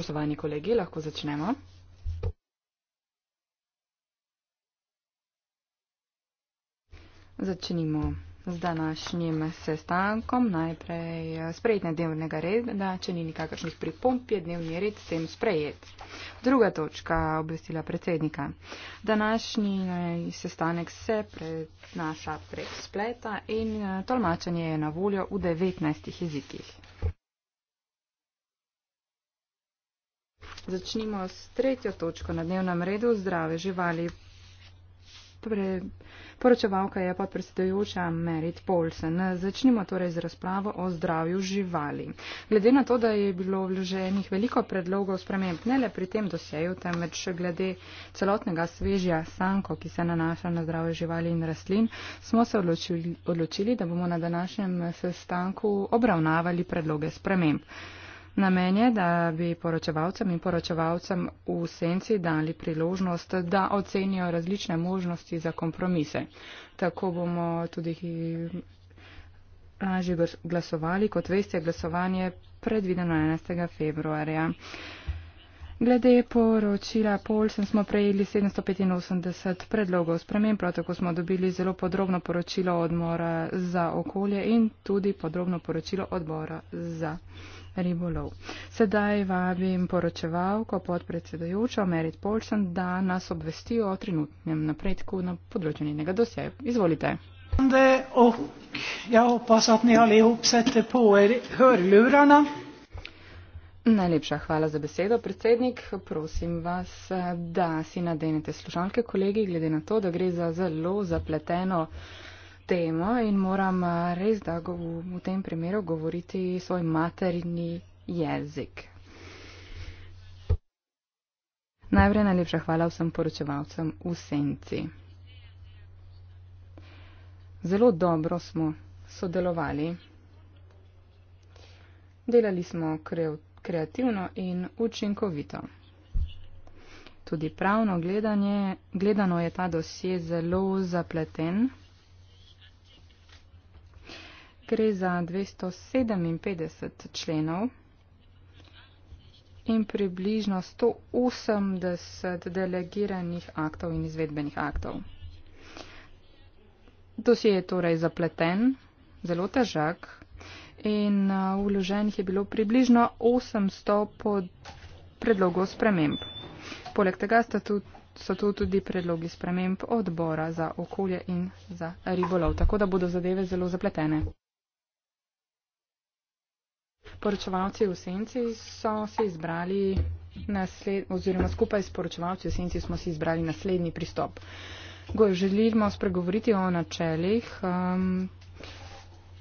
Spoštovani kolegi, lahko začnemo. Začnimo z današnjim sestankom. Najprej sprejetne dnevnega reda, če ni nikakršnih pripomp, je dnevni red sem sprejet. Druga točka obvestila predsednika. Današnji eh, sestanek se prenaša prek spleta in eh, tolmačenje je na voljo v 19 jezikih. Začnimo s tretjo točko na dnevnem redu zdrave živali. Pre... Poročevalka je podpredsedujoča Merit Polsen. Začnimo torej z razpravo o zdravju živali. Glede na to, da je bilo vloženih veliko predlogov sprememb, ne le pri tem doseju, temveč glede celotnega svežja sanko, ki se nanaša na zdravje živali in rastlin, smo se odločili, odločili da bomo na današnjem sestanku obravnavali predloge sprememb. Namen je, da bi poročevalcem in poročevalcem v senci dali priložnost, da ocenijo različne možnosti za kompromise. Tako bomo tudi eh, lažje glasovali. Kot veste, glasovanje predvideno 11. februarja. Glede poročila Polsen smo prejeli 785 predlogov sprememb, prav tako smo dobili zelo podrobno poročilo odmora za okolje in tudi podrobno poročilo odbora za okolje ribolov. Sedaj vabim poročevalko podpredsedujočo Merit Polsen, da nas obvesti o trenutnem napredku na področju njenega dosjeja. Izvolite. Er Najlepša hvala za besedo, predsednik. Prosim vas, eh, da si nadenete slušalke, kolegi, glede na to, da gre za zelo zapleteno temo in moram eh, res, da v tem primeru govoriti svoj materni jezik. Najprej najlepša hvala vsem poročevalcem v senci. Zelo dobro smo sodelovali. Delali smo kreativno in učinkovito. Tudi pravno gledanje, gledano je ta dosje zelo zapleten gre za 257 členov in približno 180 delegiranih aktov in izvedbenih aktov. Dosje je torej zapleten, zelo težak in uh, vloženih je bilo približno 800 pod predlogov sprememb. Poleg tega so tu tudi predlogi sprememb odbora za okolje in za ribolov, tako da bodo zadeve zelo zapletene poročevalci v senci so si izbrali nasled, oziroma skupaj s poročevalci v senci smo si izbrali naslednji pristop. Go, želimo spregovoriti o načelih um,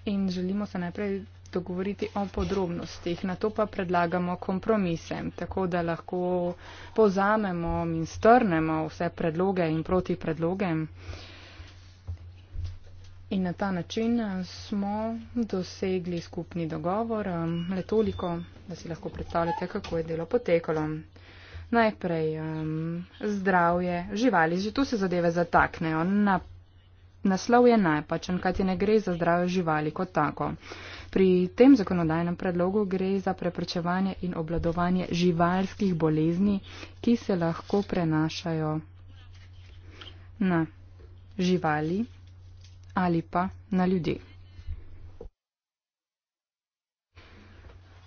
in želimo se najprej dogovoriti o podrobnostih, na to pa predlagamo kompromise, tako da lahko povzamemo in strnemo vse predloge in proti predlogem. Uh, In na ta način eh, smo dosegli skupni dogovor, eh, le toliko, da si lahko predstavljate, kako je delo potekalo. Najprej um, zdravje živali, že tu se zadeve zataknejo. Na, naslov je najpačen, kajti ne gre za zdravje živali kot tako. Pri tem zakonodajnem predlogu gre za preprečevanje in obladovanje živalskih bolezni, ki se lahko prenašajo na živali ali pa na ljudi.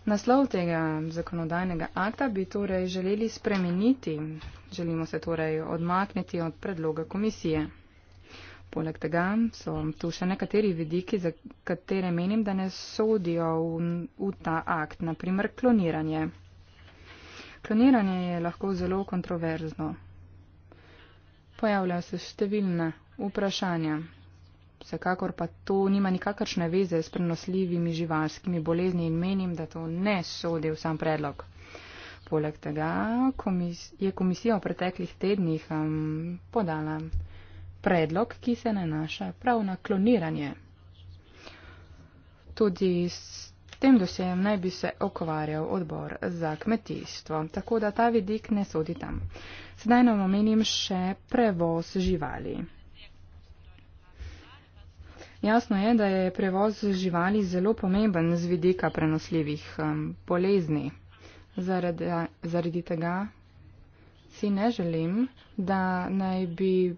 Naslov tega zakonodajnega akta bi torej želeli spremeniti, želimo se torej odmakniti od predloga komisije. Poleg tega so tu še nekateri vidiki, za katere menim, da ne sodijo v, v ta akt, naprimer kloniranje. Kloniranje je lahko zelo kontroverzno. Pojavljajo se številne vprašanja, vsekakor pa to nima nikakršne veze s prenosljivimi živalskimi bolezni in menim, da to ne sodi v sam predlog. Poleg tega komis je komisija v preteklih tednih um, podala predlog, ki se nanaša prav na kloniranje. Tudi s tem dosjem naj bi se okvarjal odbor za kmetijstvo, tako da ta vidik ne sodi tam. Sedaj nam omenim še prevoz živali. Jasno je, da je prevoz živali zelo pomemben z vidika prenosljivih um, bolezni. Zaradi, zaradi tega si ne želim, da naj bi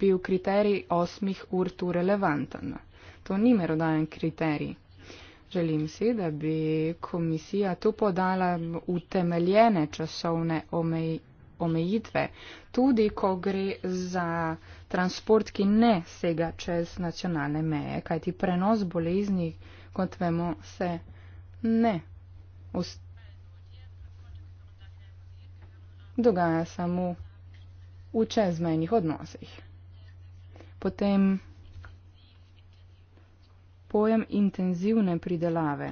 bil kriterij osmih ur tu relevanten. To ni merodajen kriterij. Želim si, da bi komisija tu podala utemeljene časovne omej, omejitve, tudi ko gre za transport, ki ne sega čez nacionalne meje, kajti prenos bolezni, kot vemo, se ne dogaja samo v čezmejnih odnosih. Potem pojem intenzivne pridelave.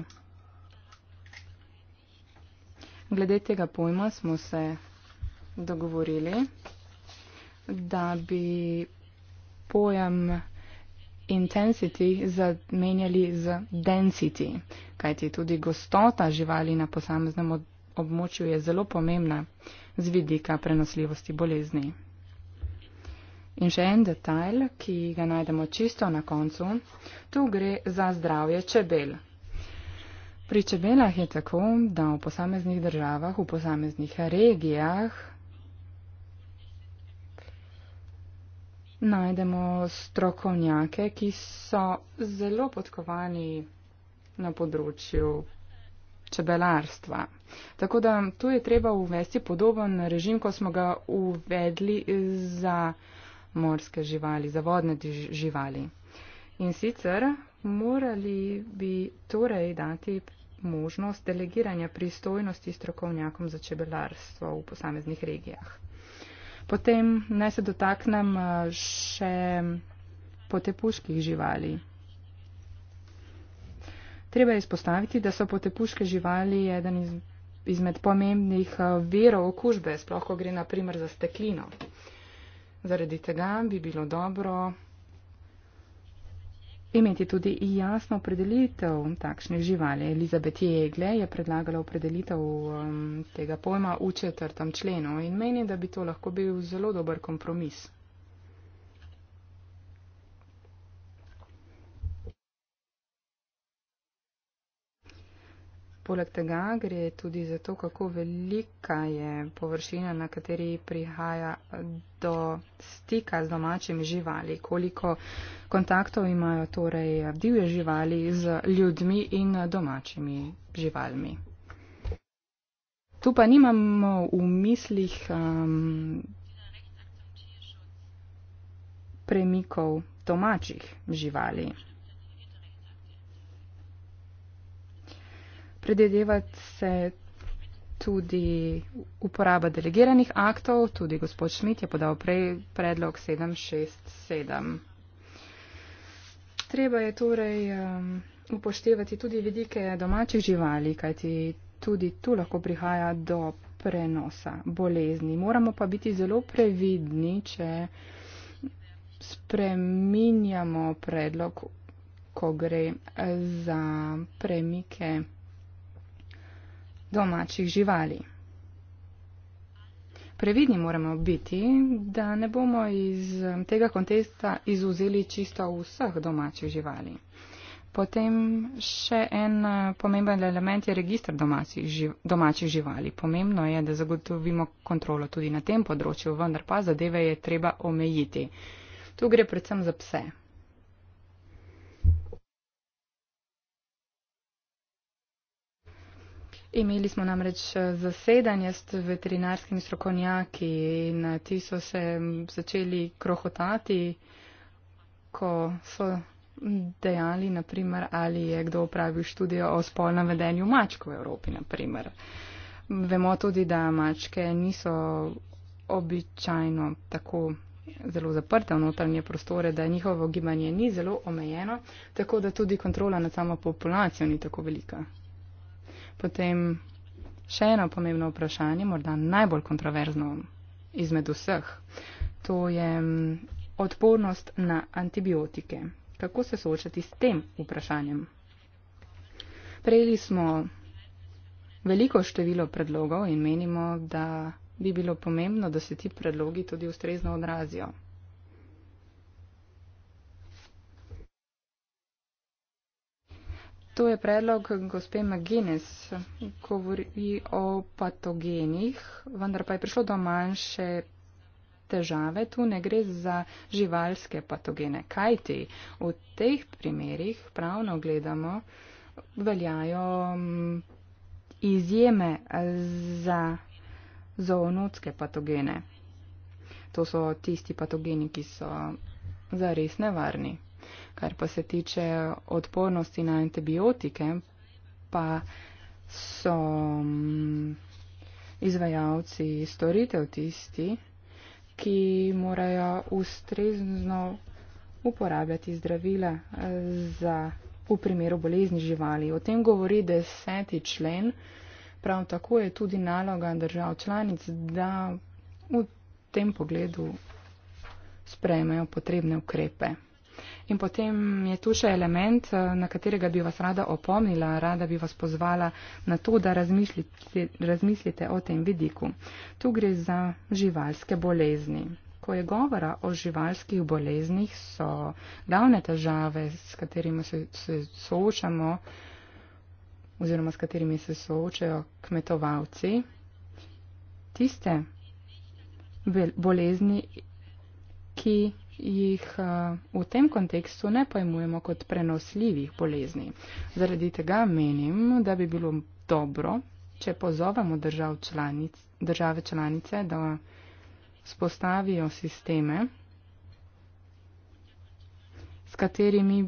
Glede tega pojma smo se dogovorili da bi pojem intensity zamenjali z density, kajti tudi gostota živali na posameznem območju je zelo pomembna z vidika prenosljivosti bolezni. In še en detajl, ki ga najdemo čisto na koncu, tu gre za zdravje čebel. Pri čebelah je tako, da v posameznih državah, v posameznih regijah najdemo strokovnjake, ki so zelo podkovani na področju čebelarstva. Tako da tu je treba uvesti podoben režim, ko smo ga uvedli za morske živali, za vodne živali. In sicer morali bi torej dati možnost delegiranja pristojnosti strokovnjakom za čebelarstvo v posameznih regijah. Potem naj se dotaknem eh, še potepuških živali. Treba je izpostaviti, da so potepuške živali eden iz, izmed pomembnih eh, verov okužbe, sploh ko gre naprimer za steklino. Zaradi tega bi bilo dobro imeti tudi jasno opredelitev takšne živali. Elizabeth Jegle je predlagala opredelitev um, tega pojma v četrtem členu in meni, da bi to lahko bil zelo dober kompromis. Poleg tega gre tudi za to, kako velika je površina, na kateri prihaja do stika z domačimi živali, koliko kontaktov imajo torej divje živali z ljudmi in domačimi živalmi. Tu pa nimamo v mislih um, premikov domačih živali. Predvidevati se tudi uporaba delegiranih aktov, tudi gospod Šmit je podal prej predlog 767. Treba je torej um, upoštevati tudi vidike domačih živali, kajti tudi tu lahko prihaja do prenosa bolezni. Moramo pa biti zelo previdni, če spreminjamo predlog, ko gre za premike domačih živali. Previdni moramo biti, da ne bomo iz um, tega konteksta izuzeli čisto vseh domačih živali. Potem še en uh, pomemben element je registr domačih živali. Pomembno je, da zagotovimo kontrolo tudi na tem področju, vendar pa zadeve je treba omejiti. Tu gre predvsem za pse. Imeli smo namreč eh, zasedanje s veterinarskimi strokovnjaki in eh, ti so se mm, začeli krohotati, ko so dejali, naprimer, ali je kdo upravil študijo o spolnem vedenju mačk v Evropi, naprimer. Vemo tudi, da mačke niso običajno tako zelo zaprte v notranje prostore, da njihovo gibanje ni zelo omejeno, tako da tudi kontrola nad samo populacijo ni tako velika. Potem še eno pomembno vprašanje, morda najbolj kontroverzno izmed vseh. To je mm, odpornost na antibiotike. Kako se soočati s tem vprašanjem? Prejeli smo veliko število predlogov in menimo, da bi bilo pomembno, da se ti predlogi tudi ustrezno odrazijo. To je predlog gospe McGuinness, govori o patogenih, vendar pa je prišlo do manjše težave. Tu ne gre za živalske patogene. Kaj ti? V teh primerih, pravno gledamo, veljajo mm, izjeme za zoonotske patogene. To so tisti patogeni, ki so zares nevarni. Kar pa se tiče odpornosti na antibiotike, pa so mm, izvajalci storitev tisti, ki morajo ustrezno uporabljati zdravila eh, za, v primeru bolezni živali. O tem govori deseti člen. Prav tako je tudi naloga držav članic, da v tem pogledu sprejmejo potrebne ukrepe. In potem je tu še element, eh, na katerega bi vas rada opomnila, rada bi vas pozvala na to, da razmislite, razmislite o tem vidiku. Tu gre za živalske bolezni. Ko je govora o živalskih boleznih, so glavne težave, s katerimi se, se soočamo oziroma s katerimi se soočajo kmetovalci, tiste bolezni, ki jih eh, v tem kontekstu ne pojmujemo kot prenosljivih bolezni. Zaradi tega menim, da bi bilo dobro, če pozovemo držav članic, države članice, da spostavijo sisteme, s katerimi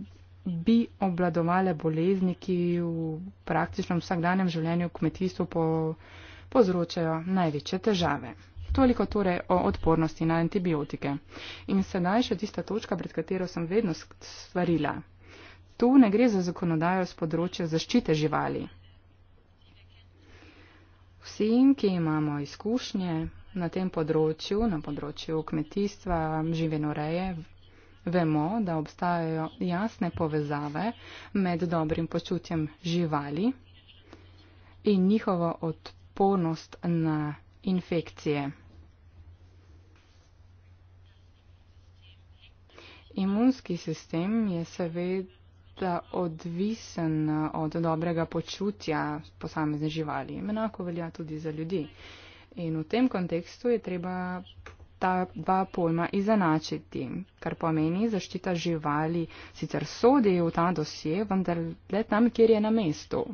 bi obladovale bolezni, ki v praktičnem vsakdanjem življenju v kmetijstvu po, povzročajo največje težave. Toliko torej o odpornosti na antibiotike. In sedaj še tista točka, pred katero sem vedno stvarila. Tu ne gre za zakonodajo z področja zaščite živali. Vsi, ki imamo izkušnje na tem področju, na področju kmetijstva, živenoreje, vemo, da obstajajo jasne povezave med dobrim počutjem živali in njihovo odpornost na infekcije. Imunski sistem je seveda odvisen eh, od dobrega počutja posamezne živali. Enako velja tudi za ljudi. In v tem kontekstu je treba ta dva pojma izenačiti, kar pomeni zaščita živali. Sicer sodi v ta dosje, vendar le tam, kjer je na mestu.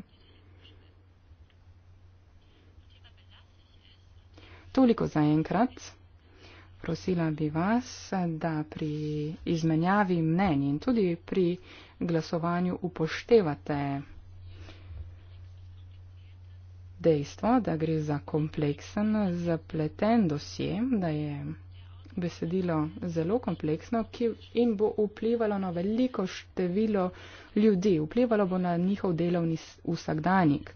Toliko za enkrat prosila bi vas, da pri izmenjavi mnenji in tudi pri glasovanju upoštevate dejstvo, da gre za kompleksen, zapleten dosje, da je besedilo zelo kompleksno in bo vplivalo na veliko število ljudi, vplivalo bo na njihov delovni vsakdanjik.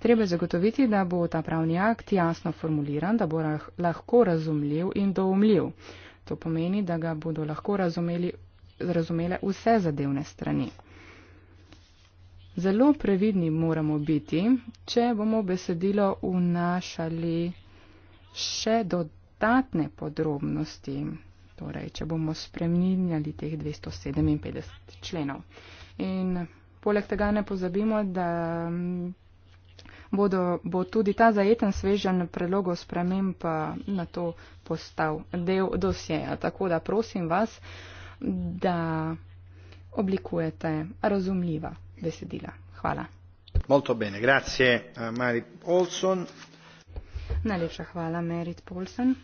Treba zagotoviti, da bo ta pravni akt jasno formuliran, da bo lahko razumljiv in doumljiv. To pomeni, da ga bodo lahko razumeli, razumele vse zadevne strani. Zelo previdni moramo biti, če bomo besedilo vnašali še dodatne podrobnosti, torej, če bomo spremenjali teh 257 členov. In poleg tega ne pozabimo, da bodo, bo tudi ta zajeten svežen predlogov sprememb eh, na to postal del dosjeja. Tako da prosim vas, da oblikujete razumljiva besedila. Hvala. Molto bene, grazie eh, Marit Olson. Najlepša hvala, Merit Polsen.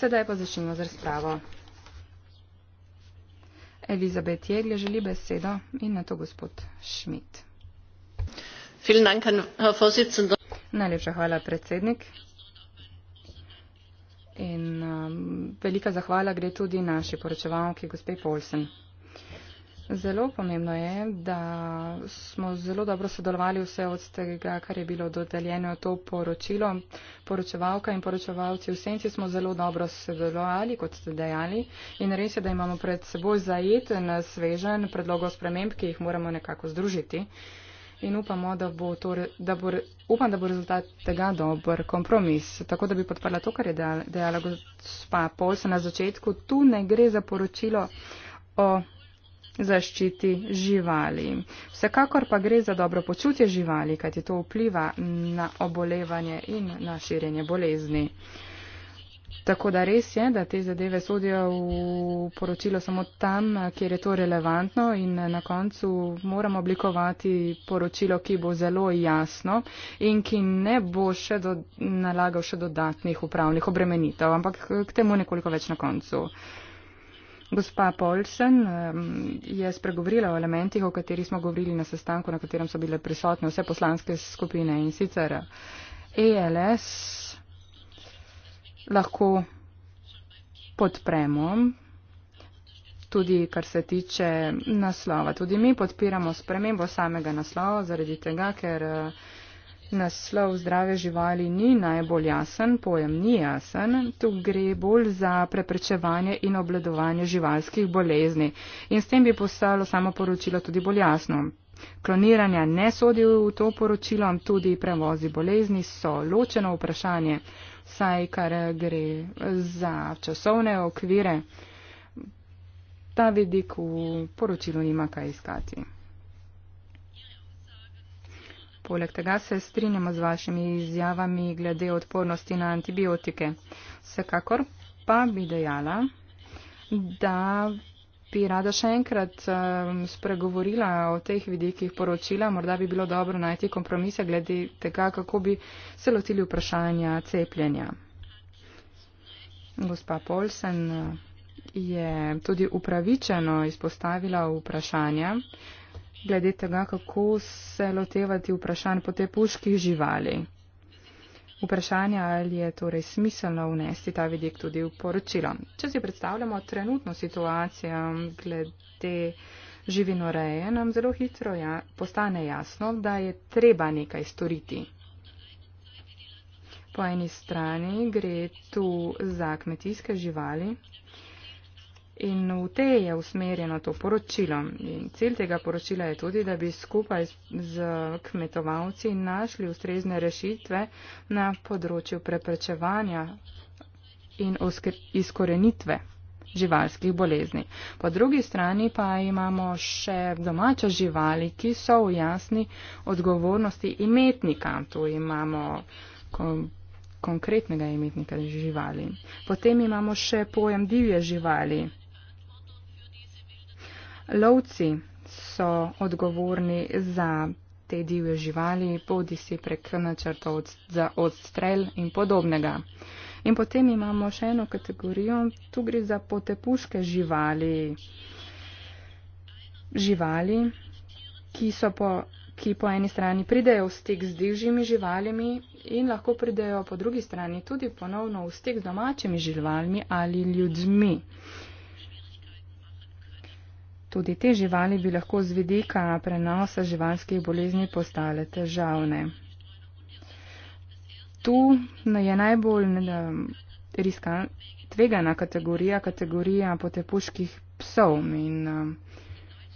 Sedaj pa začnemo z razpravo. Elizabet Jeglja želi besedo in na to gospod Schmidt. Najlepša hvala, predsednik. In um, velika zahvala gre tudi naši poročevalki, gospe Polsen. Zelo pomembno je, da smo zelo dobro sodelovali vse od tega, kar je bilo dodeljeno to poročilo. Poročevalka in poročevalci v senci smo zelo dobro sodelovali, kot ste dejali. In res je, da imamo pred seboj zajeten, svežen predlogov sprememb, ki jih moramo nekako združiti. Uh, in upamo, da bo, to, da bo, upam, da bo rezultat tega dober kompromis. Tako da bi podprla to, kar je dejala gospa Polsa na začetku. Tu ne gre za poročilo o zaščiti živali. Vsekakor pa gre za dobro počutje živali, kajti to vpliva na obolevanje in na širjenje bolezni. Tako da res je, da te zadeve sodijo v poročilo samo tam, kjer je to relevantno in na koncu moramo oblikovati poročilo, ki bo zelo jasno in ki ne bo še do, nalagal še dodatnih upravnih obremenitev, ampak k temu nekoliko več na koncu. Gospa Polsen je spregovorila o elementih, o katerih smo govorili na sestanku, na katerem so bile prisotne vse poslanske skupine in sicer ELS lahko podpremo, tudi kar se tiče naslova. Tudi mi podpiramo spremembo samega naslova, zaradi tega, ker eh, naslov zdrave živali ni najbolj jasen, pojem ni jasen. Tu gre bolj za preprečevanje in obledovanje živalskih bolezni. In s tem bi postalo samo poročilo tudi bolj jasno. Kloniranja ne sodijo v to poročilo, tudi prevozi bolezni so ločeno vprašanje saj kar gre za časovne okvire, ta vidik v poročilu nima kaj iskati. Poleg tega se strinjamo z vašimi izjavami glede odpornosti na antibiotike. Vsekakor pa bi dejala, da bi rada še enkrat um, spregovorila o teh vidikih poročila. Morda bi bilo dobro najti kompromise glede tega, kako bi se lotili vprašanja cepljenja. Gospa Polsen je tudi upravičeno izpostavila vprašanja glede tega, kako se lotevati vprašanj po te puških živali. Vprašanje, ali je torej smiselno vnesti ta vidik tudi v poročilo. Če si predstavljamo trenutno situacijo glede živinoreje, nam zelo hitro ja, postane jasno, da je treba nekaj storiti. Po eni strani gre tu za kmetijske živali, in v te je usmerjeno to poročilo. In cilj tega poročila je tudi, da bi skupaj z kmetovalci našli ustrezne rešitve na področju preprečevanja in izkorenitve živalskih bolezni. Po drugi strani pa imamo še domače živali, ki so v jasni odgovornosti imetnika. Tu imamo konkretnega imetnika živali. Potem imamo še pojem divje živali, lovci so odgovorni za te divje živali, bodi si prek načrtov za odstrel in podobnega. In potem imamo še eno kategorijo, tu gre za potepuške živali. Živali, ki, so po, ki po eni strani pridejo v stik z divjimi živalimi in lahko pridejo po drugi strani tudi ponovno v stik z domačimi živalmi ali ljudmi. Tudi te živali bi lahko z vidika prenosa živalskih bolezni postale težavne. Tu je najbolj riskantna tvegana kategorija, kategorija potepuških psov. In, uh,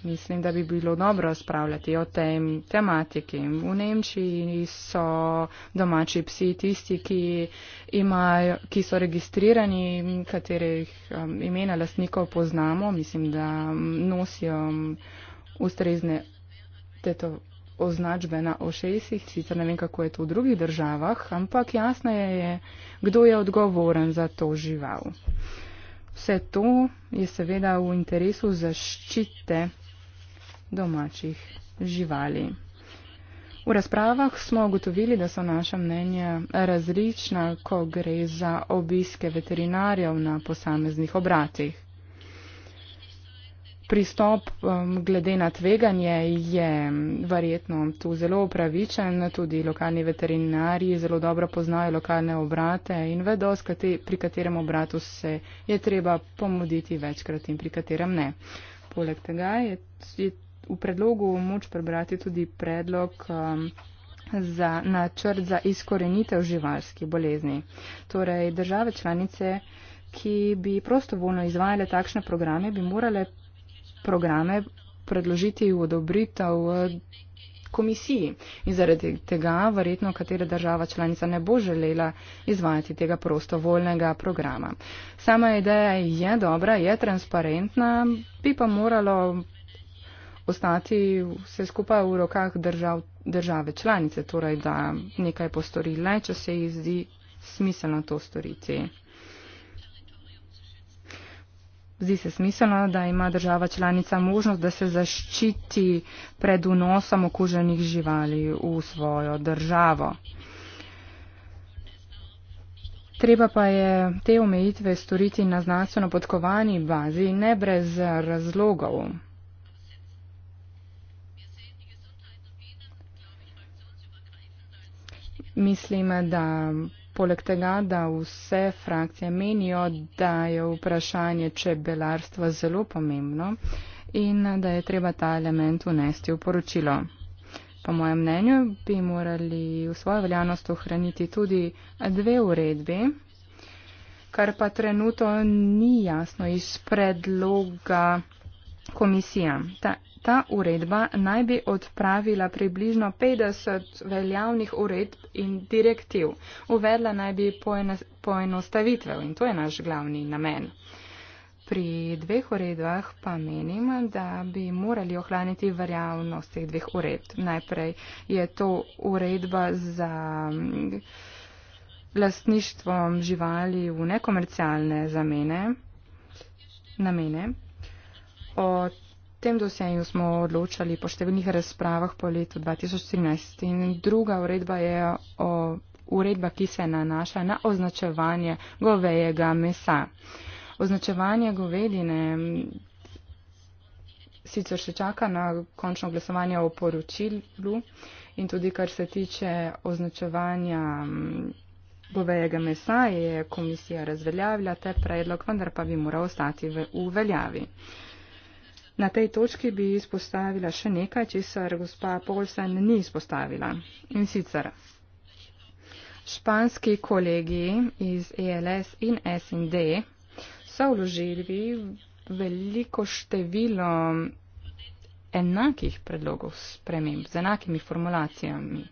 mislim, da bi bilo dobro spravljati o tem tematiki. V Nemčiji so domači psi tisti, ki, imajo, ki so registrirani, katerih um, imena lastnikov poznamo, mislim, da nosijo um, ustrezne teto označbe na ošesih, sicer ne vem, kako je to v drugih državah, ampak jasno je, kdo je odgovoren za to žival. Vse to je seveda v interesu zaščite domačih živali. V razpravah smo ugotovili, da so naša mnenja različna, ko gre za obiske veterinarjev na posameznih obratih. Pristop um, glede na tveganje je um, verjetno tu zelo upravičen, tudi lokalni veterinarji zelo dobro poznajo lokalne obrate in vedo, pri katerem obratu se je treba pomoditi večkrat in pri katerem ne. Poleg tega je, je v predlogu moč prebrati tudi predlog um, za načrt za izkorenitev živalskih bolezni. Torej, države članice, ki bi prostovoljno izvajale takšne programe, bi morale programe predložiti v odobritev uh, komisiji. In zaradi tega verjetno katera država članica ne bo želela izvajati tega prostovoljnega programa. Sama ideja je dobra, je transparentna, bi pa moralo ostati vse skupaj v rokah držav, države članice, torej da nekaj postori le, če se jih zdi smiselno to storiti. Zdi se smiselno, da ima država članica možnost, da se zaščiti pred vnosom okuženih živali v svojo državo. Treba pa je te omejitve storiti na znanstveno podkovani bazi, ne brez razlogov. Mislim, da poleg tega, da vse frakcije menijo, da je vprašanje čebelarstva zelo pomembno in da je treba ta element unesti v poročilo. Po mojem mnenju bi morali v svojo veljavnost ohraniti tudi dve uredbi, kar pa trenuto ni jasno iz predloga komisija. Ta Ta uredba naj bi odpravila približno 50 veljavnih uredb in direktiv. Uvedla naj bi poenostavitve in to je naš glavni namen. Pri dveh uredbah pa menim, da bi morali ohraniti verjavnost teh dveh uredb. Najprej je to uredba za mm, lastništvo živali v nekomercialne zamene, namene. Od tem dosjeju smo odločali po številnih razpravah po letu 2013 in druga uredba je o, uredba, ki se nanaša na označevanje govejega mesa. Označevanje govedine mm, sicer še čaka na končno glasovanje o poročilu in tudi kar se tiče označevanja mm, govejega mesa je komisija razveljavila te predlog, vendar pa bi moral ostati v uveljavi. Na tej točki bi izpostavila še nekaj, česar gospa Polsen ni izpostavila. In sicer španski kolegi iz ELS in SND so vložili veliko število enakih predlogov sprememb z enakimi formulacijami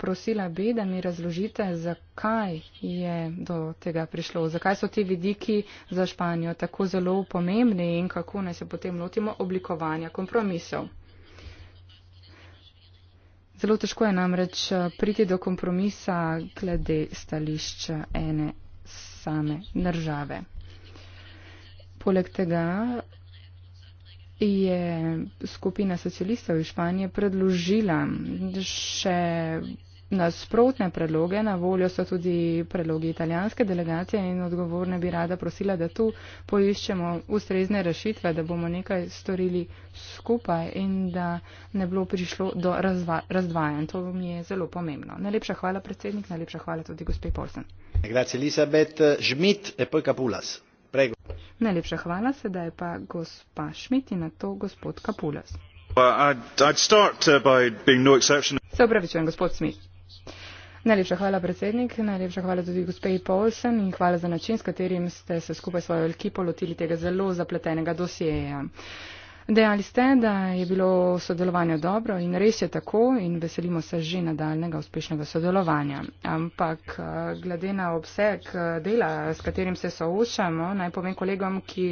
prosila bi, da mi razložite, zakaj je do tega prišlo, zakaj so ti vidiki za Španijo tako zelo pomembni in kako naj se potem lotimo oblikovanja kompromisov. Zelo težko je namreč eh, priti do kompromisa glede stališča ene same države. Poleg tega je skupina socialistov iz Španije predložila še nasprotne predloge. Na voljo so tudi predlogi italijanske delegacije in odgovorne bi rada prosila, da tu poiščemo ustrezne rešitve, da bomo nekaj storili skupaj in da ne bo prišlo do razva, razdvajanja. To mi je zelo pomembno. Najlepša hvala, predsednik, najlepša hvala tudi gospe Polsen. E najlepša hvala, sedaj pa gospa Šmit in na to gospod Kapulas. Well, I'd, I'd start uh, by being no exception. Se opravičujem, gospod Smith. Najlepša hvala, predsednik. Najlepša hvala tudi gospeji Paulsen in hvala za način, s katerim ste se skupaj s svojo ekipo lotili tega zelo zapletenega dosjeja. Dejali ste, da je bilo sodelovanje dobro in res je tako in veselimo se že nadaljnega uspešnega sodelovanja. Ampak eh, glede na obseg eh, dela, s katerim se soočamo, naj povem kolegom, ki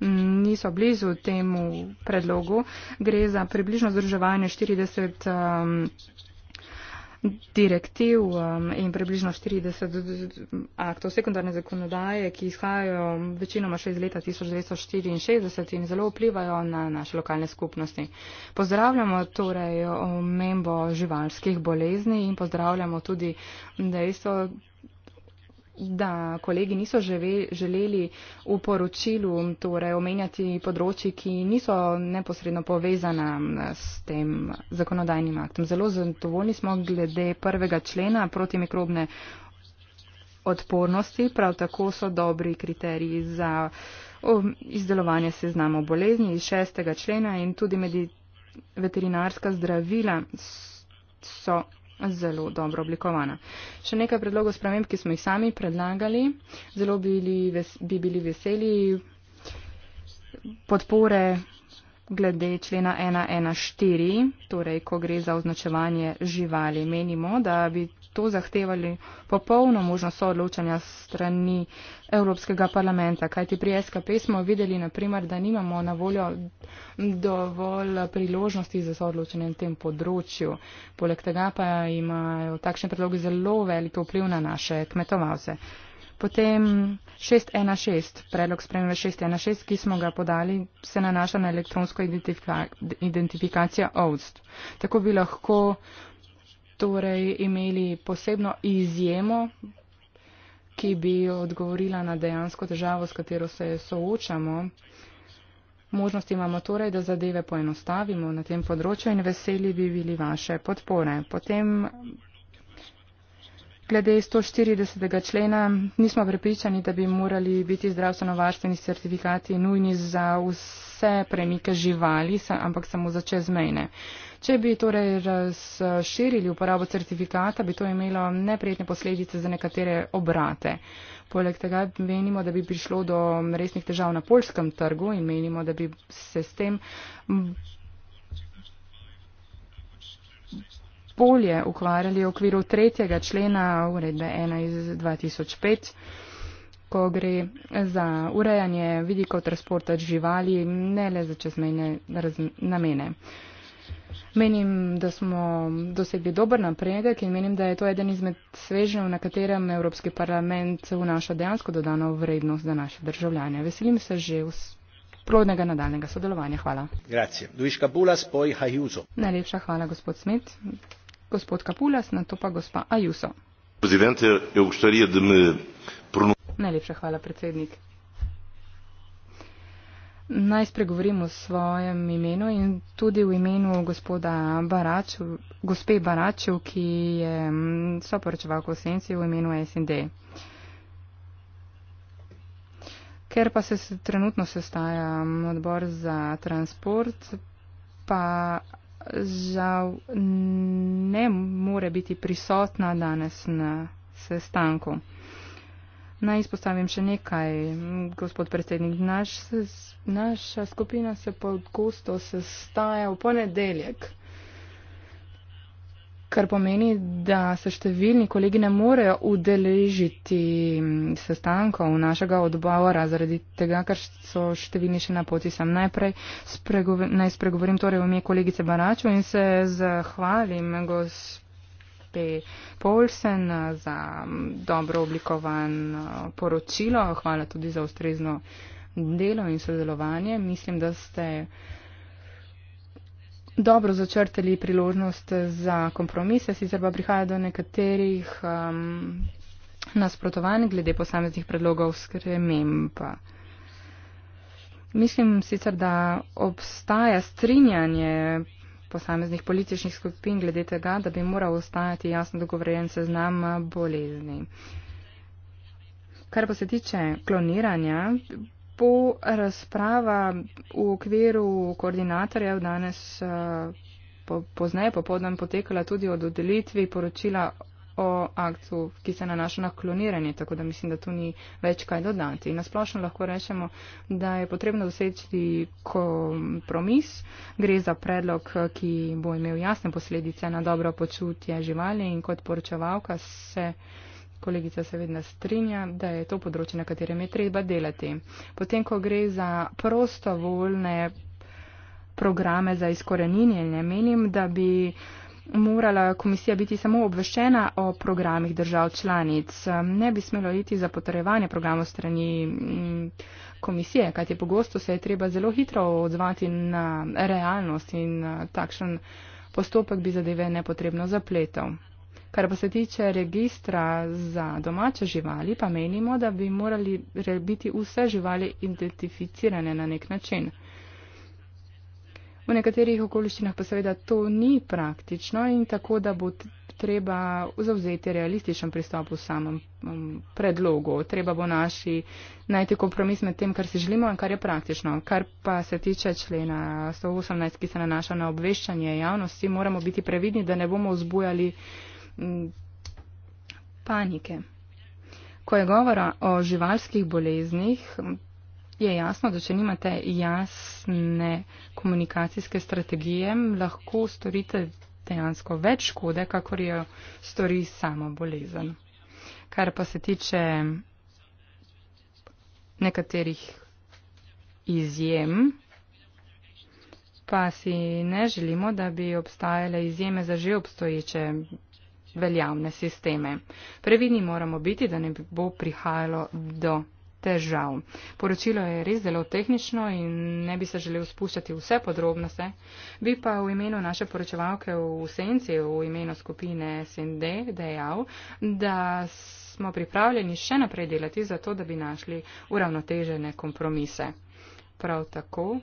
mm, niso blizu temu predlogu, gre za približno združevanje 40. Um, eh, direktiv um, in približno 40 aktov sekundarne zakonodaje, ki izhajajo um, večinoma še iz leta 1964 in zelo vplivajo na naše lokalne skupnosti. Pozdravljamo torej omembo živalskih bolezni in pozdravljamo tudi dejstvo, da kolegi niso žive, želeli v poročilu torej, omenjati področji, ki niso neposredno povezana s tem zakonodajnim aktom. Zelo zadovoljni smo glede prvega člena proti mikrobne odpornosti, prav tako so dobri kriteriji za izdelovanje seznamo bolezni iz šestega člena in tudi veterinarska zdravila so zelo dobro oblikovana. Še nekaj predlogov sprememb, ki smo jih sami predlagali, zelo bili ves, bi bili veseli podpore glede člena 114, torej ko gre za označevanje živali. Menimo, da bi to zahtevali popolno možnost odločanja strani Evropskega parlamenta. Kaj ti pri SKP smo videli, naprimer, da nimamo na voljo dovolj priložnosti za odločanje na tem področju. Poleg tega pa imajo takšne predloge zelo velik vpliv na naše kmetovalce. Potem 616, predlog spremembe 616, ki smo ga podali, se nanaša na elektronsko identifika identifikacijo OST. Tako bi lahko torej imeli posebno izjemo, ki bi odgovorila na dejansko težavo, s katero se soočamo. Možnost imamo torej, da zadeve poenostavimo na tem področju in veseli bi bili vaše podpore. Potem glede 140. člena nismo prepričani, da bi morali biti zdravstveno varstveni certifikati nujni za vse premike živali, ampak samo za čezmejne. Če bi torej razširili uporabo certifikata, bi to imelo neprijetne posledice za nekatere obrate. Poleg tega menimo, da bi prišlo do resnih težav na polskem trgu in menimo, da bi se s tem polje ukvarjali v okviru tretjega člena uredbe 1 iz 2005 ko gre za urejanje vidikov transporta živali, ne le za čezmejne namene. Menim, da smo dosegli dober napredek in menim, da je to eden izmed svežnjev, na katerem Evropski parlament vnaša dejansko dodano vrednost za naše državljane. Veselim se že plodnega nadaljnega sodelovanja. Hvala. Najlepša hvala, gospod Smet gospod Kapulas, na to pa gospa Ajuso. Najlepša hvala, predsednik. Naj spregovorim o svojem imenu in tudi v imenu gospoda Barač, gospe Baračev, ki je mm, soporočevalko v senci v imenu SND. Ker pa se trenutno sestaja mm, odbor za transport, pa žal ne more biti prisotna danes na sestanku. Naj izpostavim še nekaj, gospod predsednik. Naš, naša skupina se pogosto sestaja v ponedeljek kar pomeni, da se številni kolegi ne morejo udeležiti mm, sestankov našega odbora zaradi tega, ker so številni še na poti sem. Najprej spregov naj spregovorim torej v ime kolegice Baraču in se zahvalim gospe Polsen za mm, dobro oblikovan eh, poročilo. Hvala tudi za ustrezno delo in sodelovanje. Mislim, da ste dobro začrtali priložnost za kompromise, sicer pa prihaja do nekaterih um, nasprotovanj glede posameznih predlogov sprememb. Mislim sicer, da obstaja strinjanje posameznih političnih skupin glede tega, da bi moral ostajati jasno dogovorjen seznam bolezni. Kar pa se tiče kloniranja, bo razprava v okviru koordinatorjev danes eh, po, pozneje popodne potekala tudi o dodelitvi poročila o aktu, ki se nanaša na kloniranje, tako da mislim, da tu ni več kaj dodati. Na splošno lahko rečemo, da je potrebno doseči kompromis. Gre za predlog, ki bo imel jasne posledice na dobro počutje živali in kot poročevalka se. Kolegica se vedno strinja, da je to področje, na katerem je treba delati. Potem, ko gre za prostovoljne programe za izkoreninjenje, menim, da bi morala komisija biti samo obveščena o programih držav članic. Ne bi smelo iti za potrejevanje programov strani mm, komisije, kajti pogosto se je treba zelo hitro odzvati na realnost in eh, takšen postopek bi zadeve nepotrebno zapletel. Kar pa se tiče registra za domače živali, pa menimo, da bi morali biti vse živali identificirane na nek način. V nekaterih okoliščinah pa seveda to ni praktično in tako, da bo treba zauzeti realističen pristop v samem um, predlogu. Treba bo naši najti kompromis med tem, kar si želimo in kar je praktično. Kar pa se tiče člena 118, ki se nanaša na obveščanje javnosti, moramo biti previdni, da ne bomo vzbujali panike. Ko je govora o živalskih boleznih, je jasno, da če nimate jasne komunikacijske strategije, lahko storite dejansko več škode, kakor jo stori sama bolezen. Kar pa se tiče nekaterih izjem, pa si ne želimo, da bi obstajale izjeme za že obstoječe veljavne sisteme. Previdni moramo biti, da ne bo prihajalo do težav. Poročilo je res zelo tehnično in ne bi se želel spuščati vse podrobnosti. Bi pa v imenu naše poročevalke v senci, v imenu skupine SND dejal, da smo pripravljeni še naprej delati za to, da bi našli uravnotežene kompromise. Prav tako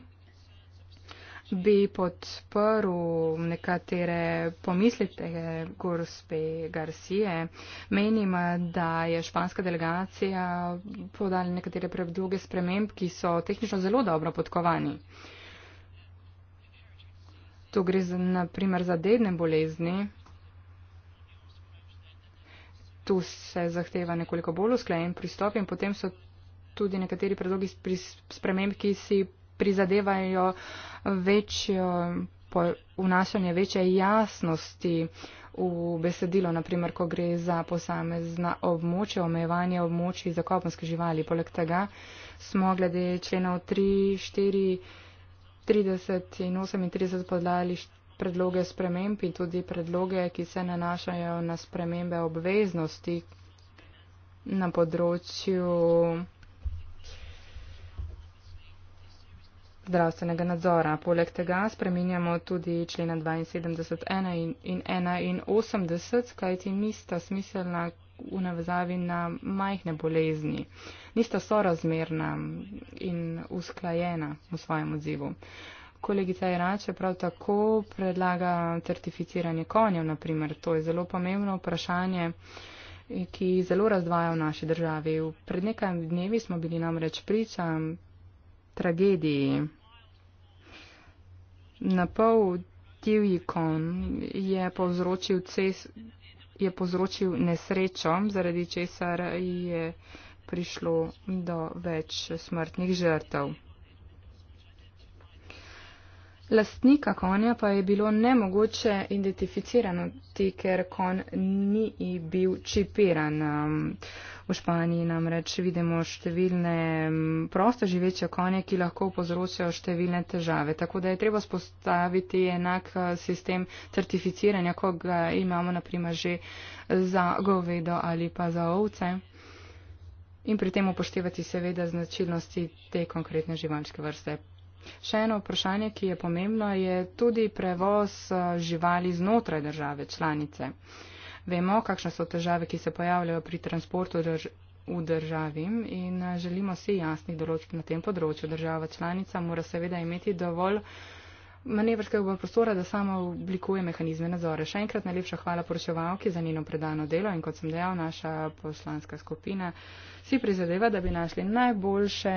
bi podprl nekatere pomislite Gurspe Garcije. Menim, da je španska delegacija podala nekatere predloge sprememb, ki so tehnično zelo dobro podkovani. Tu gre na primer za dedne bolezni. Tu se zahteva nekoliko bolj usklajen pristop in potem so tudi nekateri predlogi sprememb, ki si prizadevajo večjo vnašanje večje jasnosti v besedilo, naprimer, ko gre za posamezna območja, omejevanje območij za kopenske živali. Poleg tega smo glede členov 3, 4, 30 in 38 podali predloge sprememb in tudi predloge, ki se nanašajo na spremembe obveznosti na področju zdravstvenega nadzora. Poleg tega spreminjamo tudi člena 72, 1 in, in 1 in 80, kaj ti nista smiselna v navezavi na majhne bolezni, nista sorazmerna in usklajena v svojem odzivu. Kolegica Irače prav tako predlaga certificiranje konjev, naprimer. To je zelo pomembno vprašanje, ki zelo razdvaja v naši državi. Pred nekaj dnevi smo bili namreč priča tragediji napol divji kon je povzročil, ces, je povzročil nesrečo, zaradi česar je prišlo do več smrtnih žrtev. Lastnika konja pa je bilo nemogoče identificirati, ker kon ni bil čipiran. Um, V Španiji namreč vidimo številne mm, prosto živeče konje, ki lahko povzročajo številne težave. Tako da je treba spostaviti enak eh, sistem certificiranja, kot ga imamo naprimer že za govedo ali pa za ovce. In pri tem upoštevati seveda značilnosti te konkretne živalske vrste. Še eno vprašanje, ki je pomembno, je tudi prevoz eh, živali znotraj države članice. Uh, Vemo, kakšne so težave, ki se pojavljajo pri transportu drž v državi in želimo si jasnih določb na tem področju. Država članica mora seveda imeti dovolj manevrskega prostora, da samo oblikuje mehanizme nadzora. Še enkrat najlepša hvala poročevalki za njeno predano delo in kot sem dejal, naša poslanska skupina si prizadeva, da bi našli najboljše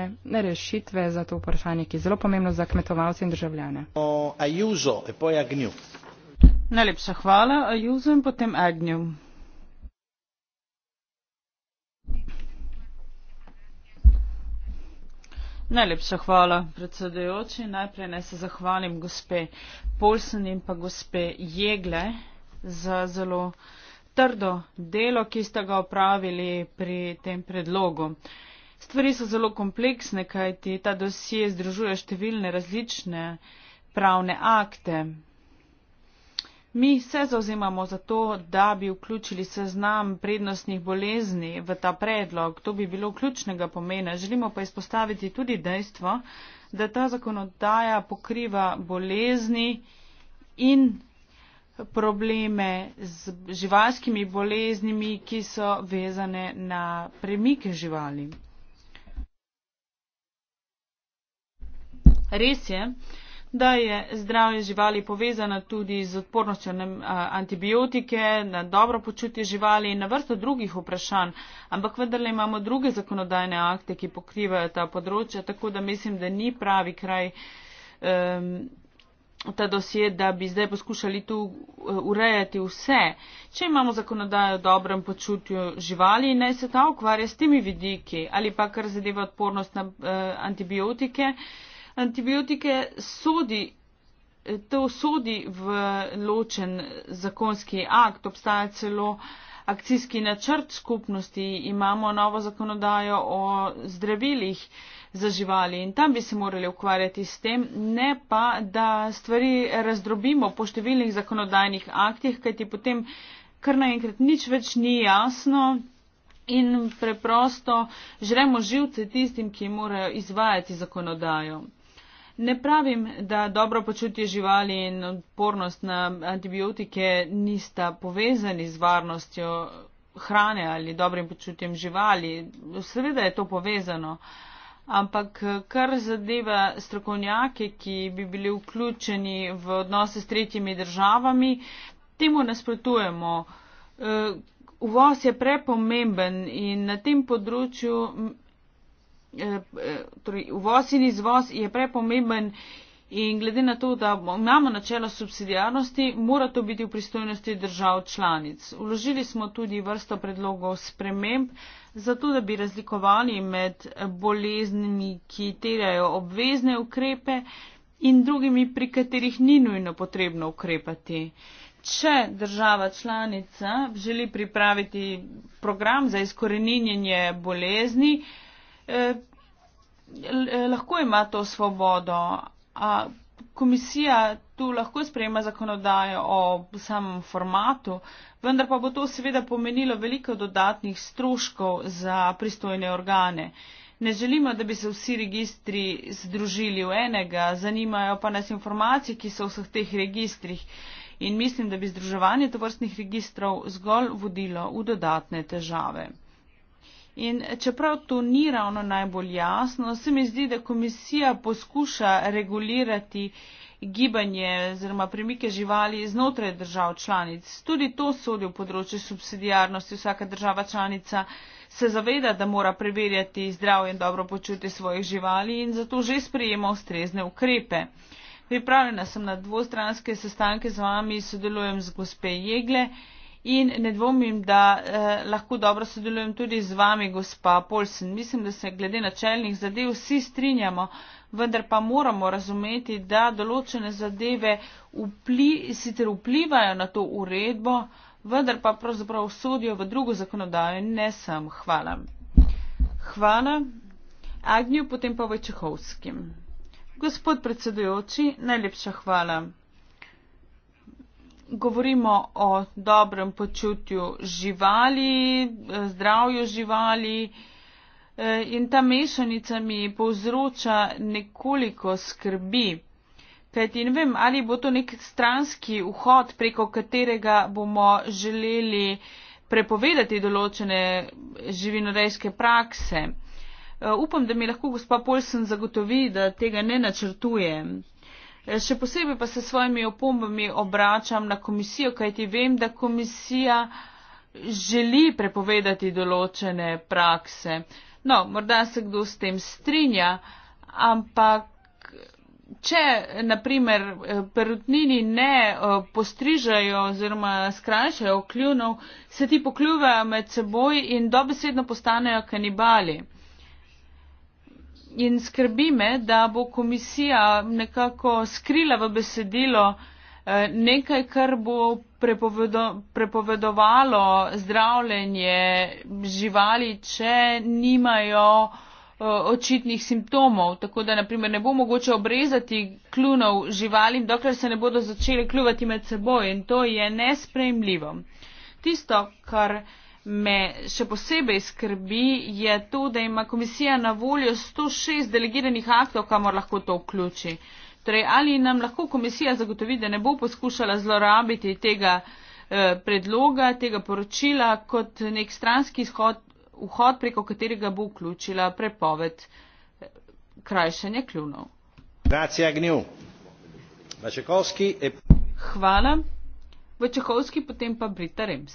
rešitve za to vprašanje, ki je zelo pomembno za kmetovalce in državljane. O Ajuzo, e Najlepša hvala, Ajuzo in potem Agnjo. Najlepša hvala, predsedujoči. Najprej naj se zahvalim gospe Polsen in pa gospe Jegle za zelo trdo delo, ki ste ga opravili pri tem predlogu. Stvari so zelo kompleksne, kajti ta dosije združuje številne različne pravne akte. Mi se zauzemamo za to, da bi vključili seznam prednostnih bolezni v ta predlog. To bi bilo ključnega pomena. Želimo pa izpostaviti tudi dejstvo, da ta zakonodaja pokriva bolezni in probleme z živalskimi boleznimi, ki so vezane na premike živali. Res je, da je zdravje živali povezano tudi z odpornostjo na antibiotike, na dobro počutje živali in na vrsto drugih vprašanj, ampak vendarle imamo druge zakonodajne akte, ki pokrivajo ta področja, tako da mislim, da ni pravi kraj um, ta dosje, da bi zdaj poskušali tu e, urejati vse. Če imamo zakonodajo o dobrem počutju živali, naj se ta ukvarja s temi vidiki ali pa kar zadeva odpornost na uh, antibiotike. Uh, antibiotike sodi, to sodi v ločen zakonski akt, obstaja celo akcijski načrt skupnosti, imamo novo zakonodajo o zdravilih za živali in tam bi se morali ukvarjati s tem, ne pa, da stvari razdrobimo po številnih zakonodajnih aktih, kajti potem kar naenkrat nič več ni jasno in preprosto žremo živce tistim, ki morajo izvajati zakonodajo. Ne pravim, da dobro počutje živali in odpornost na antibiotike nista povezani z varnostjo hrane ali dobrim počutjem živali. Seveda je to povezano, ampak kar zadeva strokovnjake, ki bi bili vključeni v odnose s tretjimi državami, temu nasprotujemo. Eh, uvoz je prepomemben in na tem področju Eh, eh, torej uvoz in izvoz je prepomemben in glede na to, da imamo načelo subsidijarnosti, mora to biti v pristojnosti držav članic. Uložili smo tudi vrsto predlogov sprememb, zato da bi razlikovali med boleznimi, ki terjajo obvezne ukrepe in drugimi, pri katerih ni nujno potrebno ukrepati. Če država članica želi pripraviti program za izkoreninjenje bolezni, Eh, lahko ima to svobodo. A komisija tu lahko sprejema zakonodajo o samem formatu, vendar pa bo to seveda pomenilo veliko dodatnih stroškov za pristojne organe. Ne želimo, da bi se vsi registri združili v enega, zanimajo pa nas informacije, ki so v vseh teh registrih in mislim, da bi združevanje tovrstnih registrov zgolj vodilo v dodatne težave. In čeprav to ni ravno najbolj jasno, se mi zdi, da komisija poskuša regulirati gibanje oziroma premike živali znotraj držav članic. Tudi to sodi v področje subsidijarnosti. Vsaka država članica se zaveda, da mora preverjati zdravje in dobro počutje svojih živali in zato že sprejema ustrezne ukrepe. Pripravljena sem na dvostranske sestanke z vami, sodelujem z gospe Jegle in ne dvomim, da eh, lahko dobro sodelujem tudi z vami, gospa Polsen. Mislim, da se glede načelnih zadev vsi strinjamo, vendar pa moramo razumeti, da določene zadeve vpli, sicer vplivajo na to uredbo, vendar pa pravzaprav sodijo v drugo zakonodajo in ne sem. Hvala. Hvala. Agnijo potem pa Vojčehovskim. Gospod predsedujoči, najlepša hvala govorimo o dobrem počutju živali, zdravju živali eh, in ta mešanica mi povzroča nekoliko skrbi. Kajti ne vem, ali bo to nek stranski vhod, preko katerega bomo želeli prepovedati določene živinorejske prakse. Eh, upam, da mi lahko gospa Polsen zagotovi, da tega ne načrtujem še posebej pa se svojimi opombami obračam na komisijo, kajti vem, da komisija želi prepovedati določene prakse. No, morda se kdo s tem strinja, ampak če, naprimer, perutnini ne eh, postrižajo oziroma skrajšajo kljunov, se ti pokljuvajo med seboj in dobesedno postanejo kanibali in skrbi me, da bo komisija nekako skrila v besedilo eh, nekaj, kar bo prepovedovalo zdravljenje živali, če nimajo eh, očitnih simptomov, tako da naprimer ne bo mogoče obrezati klunov živalim, dokler se ne bodo začeli kljuvati med seboj in to je nespremljivo. Tisto, kar me še posebej skrbi, je to, da ima komisija na voljo 106 delegiranih aktov, kamor lahko to vključi. Torej, ali nam lahko komisija zagotovi, da ne bo poskušala zlorabiti tega eh, predloga, tega poročila kot nek stranski izhod, vhod, preko katerega bo vključila prepoved eh, krajšanja kljunov. E- Hvala. Vačakovski, potem pa Brita Rems.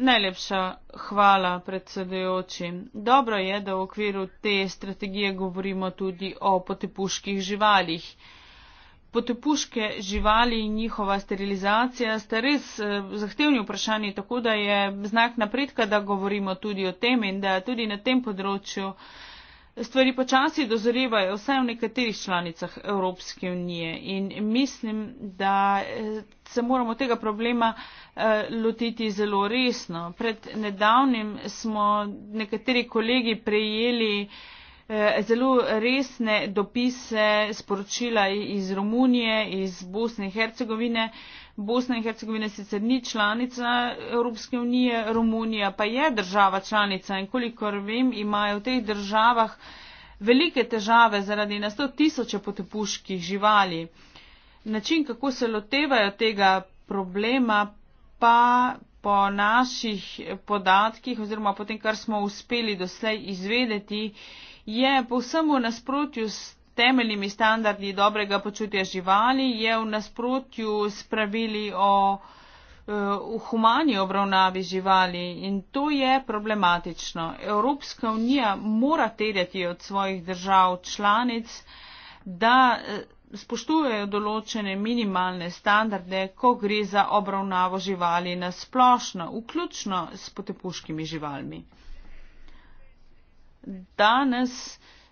Najlepša hvala, predsedujoči. Dobro je, da v okviru te strategije govorimo tudi o potepuških živalih. Potepuške živali in njihova sterilizacija sta res eh, zahtevni vprašanji, tako da je znak napredka, da govorimo tudi o tem in da tudi na tem področju stvari počasi dozorevajo vsaj v nekaterih članicah Evropske unije in mislim, da eh, se moramo tega problema eh, lotiti zelo resno. Pred nedavnim smo nekateri kolegi prejeli eh, zelo resne dopise, sporočila iz Romunije, iz Bosne in Hercegovine, Bosna in Hercegovina sicer ni članica Evropske unije, Romunija pa je država članica in kolikor vem, imajo v teh državah velike težave zaradi na sto tisoče potepuških živali. Način, kako se lotevajo tega problema, pa po naših podatkih oziroma po tem, kar smo uspeli doslej izvedeti, je povsem v nasprotju s temeljnimi standardi dobrega počutja živali je v nasprotju s pravili o e, v humani obravnavi živali in to je problematično. Evropska unija mora terjati od svojih držav članic, da e, spoštujejo določene minimalne standarde, ko gre za obravnavo živali na splošno, vključno s potepuškimi živalmi. Danes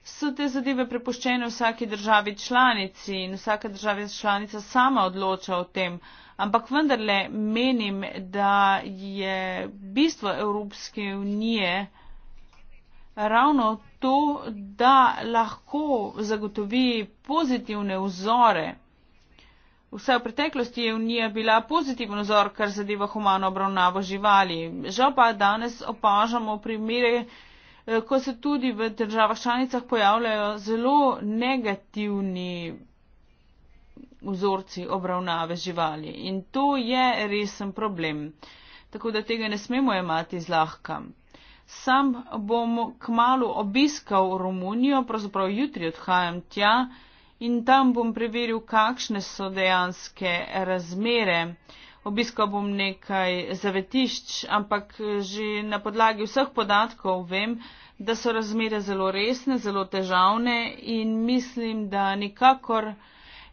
so te zadeve prepuščene vsaki državi članici in vsaka država članica sama odloča o tem. Ampak vendarle menim, da je bistvo Evropske unije ravno to, da lahko zagotovi pozitivne vzore. Vse v preteklosti je unija bila pozitiven vzor, kar zadeva humano obravnavo živali. Žal pa danes opažamo primere, Eh, ko se tudi v državah članicah pojavljajo zelo negativni vzorci obravnave živali. In to je resen problem. Tako da tega ne smemo imati zlahka. Sam bom k malu obiskal Romunijo, pravzaprav jutri odhajam tja in tam bom preveril, kakšne so dejanske razmere obiskal bom nekaj zavetišč, ampak že na podlagi vseh podatkov vem, da so razmere zelo resne, zelo težavne in mislim, da nikakor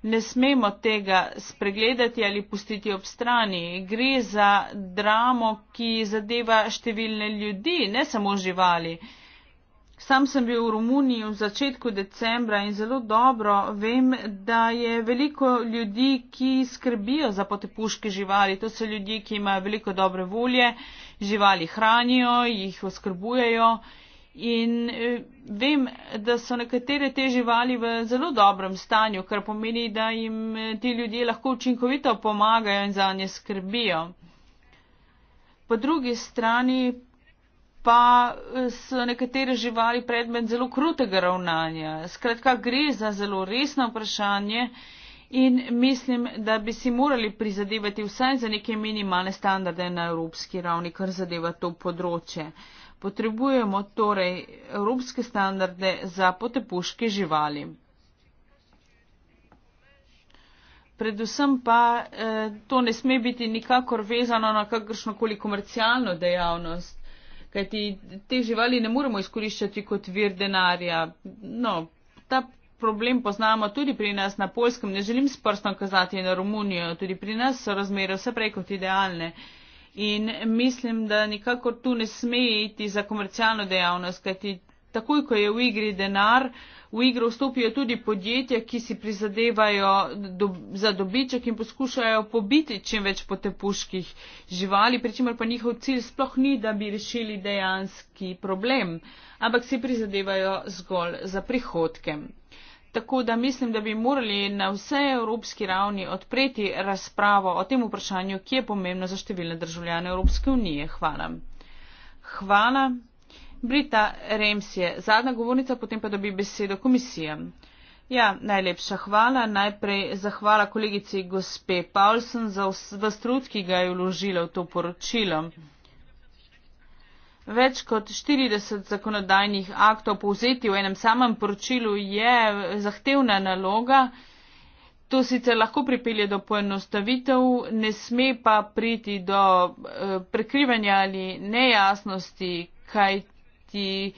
ne smemo tega spregledati ali pustiti ob strani. Gre za dramo, ki zadeva številne ljudi, ne samo živali. Sam sem bil v Romuniji v začetku decembra in zelo dobro vem, da je veliko ljudi, ki skrbijo za potepuške živali. To so ljudje, ki imajo veliko dobre volje, živali hranijo, jih oskrbujejo in eh, vem, da so nekatere te živali v zelo dobrem stanju, kar pomeni, da jim eh, ti ljudje lahko učinkovito pomagajo in za nje skrbijo. Po drugi strani pa eh, so nekatere živali predmet zelo krutega ravnanja. Skratka, gre za zelo resno vprašanje in mislim, da bi si morali prizadevati vsaj za neke minimalne standarde na evropski ravni, kar zadeva to področje. Potrebujemo torej evropske standarde za potepuške živali. Predvsem pa eh, to ne sme biti nikakor vezano na kakršnokoli komercialno dejavnost kajti te živali ne moremo izkoriščati kot vir denarja. No, ta problem poznamo tudi pri nas na Polskem, ne želim s prstom kazati na Romunijo, tudi pri nas so razmere vse prej kot idealne. In mislim, da nikakor tu ne sme iti za komercialno dejavnost, kajti takoj, ko je v igri denar, v igro vstopijo tudi podjetja, ki si prizadevajo do, za dobiček in poskušajo pobiti čim več potepuških živali, pričemer pa njihov cilj sploh ni, da bi rešili dejanski problem, ampak si prizadevajo zgolj za prihodke. Tako da mislim, da bi morali na vse evropski ravni odpreti razpravo o tem vprašanju, ki je pomembno za številne državljane Evropske unije. Hvala. Hvala. Brita Rems je zadnja govornica, potem pa dobi besedo komisija. Ja, najlepša hvala. Najprej zahvala kolegici gospe Paulsen za vas trud, ki ga je vložila v to poročilo. Več kot 40 zakonodajnih aktov povzeti v enem samem poročilu je zahtevna naloga. To sicer lahko pripelje do poenostavitev, ne sme pa priti do eh, prekrivanja ali nejasnosti, kaj kajti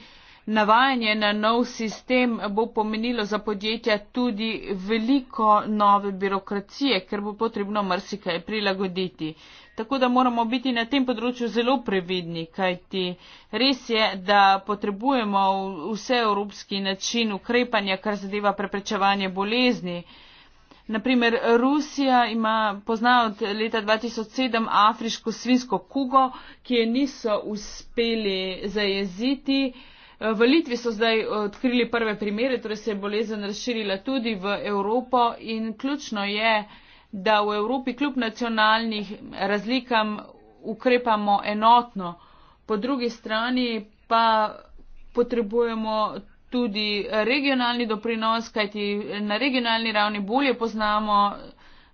navajanje na nov sistem bo pomenilo za podjetja tudi veliko nove birokracije, ker bo potrebno marsikaj prilagoditi. Tako da moramo biti na tem področju zelo previdni, kajti res je, da potrebujemo vse evropski način ukrepanja, kar zadeva preprečevanje bolezni. Naprimer, Rusija ima, pozna od leta 2007 afriško svinsko kugo, ki je niso uspeli zajeziti. V Litvi so zdaj odkrili prve primere, torej se je bolezen razširila tudi v Evropo in ključno je, da v Evropi kljub nacionalnih razlikam ukrepamo enotno. Po drugi strani pa potrebujemo tudi eh, regionalni doprinos, kajti eh, na regionalni ravni bolje poznamo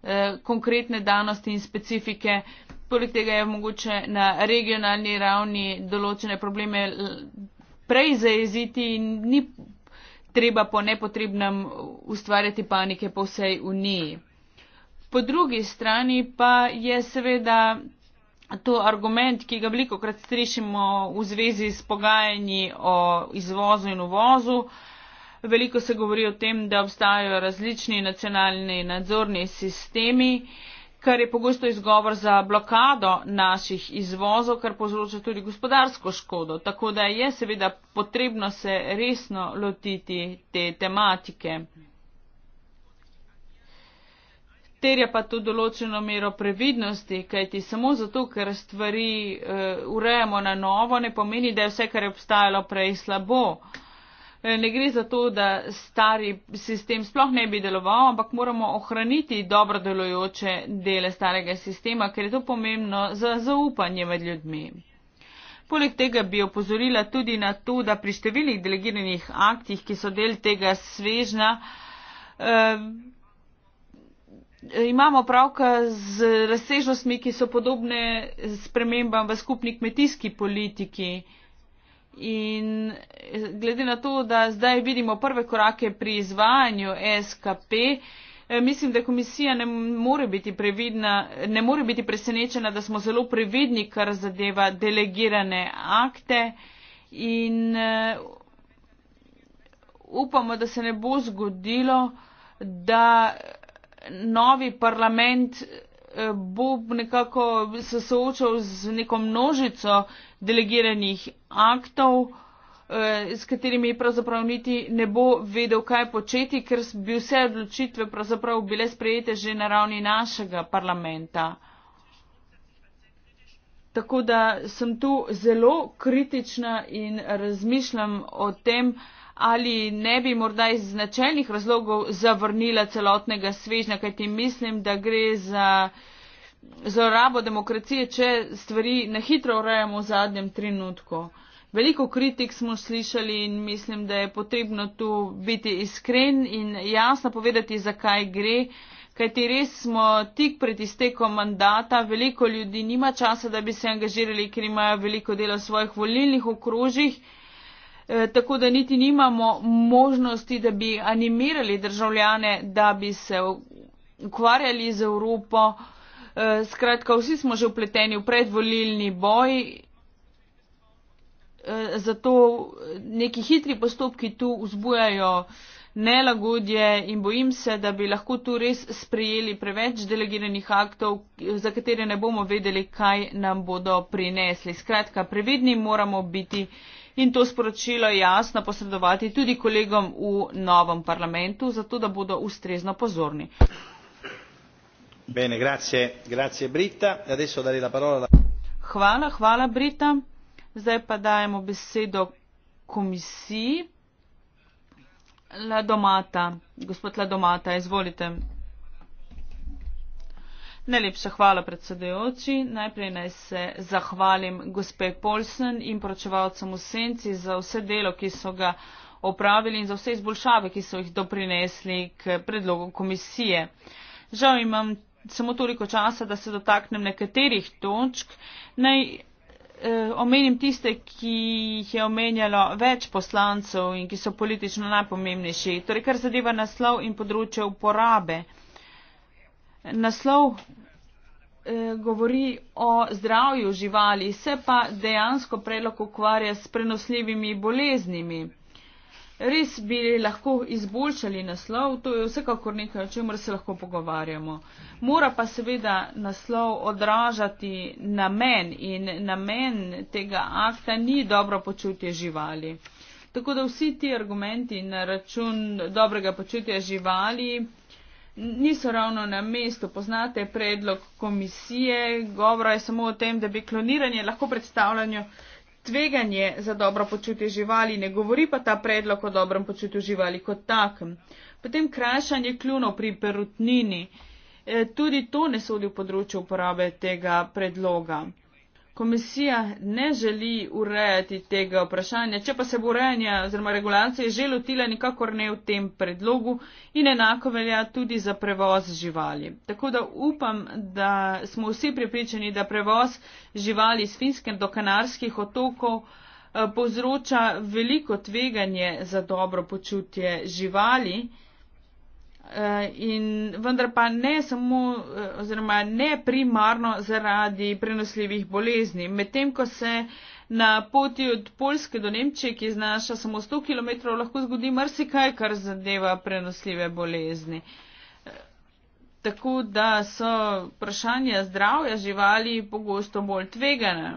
eh, konkretne danosti in specifike. Poleg tega je mogoče na regionalni ravni določene probleme eh, prej zajeziti in ni treba po nepotrebnem ustvarjati panike po vsej uniji. Po drugi strani pa je seveda to argument, ki ga veliko krat strešimo v zvezi s pogajanji o izvozu in uvozu. Veliko se govori o tem, da obstajajo različni nacionalni nadzorni sistemi, kar je pogosto izgovor za blokado naših izvozov, kar povzroča tudi gospodarsko škodo. Tako da je seveda potrebno se resno lotiti te tematike terja pa tudi določeno mero previdnosti, kajti samo zato, ker stvari uh, urejamo na novo, ne pomeni, da je vse, kar je obstajalo prej, slabo. Eh, ne gre za to, da stari sistem sploh ne bi deloval, ampak moramo ohraniti dobro delojoče dele starega sistema, ker je to pomembno za zaupanje med ljudmi. Poleg tega bi opozorila tudi na to, da pri številnih delegiranih aktih, ki so del tega svežna, eh, imamo pravka z razsežnostmi, ki so podobne spremembam v skupni kmetijski politiki. In eh, glede na to, da zdaj vidimo prve korake pri izvajanju SKP, eh, mislim, da komisija ne more biti, previdna, ne more biti presenečena, da smo zelo previdni, kar zadeva delegirane akte. In eh, upamo, da se ne bo zgodilo, da novi parlament eh, bo nekako se soočal z neko množico delegiranih aktov, eh, s katerimi pravzaprav niti ne bo vedel, kaj početi, ker bi vse odločitve pravzaprav bile sprejete že na ravni našega parlamenta. Tako da sem tu zelo kritična in razmišljam o tem, ali ne bi morda iz značajnih razlogov zavrnila celotnega svežnja, kajti mislim, da gre za zlorabo demokracije, če stvari na hitro urejamo v zadnjem trenutku. Veliko kritik smo slišali in mislim, da je potrebno tu biti iskren in jasno povedati, zakaj gre. Kajti res smo tik pred iztekom mandata, veliko ljudi nima časa, da bi se angažirali, ker imajo veliko dela v svojih volilnih okrožjih. Eh, tako da niti nimamo možnosti, da bi animirali državljane, da bi se ukvarjali z Evropo. Eh, skratka, vsi smo že upleteni v predvolilni boj, eh, zato neki hitri postopki tu vzbujajo nelagodje in bojim se, da bi lahko tu res sprejeli preveč delegiranih aktov, za katere ne bomo vedeli, kaj nam bodo prinesli. Skratka, previdni moramo biti in to sporočilo jasno posredovati tudi kolegom v novem parlamentu, zato da bodo ustrezno pozorni. Bene, grazie, grazie Britta. Adesso darei la parola alla... Hvala, hvala Brita. Zdaj pa dajemo besedo komisiji. Ladomata, gospod Ladomata, izvolite. Najlepša hvala predsedujoči. Najprej naj se zahvalim gospe Polsen in poročevalcem v senci za vse delo, ki so ga opravili in za vse izboljšave, ki so jih doprinesli k predlogu komisije. Žal imam samo toliko časa, da se dotaknem nekaterih točk. Naj eh, omenim tiste, ki jih je omenjalo več poslancev in ki so politično najpomembnejši. Torej, kar zadeva naslov in področje uporabe naslov eh, govori o zdravju živali, se pa dejansko predlog ukvarja s prenosljivimi boleznimi. Res bi lahko izboljšali naslov, to je vsekakor nekaj, o čemer se lahko pogovarjamo. Mora pa seveda naslov odražati namen in namen tega akta ni dobro počutje živali. Tako da vsi ti argumenti na račun dobrega počutja živali niso ravno na mestu. Poznate predlog komisije, govora je samo o tem, da bi kloniranje lahko predstavljalo tveganje za dobro počutje živali, ne govori pa ta predlog o dobrem počutju živali kot takem. Potem krašanje kljunov pri perutnini. E, tudi to ne sodi v področju uporabe tega predloga komisija ne želi urejati tega vprašanja, če pa se bo urejanje oziroma regulacije že lotila nikakor ne v tem predlogu in enako velja tudi za prevoz živali. Tako da upam, da smo vsi pripričani, da prevoz živali iz Finske do Kanarskih otokov eh, povzroča veliko tveganje za dobro počutje živali. Eh, in vendar pa ne samo eh, oziroma ne primarno zaradi prenosljivih bolezni. Medtem, ko se na poti od Poljske do Nemčije, ki znaša samo 100 km, lahko zgodi mrsikaj, kar zadeva prenosljive bolezni. Eh, tako da so vprašanja zdravja živali pogosto bolj tvegana.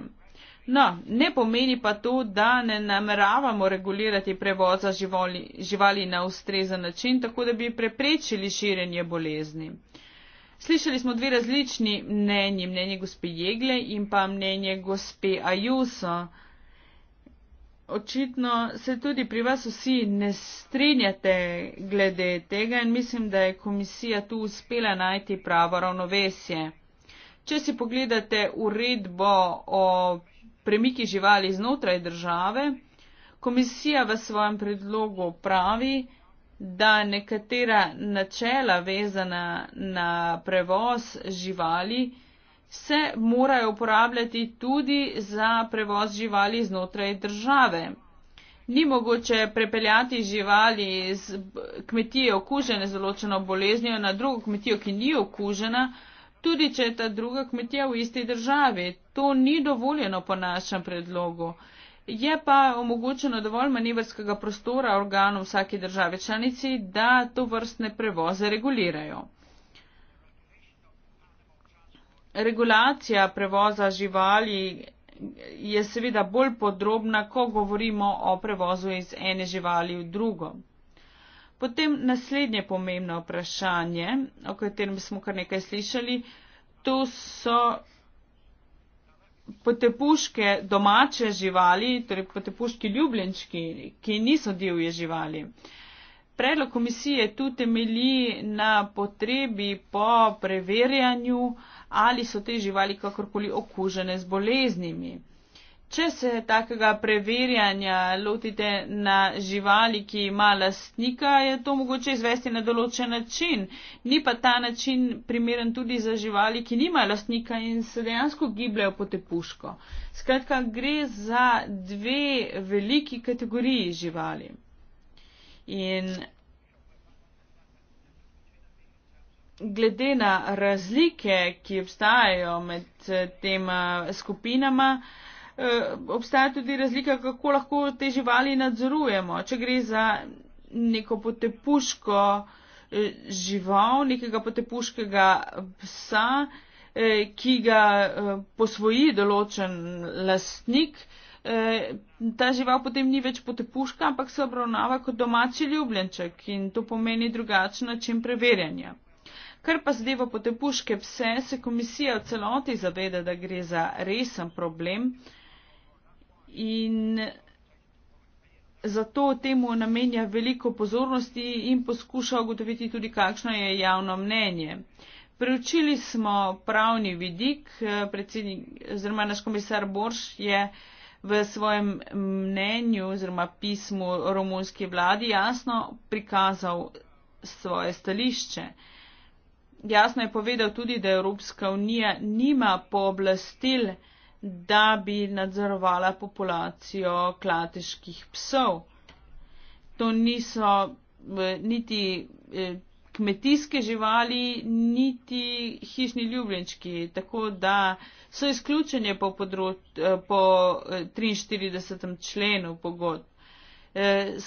No, ne pomeni pa to, da ne nameravamo regulirati prevoza živoli, živali na ustrezen način, tako da bi preprečili širjenje bolezni. Slišali smo dve različni mnenji, mnenje gospe Jegle in pa mnenje gospe Ajuso. Očitno se tudi pri vas vsi ne strinjate glede tega in mislim, da je komisija tu uspela najti pravo ravnovesje. Če si pogledate uredbo o premiki živali znotraj države. Komisija v svojem predlogu pravi, da nekatera načela vezana na prevoz živali se morajo uporabljati tudi za prevoz živali znotraj države. Ni mogoče prepeljati živali iz kmetije okužene z določeno boleznjo na drugo kmetijo, ki ni okužena, tudi če je ta druga kmetija v isti državi. To ni dovoljeno po našem predlogu. Je pa omogočeno dovolj manevrskega prostora organov vsake države članici, da to vrstne prevoze regulirajo. Regulacija prevoza živali je seveda bolj podrobna, ko govorimo o prevozu iz ene živali v drugo. Potem naslednje pomembno vprašanje, o katerem smo kar nekaj slišali, to so potepuške domače živali, torej potepuški ljubljenčki, ki niso divje živali. Predlog komisije tu temelji na potrebi po preverjanju, ali so te živali kakorkoli okužene z boleznimi. Če se takega preverjanja lotite na živali, ki ima lastnika, je to mogoče izvesti na določen način. Ni pa ta način primeren tudi za živali, ki nima lastnika in se dejansko gibljajo po tepuško. Skratka, gre za dve veliki kategoriji živali. In glede na razlike, ki obstajajo med eh, tema skupinama, Eh, obstaja tudi razlika, kako lahko te živali nadzorujemo. Če gre za neko potepuško eh, žival, nekega potepuškega psa, eh, ki ga posvoji določen lastnik, ta žival potem ni več potepuška, ampak se obravnava kot domači ljubljenček in to pomeni drugačen način preverjanja. Kar pa zadeva potepuške pse, se komisija v celoti zaveda, da gre za resen problem in zato temu namenja veliko pozornosti in poskuša ugotoviti tudi, kakšno je javno mnenje. Preučili smo pravni vidik, eh, predsednik, oziroma naš komisar Borš je v svojem mnenju oziroma pismu romunski vladi jasno prikazal svoje stališče. Jasno je povedal tudi, da Evropska unija nima pooblastil po da bi nadzorovala populacijo klateških psov. To niso eh, niti eh, kmetijske živali, niti hišni ljubljenčki, tako da so izključene po, eh, po 43. členu pogodb.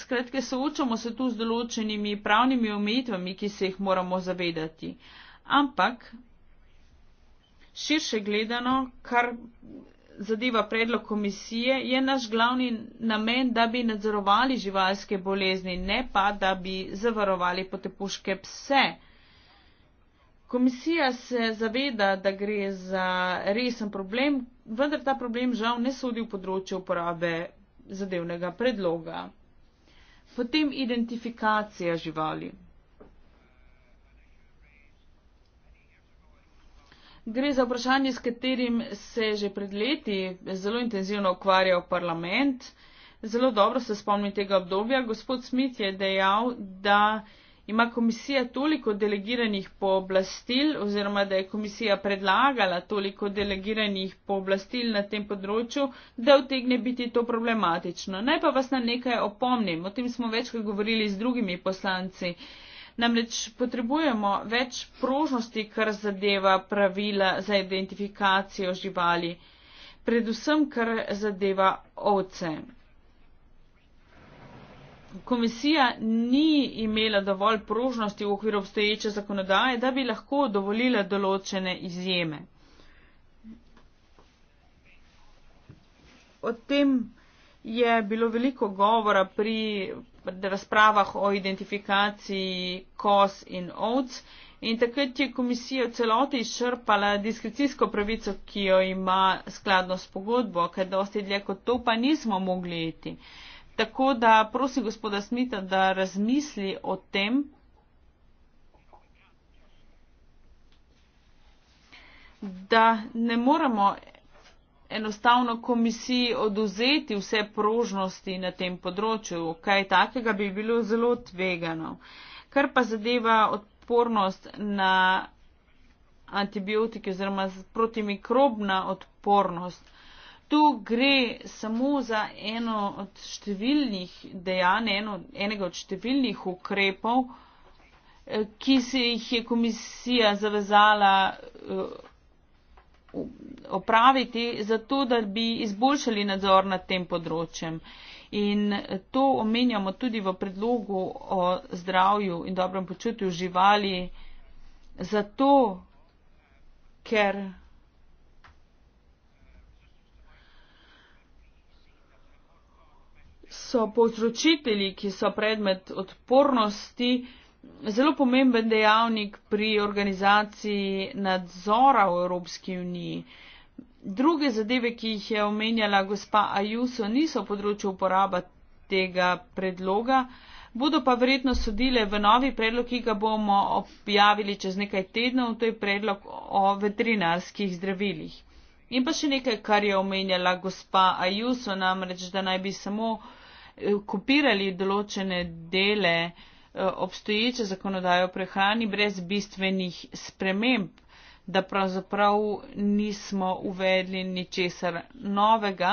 Skratke, soočamo se tu z določenimi pravnimi omejitvami, ki se jih moramo zavedati. Ampak Širše gledano, kar zadeva predlog komisije, je naš glavni namen, da bi nadzorovali živalske bolezni, ne pa, da bi zavarovali potepuške pse. Komisija se zaveda, da gre za resen problem, vendar ta problem žal ne sodi v področju uporabe zadevnega predloga. Potem identifikacija živali. Gre za vprašanje, s katerim se je že pred leti zelo intenzivno ukvarjal parlament. Zelo dobro se spomnim tega obdobja. Gospod Smith je dejal, da ima komisija toliko delegiranih pooblastil oziroma da je komisija predlagala toliko delegiranih pooblastil na tem področju, da vtegne biti to problematično. Naj pa vas na nekaj opomnim. O tem smo večkrat govorili z drugimi poslanci. Namreč potrebujemo več prožnosti, kar zadeva pravila za identifikacijo živali, predvsem kar zadeva ovce. Komisija ni imela dovolj prožnosti v okviru obstoječe zakonodaje, da bi lahko dovolila določene izjeme. O tem je bilo veliko govora pri razpravah o identifikaciji kos in ovc in takrat je komisija v celoti izčrpala diskrecijsko pravico, ki jo ima skladno s pogodbo, ker dosti dlje kot to pa nismo mogli iti. Tako da prosim gospoda Smita, da razmisli o tem. da ne moramo enostavno komisiji oduzeti vse prožnosti na tem področju. Kaj takega bi bilo zelo tvegano. Kar pa zadeva odpornost na antibiotike oziroma protimikrobna odpornost. Tu gre samo za eno od številnih dejanj, eno, enega od številnih ukrepov, eh, ki se jih je komisija zavezala eh, opraviti, zato da bi izboljšali nadzor nad tem področjem. In to omenjamo tudi v predlogu o zdravju in dobrem počutju živali, zato ker so povzročitelji, ki so predmet odpornosti, zelo pomemben dejavnik pri organizaciji nadzora v Evropski uniji. Druge zadeve, ki jih je omenjala gospa Ajuso, niso področje uporaba tega predloga, bodo pa verjetno sodile v novi predlog, ki ga bomo objavili čez nekaj tednov, to je predlog o veterinarskih zdravilih. In pa še nekaj, kar je omenjala gospa Ajuso, namreč, da naj bi samo eh, kopirali določene dele eh, Eh, obstoječa zakonodaja o prehrani brez bistvenih sprememb, da pravzaprav nismo uvedli ničesar novega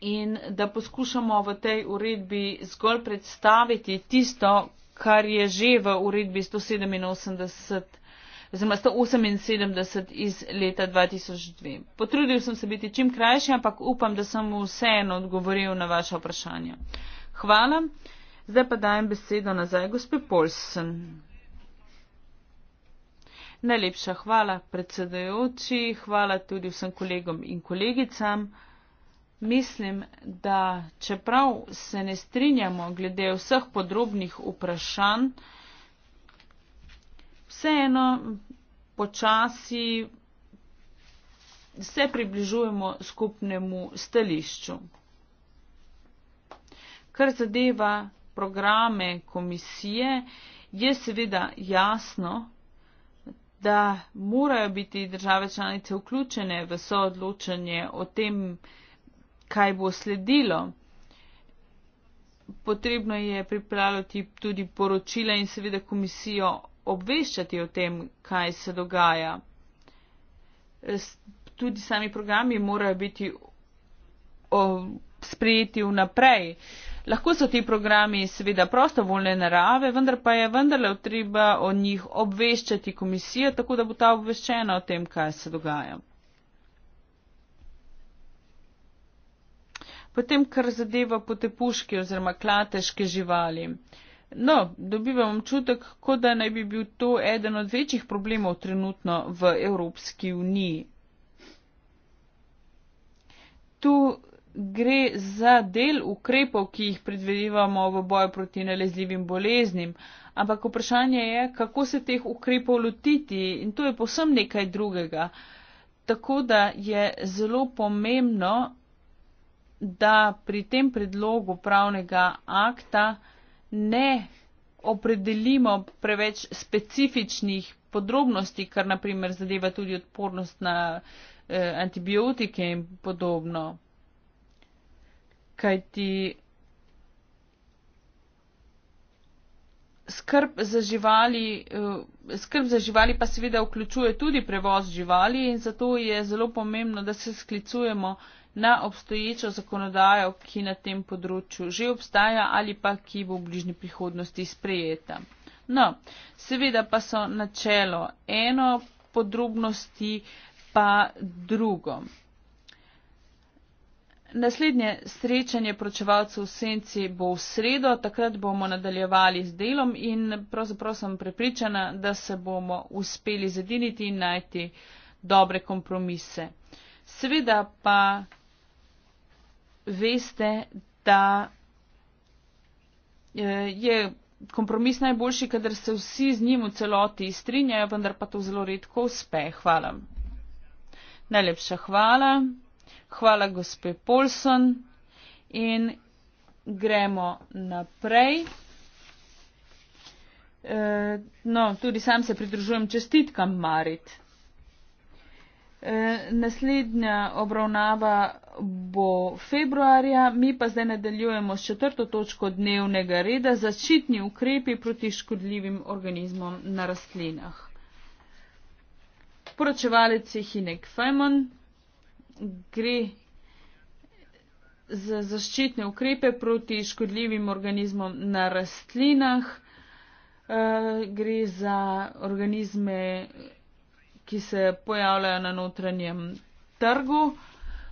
in da poskušamo v tej uredbi zgolj predstaviti tisto, kar je že v uredbi 187. Zdaj, 178 iz leta 2002. Potrudil sem se biti čim krajši, ampak upam, da sem vseeno odgovoril na vaše vprašanje. Hvala. Zdaj pa dajem besedo nazaj gospe Polsen. Najlepša hvala predsedajoči, hvala tudi vsem kolegom in kolegicam. Mislim, da čeprav se ne strinjamo glede vseh podrobnih vprašanj, vseeno počasi se približujemo skupnemu stališču. Kar zadeva programe komisije, je seveda jasno, da morajo biti države članice vključene v soodločanje o tem, kaj bo sledilo. Potrebno je pripravljati tudi poročila in seveda komisijo obveščati o tem, kaj se dogaja. Tudi sami programi morajo biti sprejeti vnaprej. Lahko so ti programi seveda prostovoljne narave, vendar pa je vendarle treba o njih obveščati komisijo, tako da bo ta obveščena o tem, kaj se dogaja. Potem, kar zadeva potepuške oziroma klateške živali. No, dobivam občutek, kot da naj bi bil to eden od večjih problemov trenutno v Evropski uniji. Tu gre za del ukrepov, ki jih predvidevamo v boju proti nalezljivim boleznim, ampak vprašanje je, kako se teh ukrepov lotiti in to je posem nekaj drugega. Tako da je zelo pomembno, da pri tem predlogu pravnega akta ne opredelimo preveč specifičnih podrobnosti, kar naprimer zadeva tudi odpornost na eh, antibiotike in podobno kaj ti skrb za živali, eh, skrb za živali pa seveda vključuje tudi prevoz živali in zato je zelo pomembno, da se sklicujemo na obstoječo zakonodajo, ki na tem področju že obstaja ali pa ki bo v bližnji prihodnosti sprejeta. No, seveda pa so načelo eno, podrobnosti pa drugo. Naslednje srečanje pročevalcev v senci bo v sredo, takrat bomo nadaljevali z delom in pravzaprav sem prepričana, da se bomo uspeli zediniti in najti dobre kompromise. Seveda pa veste, da eh, je kompromis najboljši, kadar se vsi z njim v celoti strinjajo, vendar pa to zelo redko uspe. Hvala. Najlepša hvala hvala gospe Polson in gremo naprej. E, no, tudi sam se pridružujem čestitkam Marit. E, naslednja obravnava bo februarja, mi pa zdaj nadaljujemo s četrto točko dnevnega reda zaščitni ukrepi proti škodljivim organizmom na rastlinah. Poročevalec je Hinek Fajmon gre za zaščitne ukrepe proti škodljivim organizmom na rastlinah, eh, gre za organizme, ki se pojavljajo na notranjem trgu.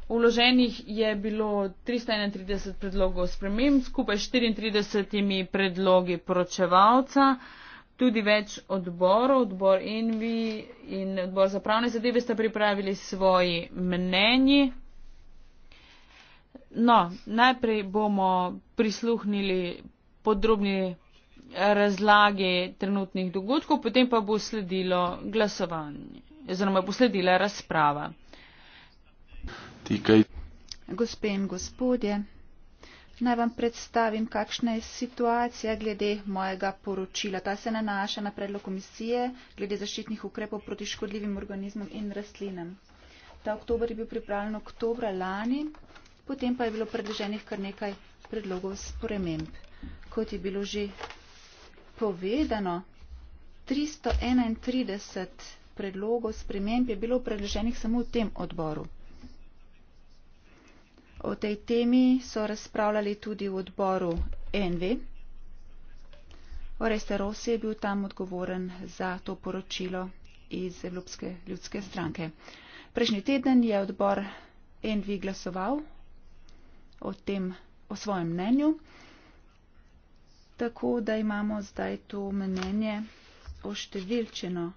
Uloženih je bilo 331 predlogov sprememb, skupaj 34 predlogi poročevalca tudi več odborov, odbor Envi in odbor za pravne zadeve sta pripravili svoji mnenji. No, najprej bomo prisluhnili podrobni razlage trenutnih dogodkov, potem pa bo sledilo glasovanje, oziroma bo sledila razprava. Tikaj. Gospe in gospodje, Naj vam predstavim, kakšna je situacija glede mojega poročila. Ta se nanaša na predlog komisije glede zaščitnih ukrepov proti škodljivim organizmom in rastlinam. Ta oktober je bil pripravljen oktobra lani, potem pa je bilo predloženih kar nekaj predlogov sprememb. Kot je bilo že povedano, 331 predlogov sprememb je bilo predloženih samo v tem odboru. O tej temi so razpravljali tudi v odboru NV. Oreste Rosi je bil tam odgovoren za to poročilo iz Evropske ljudske stranke. Prejšnji teden je odbor NV glasoval o tem, o svojem mnenju, tako da imamo zdaj to mnenje oštevilčeno.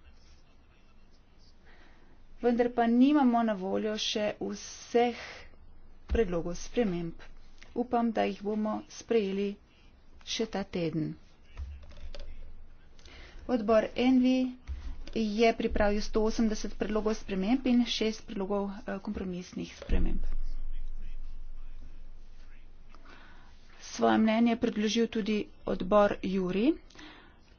Vendar pa nimamo na voljo še vseh predlogu sprememb. Upam, da jih bomo sprejeli še ta teden. Odbor Envi je pripravil 180 predlogov sprememb in 6 predlogov eh, kompromisnih sprememb. Svoje mnenje je predložil tudi odbor Juri.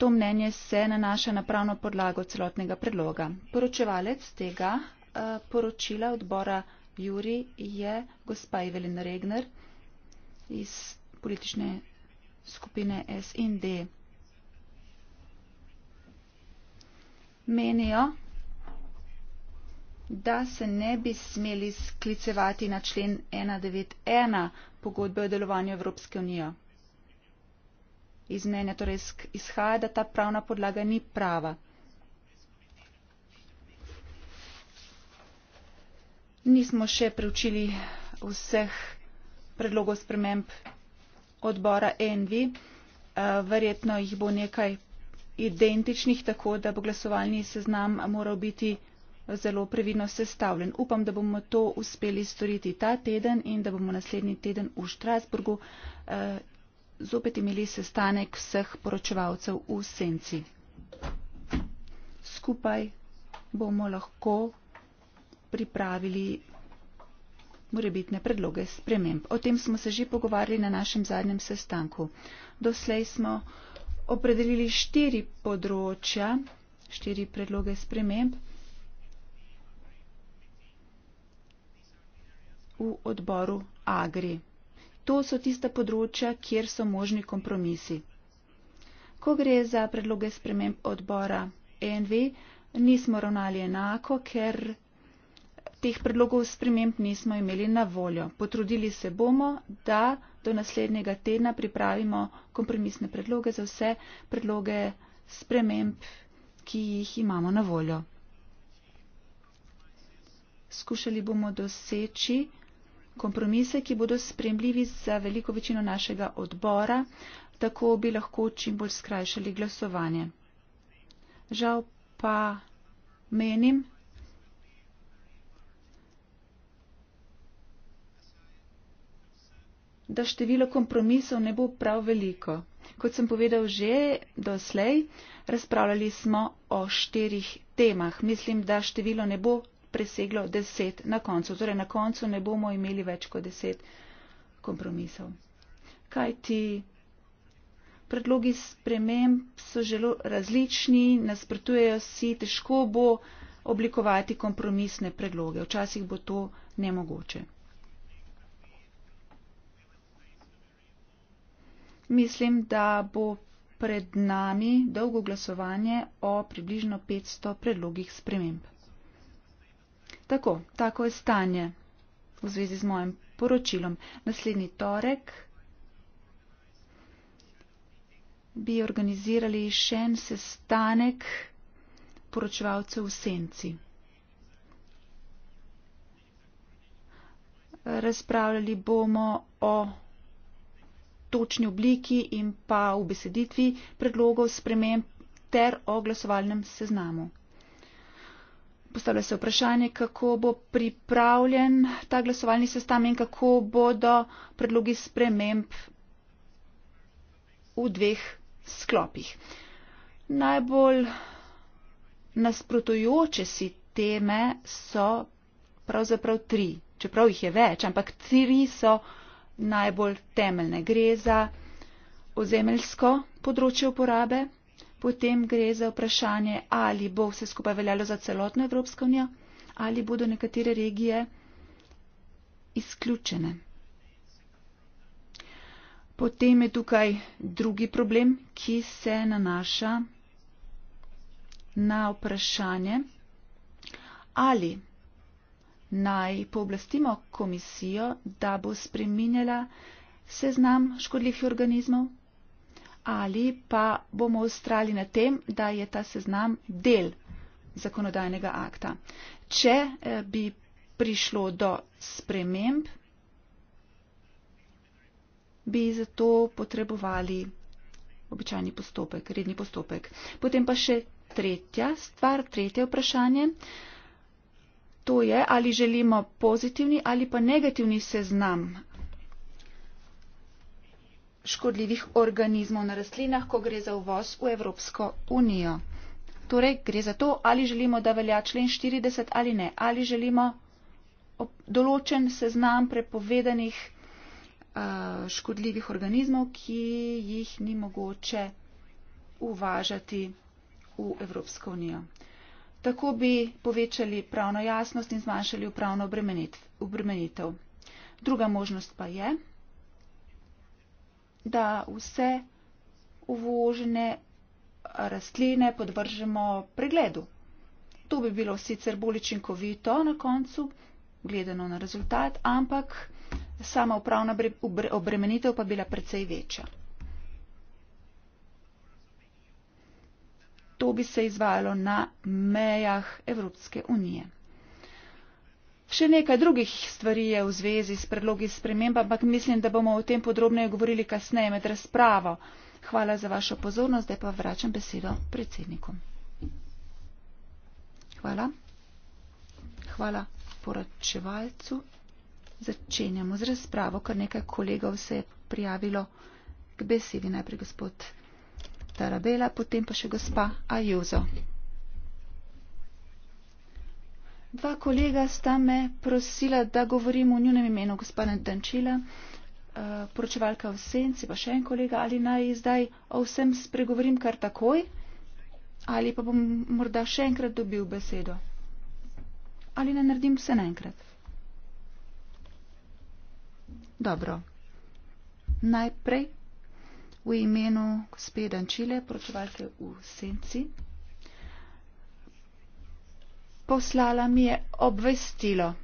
To mnenje se nanaša na pravno podlago celotnega predloga. Poročevalec tega eh, poročila odbora Juri je gospa Evelina Regner iz politične skupine SND. Menijo, da se ne bi smeli sklicevati na člen 191 pogodbe o delovanju Evropske unije. Iz mnenja torej izhaja, da ta pravna podlaga ni prava. nismo še preučili vseh predlogov sprememb odbora ENVI. Eh, verjetno jih bo nekaj identičnih, tako da bo glasovalni seznam moral biti zelo previdno sestavljen. Upam, da bomo to uspeli storiti ta teden in da bomo naslednji teden v Štrasburgu eh, zopet imeli sestanek vseh poročevalcev v senci. Skupaj bomo lahko pripravili morebitne predloge sprememb. O tem smo se že pogovarjali na našem zadnjem sestanku. Doslej smo opredelili štiri področja, štiri predloge sprememb v odboru Agri. To so tista področja, kjer so možni kompromisi. Ko gre za predloge sprememb odbora NV, nismo ravnali enako, ker teh predlogov sprememb nismo imeli na voljo. Potrudili se bomo, da do naslednjega tedna pripravimo kompromisne predloge za vse predloge sprememb, ki jih imamo na voljo. Skušali bomo doseči kompromise, ki bodo spremljivi za veliko večino našega odbora, tako bi lahko čim bolj skrajšali glasovanje. Žal pa menim, da število kompromisov ne bo prav veliko. Kot sem povedal že doslej, razpravljali smo o štirih temah. Mislim, da število ne bo preseglo deset na koncu. Torej, na koncu ne bomo imeli več kot deset kompromisov. Kaj ti predlogi sprememb so zelo različni, nasprotujejo si, težko bo oblikovati kompromisne predloge. Včasih bo to nemogoče. Mislim, da bo pred nami dolgo glasovanje o približno 500 predlogih sprememb. Tako, tako je stanje v zvezi z mojim poročilom. Naslednji torek bi organizirali še en sestanek poročevalcev v senci. Razpravljali bomo o točni obliki in pa v beseditvi predlogov sprememb ter o glasovalnem seznamu. Postavlja se vprašanje, kako bo pripravljen ta glasovalni sestam in kako bodo predlogi sprememb v dveh sklopih. Najbolj nasprotujoče si teme so pravzaprav tri, čeprav jih je več, ampak tri so najbolj temeljne. Gre za ozemeljsko področje uporabe, potem gre za vprašanje, ali bo vse skupaj veljalo za celotno Evropsko unijo, ali bodo nekatere regije izključene. Potem je tukaj drugi problem, ki se nanaša na vprašanje, ali naj pooblastimo komisijo, da bo spreminjala seznam škodljivih organizmov? Ali pa bomo ustrali na tem, da je ta seznam del zakonodajnega akta? Če eh, bi prišlo do sprememb, bi zato potrebovali običajni postopek, redni postopek. Potem pa še tretja stvar, tretje vprašanje. Uh, to je, ali želimo pozitivni ali pa negativni seznam škodljivih organizmov na rastlinah, ko gre za uvoz v Evropsko unijo. Torej, gre za to, ali želimo, da velja člen 40 ali ne, ali želimo določen seznam prepovedanih uh, škodljivih organizmov, ki jih ni mogoče uvažati v Evropsko unijo. Tako bi povečali pravno jasnost in zmanjšali upravno obremenitev. Druga možnost pa je, da vse uvožene rastline podvržemo pregledu. To bi bilo sicer bolj učinkovito na koncu, gledano na rezultat, ampak sama upravna obremenitev pa bila precej večja. to bi se izvajalo na mejah Evropske unije. Še nekaj drugih stvari je v zvezi s predlogi sprememba, ampak mislim, da bomo o tem podrobneje govorili kasneje med razpravo. Hvala za vašo pozornost, zdaj pa vračam besedo predsedniku. Hvala. Hvala poročevalcu. Začenjamo z razpravo, kar nekaj kolegov se je prijavilo k besedi. Najprej gospod Tarabela, potem pa še gospa Ajuzo. Dva kolega sta me prosila, da govorim v njunem imenu, gospa Nedančila, eh, poročevalka v senci, pa še en kolega, ali naj zdaj o vsem spregovorim kar takoj, ali pa bom morda še enkrat dobil besedo. Ali ne naredim vse naenkrat. Dobro. Najprej v imenu gospe Dančile, poročevalke v Senci. Poslala mi je obvestilo.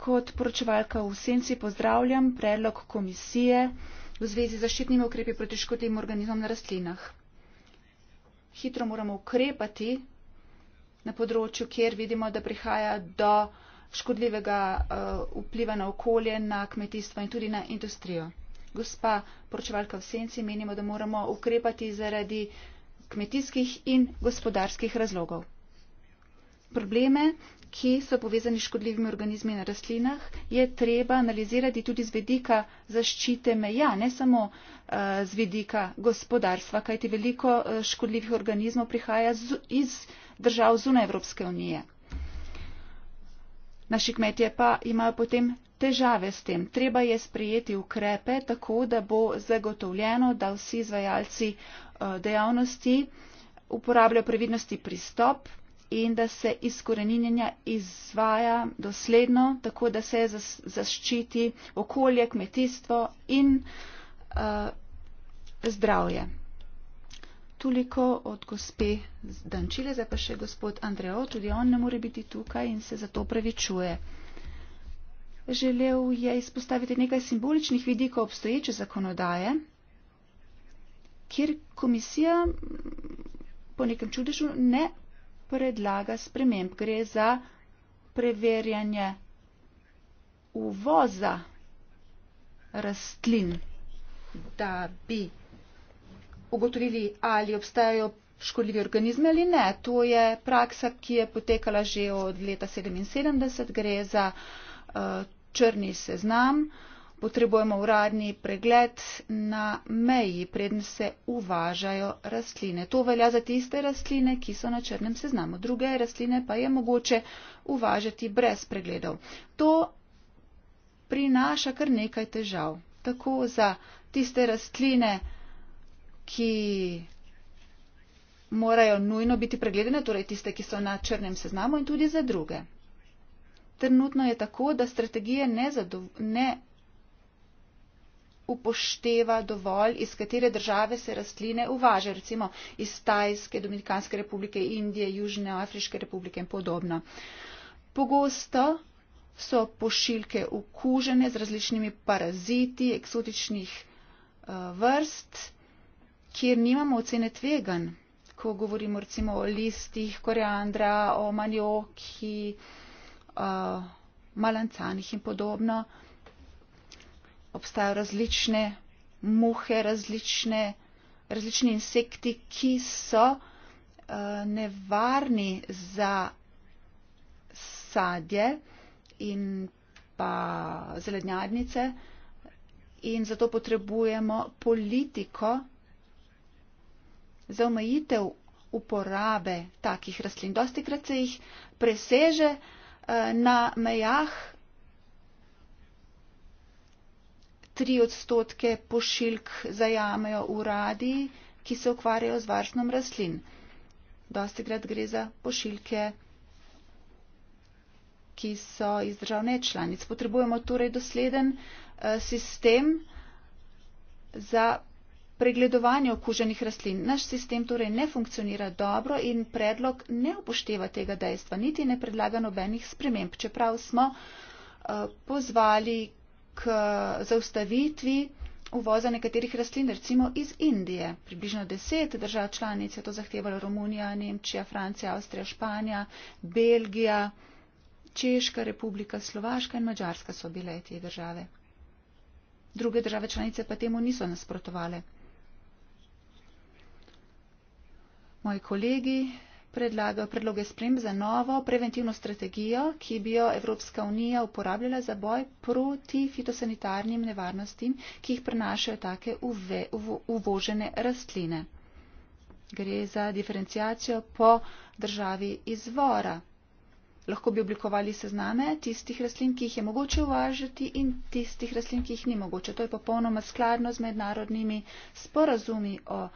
Kot poročevalka v Senci pozdravljam predlog komisije v zvezi z zaščitnimi ukrepi proti škodljivim organizmom na rastlinah. Hitro moramo ukrepati na področju, kjer vidimo, da prihaja do škodljivega uh, vpliva na okolje, na kmetijstvo in tudi na industrijo. Gospa poročevalka v senci, menimo, da moramo ukrepati zaradi kmetijskih in gospodarskih razlogov. Probleme, ki so povezani s škodljivimi organizmi na rastlinah, je treba analizirati tudi z vedika zaščite meja, ne samo uh, z vedika gospodarstva, kajti veliko uh, škodljivih organizmov prihaja z, iz držav zunaj Evropske unije. Naši kmetje pa imajo potem težave s tem. Treba je sprejeti ukrepe tako, da bo zagotovljeno, da vsi izvajalci eh, dejavnosti uporabljajo previdnosti pristop in da se izkoreninjenja izvaja dosledno, tako da se zaščiti okolje, kmetijstvo in uh, zdravje. Toliko od gospe Dančile, zdaj pa še gospod Andrejo, tudi on ne more biti tukaj in se zato prevečuje. Želel je izpostaviti nekaj simboličnih vidikov obstoječe zakonodaje, kjer komisija po nekem čudežu ne predlaga sprememb. Gre za preverjanje uvoza rastlin, da bi ugotovili, ali obstajajo škodljivi organizmi ali ne. To je praksa, ki je potekala že od leta 1977, gre za uh, črni seznam. Potrebujemo uradni pregled na meji, predn se uvažajo rastline. To velja za tiste rastline, ki so na črnem seznamu. Druge rastline pa je mogoče uvažati brez pregledov. To prinaša kar nekaj težav. Tako za tiste rastline, ki morajo nujno biti pregledene, torej tiste, ki so na črnem seznamu in tudi za druge. Trenutno je tako, da strategije ne, zadov, ne upošteva dovolj, iz katere države se rastline uvaža, recimo iz Tajske, Dominikanske republike, Indije, Južne Afriške republike in podobno. Pogosto so pošiljke ukužene z različnimi paraziti, eksotičnih uh, vrst, kjer nimamo ocene tvegan, ko govorimo recimo o listih koriandra, o manjoki, o malancanih in podobno. Obstajajo različne muhe, različne, različni insekti, ki so eh, nevarni za sadje in pa zelenjadnice in zato potrebujemo politiko, za omejitev uporabe takih rastlin. Dosti krat se jih preseže eh, na mejah 3 odstotke pošiljk zajamejo uradi, ki se ukvarjajo z varstvom rastlin. Dosti krat gre za pošiljke, ki so iz državne članic. Potrebujemo torej dosleden eh, sistem za pregledovanje okuženih rastlin. Naš sistem torej ne funkcionira dobro in predlog ne upošteva tega dejstva, niti ne predlaga nobenih sprememb. Čeprav smo eh, pozvali k zaustavitvi uvoza nekaterih rastlin, recimo iz Indije. Približno deset držav članic je to zahtevalo Romunija, Nemčija, Francija, Avstrija, Španija, Belgija, Češka, Republika Slovaška in Mačarska so bile te države. Druge države članice pa temu niso nasprotovale. moji kolegi predlagajo predloge sprem za novo preventivno strategijo, ki bi jo Evropska unija uporabljala za boj proti fitosanitarnim nevarnostim, ki jih prenašajo take uve, uvo, uvožene rastline. Gre za diferencijacijo po državi izvora lahko bi oblikovali sezname tistih rastlin, ki jih je mogoče uvažati in tistih rastlin, ki jih ni mogoče. To je popolnoma skladno z mednarodnimi sporazumi o uh,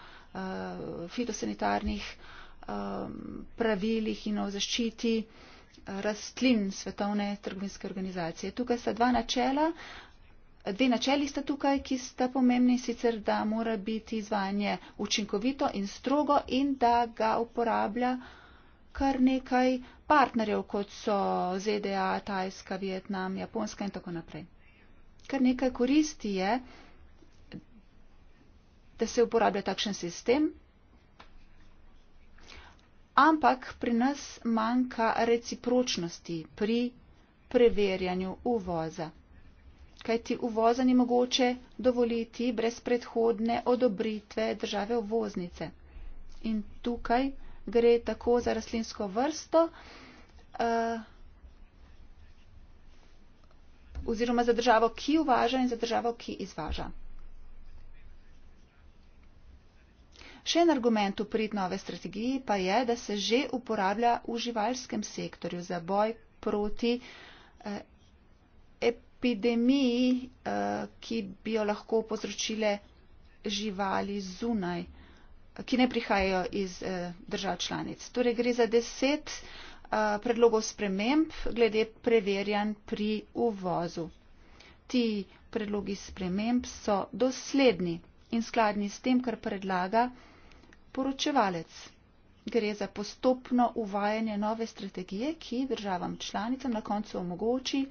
fitosanitarnih uh, pravilih in o zaščiti eh, rastlin Svetovne trgovinske organizacije. Tukaj sta dva načela, dve načeli sta tukaj, ki sta pomembni sicer, da mora biti izvajanje učinkovito in strogo in da ga uporablja kar nekaj partnerjev, kot so ZDA, Tajska, Vietnam, Japonska in tako naprej. Kar nekaj koristi je, da se uporablja takšen sistem, ampak pri nas manjka recipročnosti pri preverjanju uvoza. Kaj ti uvoza ni mogoče dovoliti brez predhodne odobritve države uvoznice. In tukaj gre tako za rastlinsko vrsto eh, oziroma za državo, ki uvaža in za državo, ki izvaža. Še en argument v prid nove strategiji pa je, da se že uporablja v živalskem sektorju za boj proti eh, epidemiji, eh, ki bi jo lahko povzročile živali zunaj ki ne prihajajo iz eh, držav članic. Torej gre za deset eh, predlogov sprememb glede preverjan pri uvozu. Ti predlogi sprememb so dosledni in skladni s tem, kar predlaga poročevalec. Gre za postopno uvajanje nove strategije, ki državam članicam na koncu omogoči,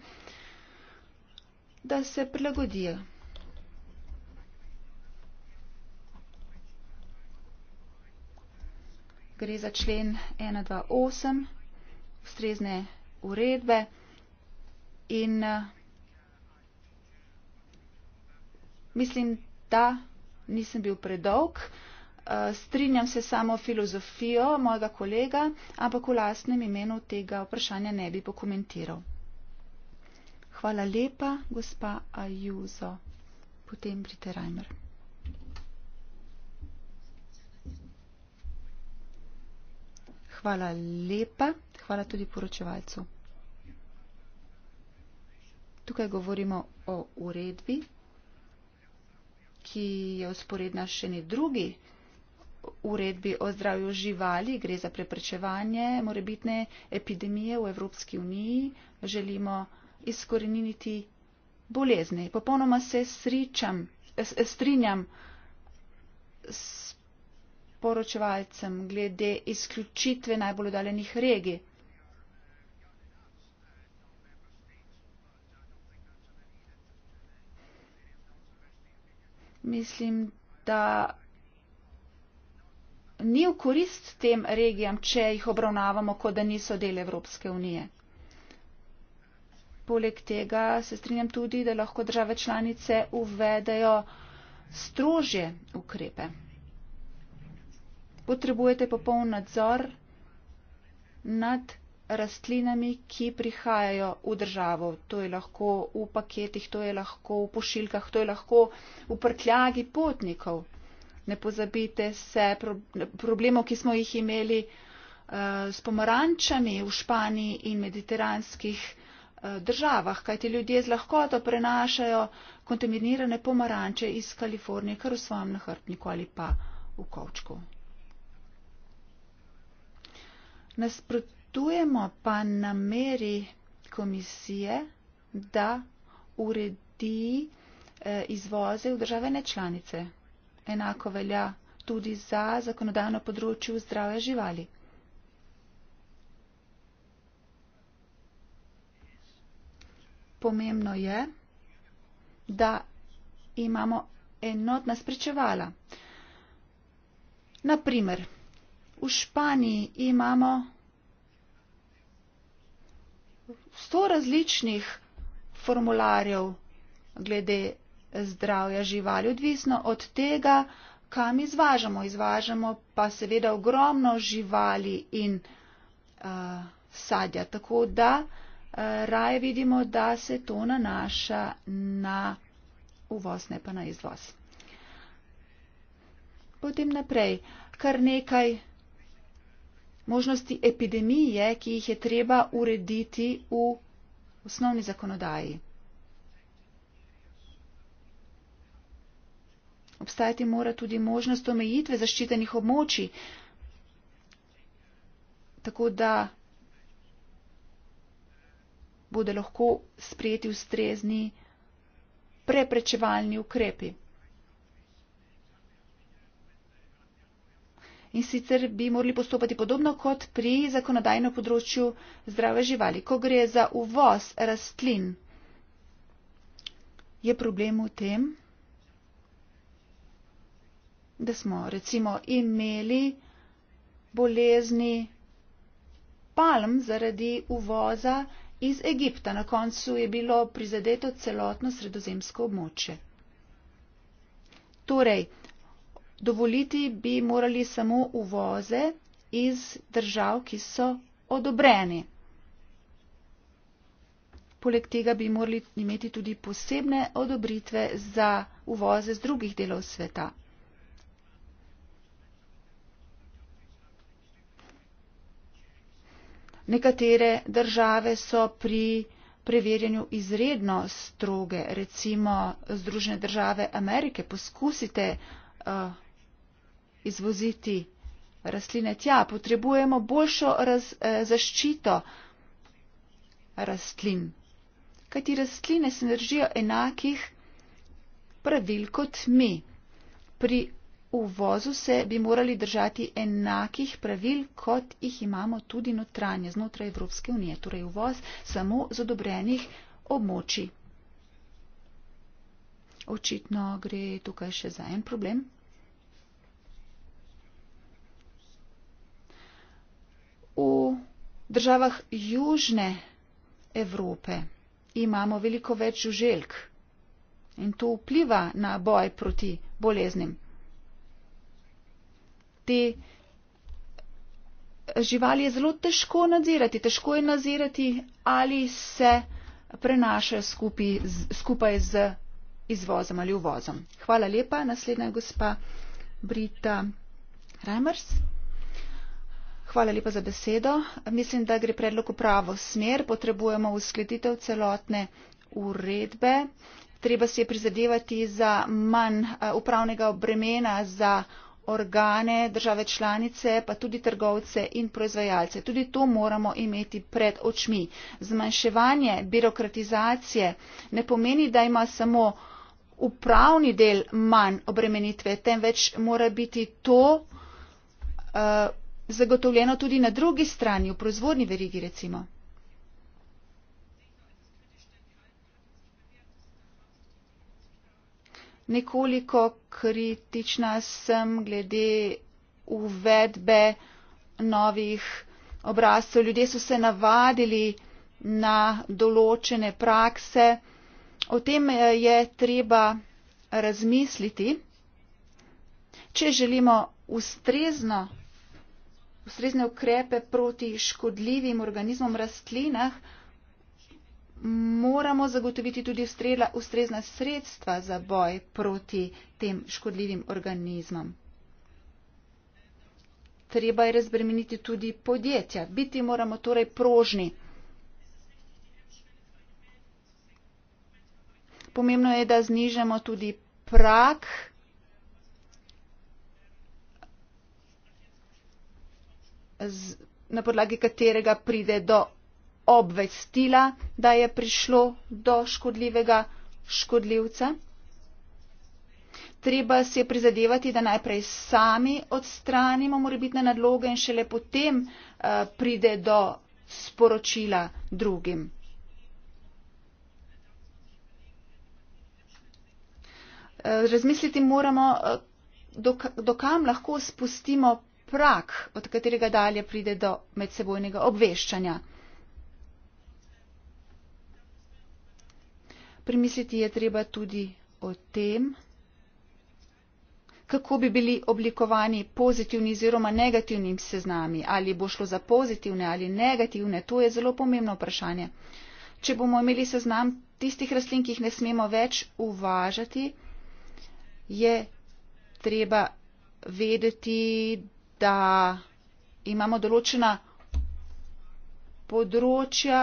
da se prilagodijo gre za člen 128 ustrezne uredbe in eh, mislim, da nisem bil predolg. Eh, strinjam se samo filozofijo mojega kolega, ampak v lastnem imenu tega vprašanja ne bi pokomentiral. Hvala lepa, gospa Ajuzo. Potem Brite Reimer. Hvala lepa. Hvala tudi poročevalcu. Tukaj govorimo o uredbi, ki je usporedna še ne drugi uredbi o zdravju živali. Gre za preprečevanje morebitne epidemije v Evropski uniji. Želimo izkoreniniti bolezni. Popolnoma se sričam, strinjam s poročevalcem glede izključitve najbolj oddaljenih regij. Mislim, da ni v korist tem regijam, če jih obravnavamo, kot da niso del Evropske unije. Poleg tega se strinjam tudi, da lahko države članice uvedejo strožje ukrepe potrebujete popoln nadzor nad rastlinami, ki prihajajo v državo. To je lahko v paketih, to je lahko v pošiljkah, to je lahko v prtljagi potnikov. Ne pozabite se problemov, ki smo jih imeli eh, s pomarančami v Španiji in mediteranskih eh, državah, kajti ljudje z lahkoto prenašajo kontaminirane pomaranče iz Kalifornije kar v svojem nahrbtniku ali pa v kovčku. Nasprotujemo pa nameri komisije, da uredi eh, izvoze v države nečlanice. Enako velja tudi za zakonodajno področje zdrave živali. Pomembno je, da imamo enotna spričevala. Naprimer, V Španiji imamo sto različnih formularjev glede zdravja živali, odvisno od tega, kam izvažamo. Izvažamo pa seveda ogromno živali in uh, sadja, tako da uh, raje vidimo, da se to nanaša na uvoz, ne pa na izvoz. Potem naprej, kar nekaj možnosti epidemije, ki jih je treba urediti v osnovni zakonodaji. Obstajati mora tudi možnost omejitve zaščitenih območij, tako da bodo lahko sprejeti ustrezni preprečevalni ukrepi. In sicer bi morali postopati podobno kot pri zakonodajno področju zdrave živali. Ko gre za uvoz rastlin, je problem v tem, da smo recimo imeli bolezni palm zaradi uvoza iz Egipta. Na koncu je bilo prizadeto celotno sredozemsko območje. Torej, dovoliti bi morali samo uvoze iz držav, ki so odobreni. Poleg tega bi morali imeti tudi posebne odobritve za uvoze z drugih delov sveta. Nekatere države so pri preverjanju izredno stroge, recimo Združene države Amerike, poskusite uh, izvoziti rastline tja, potrebujemo boljšo raz, eh, zaščito rastlin. Kaj ti rastline se držijo enakih pravil kot mi. Pri uvozu se bi morali držati enakih pravil, kot jih imamo tudi notranje znotraj Evropske unije, torej uvoz samo z odobrenih območij. Očitno gre tukaj še za en problem. v državah južne Evrope imamo veliko več žuželk in to vpliva na boj proti boleznim. Te živali je zelo težko nadzirati, težko je nadzirati, ali se prenašajo skupaj, skupaj z izvozom ali uvozom. Hvala lepa, naslednja je gospa Brita Reimers. Hvala lepa za besedo. Mislim, da gre predlog v pravo smer. Potrebujemo uskladitev celotne uredbe. Treba si je prizadevati za manj eh, upravnega obremena za organe države članice, pa tudi trgovce in proizvajalce. Tudi to moramo imeti pred očmi. Zmanjševanje birokratizacije ne pomeni, da ima samo upravni del manj obremenitve, temveč mora biti to uh, zagotovljeno tudi na drugi strani, v proizvodni verigi recimo. Nekoliko kritična sem glede uvedbe novih obrazcev. Ljudje so se navadili na določene prakse. O tem eh, je treba razmisliti, če želimo ustrezno ustrezne ukrepe proti škodljivim organizmom v rastlinah, moramo zagotoviti tudi ustrela, ustrezna sredstva za boj proti tem škodljivim organizmom. Treba je razbremeniti tudi podjetja. Biti moramo torej prožni. Pomembno je, da znižamo tudi prak z, na podlagi katerega pride do obvestila, da je prišlo do škodljivega škodljivca. Treba si je prizadevati, da najprej sami odstranimo morebitne nadloge in šele potem uh, pride do sporočila drugim. Uh, razmisliti moramo, uh, eh, dok, dokam lahko spustimo prak, od katerega dalje pride do medsebojnega obveščanja. Primisliti je treba tudi o tem, kako bi bili oblikovani pozitivni oziroma negativni seznami, ali bo šlo za pozitivne ali negativne, to je zelo pomembno vprašanje. Če bomo imeli seznam tistih rastlin, ki jih ne smemo več uvažati, je treba vedeti, da imamo določena področja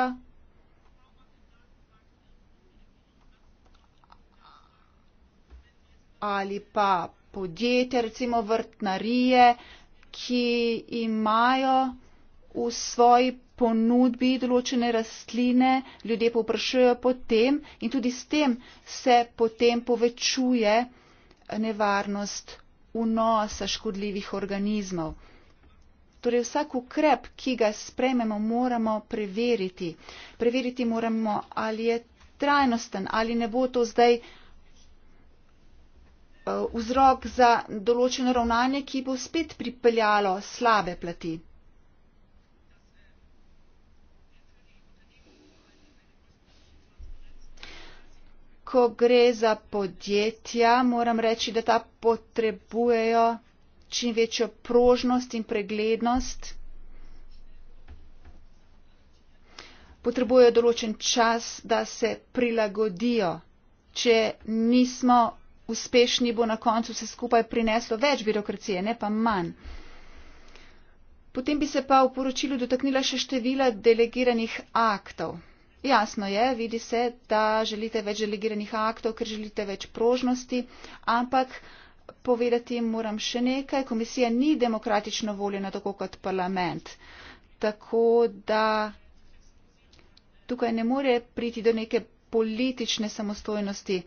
ali pa podjetja, recimo vrtnarije, ki imajo v svoji ponudbi določene rastline, ljudje povprašujejo potem in tudi s tem se potem povečuje nevarnost vnosa škodljivih organizmov. Torej vsak ukrep, ki ga sprememo, moramo preveriti. Preveriti moramo, ali je trajnosten, ali ne bo to zdaj eh, vzrok za določeno ravnanje, ki bo spet pripeljalo slabe plati. ko gre za podjetja, moram reči, da ta potrebujejo čim večjo prožnost in preglednost. Potrebujejo določen čas, da se prilagodijo. Če nismo uspešni, bo na koncu vse skupaj prineslo več birokracije, ne pa manj. Potem bi se pa v poročilu dotaknila še števila delegiranih aktov. Jasno je, vidi se, da želite več delegiranih aktov, ker želite več prožnosti, ampak povedati moram še nekaj. Komisija ni demokratično voljena tako kot parlament. Tako da tukaj ne more priti do neke politične samostojnosti.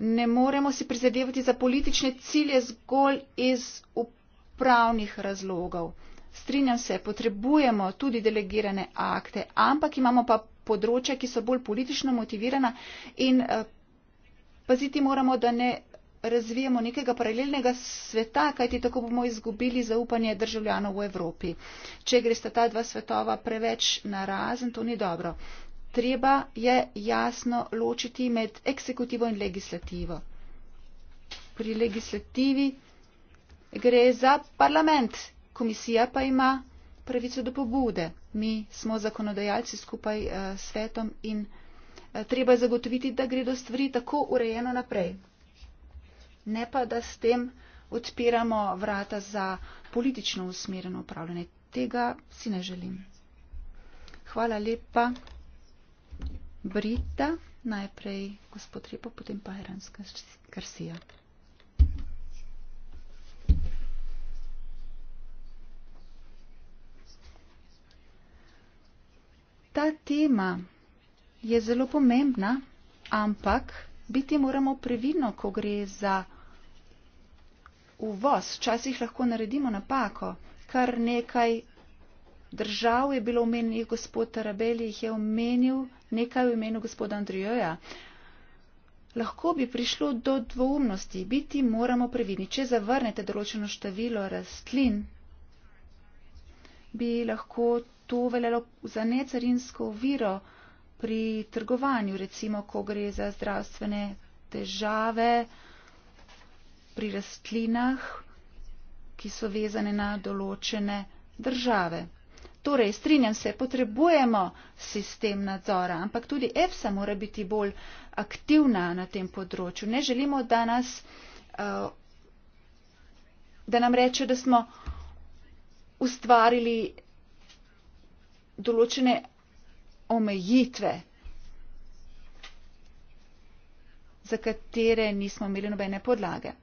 Ne moremo si prizadevati za politične cilje zgolj iz upravnih razlogov strinjam se, potrebujemo tudi delegirane akte, ampak imamo pa področja, ki so bolj politično motivirana in eh, paziti moramo, da ne razvijemo nekega paralelnega sveta, kajti tako bomo izgubili zaupanje državljanov v Evropi. Če gresta ta dva svetova preveč narazen, to ni dobro. Treba je jasno ločiti med eksekutivo in legislativo. Pri legislativi gre za parlament, komisija pa ima pravico do pobude. Mi smo zakonodajalci skupaj eh, s svetom in eh, treba zagotoviti, da gre do stvari tako urejeno naprej. Ne pa, da s tem odpiramo vrata za politično usmerjeno upravljanje. Tega si ne želim. Hvala lepa. Brita, najprej gospod Repo, potem pa Iranska Garcia. ta tema je zelo pomembna, ampak biti moramo previdno, ko gre za uvoz. Včasih lahko naredimo napako. Kar nekaj držav je bilo omenjenih, gospod Tarabeli jih je omenil, nekaj v imenu gospoda Andrijoja. Lahko bi prišlo do dvoumnosti, biti moramo previdni. Če zavrnete določeno število rastlin, bi lahko to veljalo za necarinsko viro pri trgovanju, recimo, ko gre za zdravstvene težave pri rastlinah, ki so vezane na določene države. Torej, strinjam se, potrebujemo sistem nadzora, ampak tudi EFSA mora biti bolj aktivna na tem področju. Ne želimo, da, nas, eh, da nam reče, da smo ustvarili določene omejitve, za katere nismo imeli nobene podlage.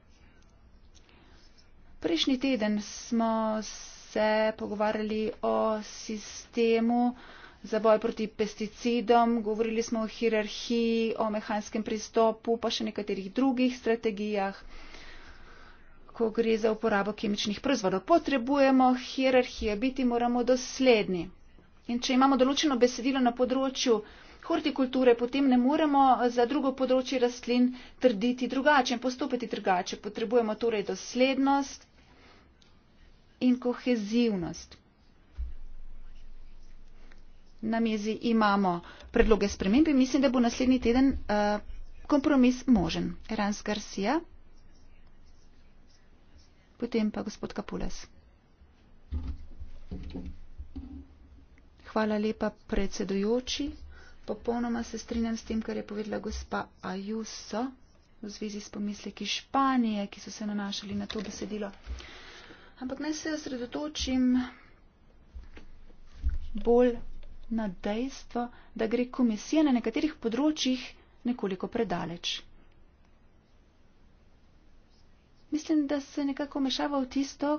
Prejšnji teden smo se pogovarjali o sistemu za boj proti pesticidom, govorili smo o hierarhiji, o mehanskem pristopu, pa še nekaterih drugih strategijah, ko gre za uporabo kemičnih proizvodov. Potrebujemo hierarhije, biti moramo dosledni. In če imamo določeno besedilo na področju hortikulture, potem ne moremo eh, za drugo področje rastlin trditi drugače in postopiti drugače. Potrebujemo torej doslednost in kohezivnost. Na mizi imamo predloge spremembe. Mislim, da bo naslednji teden uh, kompromis možen. Erans Garcia. Potem pa gospod Kapules. Thank you. Hvala lepa, predsedujoči. Popolnoma se strinjam s tem, kar je povedala gospa Ajuso v zvezi s pomisleki Španije, ki so se nanašali na to besedilo. Ampak naj se osredotočim bolj na dejstvo, da gre komisija na nekaterih področjih nekoliko predaleč. Mislim, da se nekako mešava v tisto,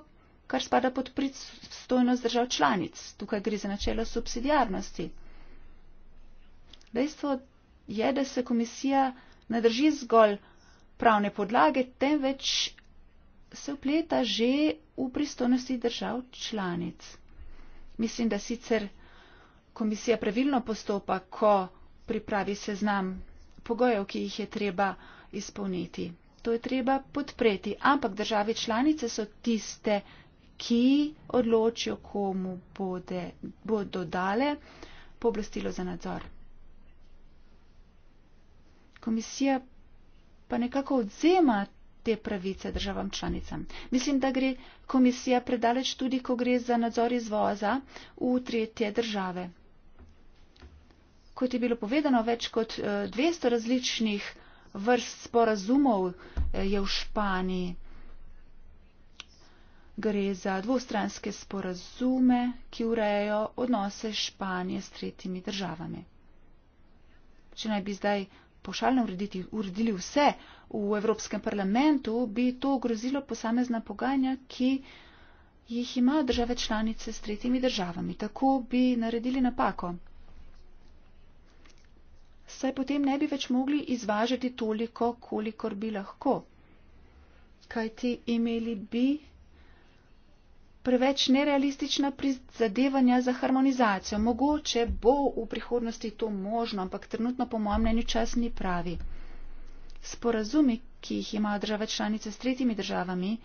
kar spada pod pristojnost držav članic. Tukaj gre za načelo subsidijarnosti. Dejstvo je, da se komisija ne drži zgolj pravne podlage, temveč se upleta že v pristojnosti držav članic. Mislim, da sicer komisija pravilno postopa, ko pripravi seznam pogojev, ki jih je treba izpolniti. To je treba podpreti, ampak države članice so tiste, ki ki odločijo, komu bode, bodo dale pooblastilo za nadzor. Komisija pa nekako odzema te pravice državam članicam. Mislim, da gre komisija predaleč tudi, ko gre za nadzor izvoza v tretje države. Kot je bilo povedano, več kot 200 eh, različnih vrst sporazumov eh, je v Španiji gre za dvostranske sporazume, ki urejajo odnose Španije s tretjimi državami. Če naj bi zdaj pošalno urediti, uredili vse v Evropskem parlamentu, bi to ogrozilo posamezna pogajanja, ki jih imajo države članice s tretjimi državami. Tako bi naredili napako. Saj potem ne bi več mogli izvažati toliko, kolikor bi lahko. Kajti imeli bi preveč nerealistična prizadevanja za harmonizacijo. Mogoče bo v prihodnosti to možno, ampak trenutno po mojem mnenju čas ni pravi. Sporazumi, ki jih imajo države članice s tretjimi državami,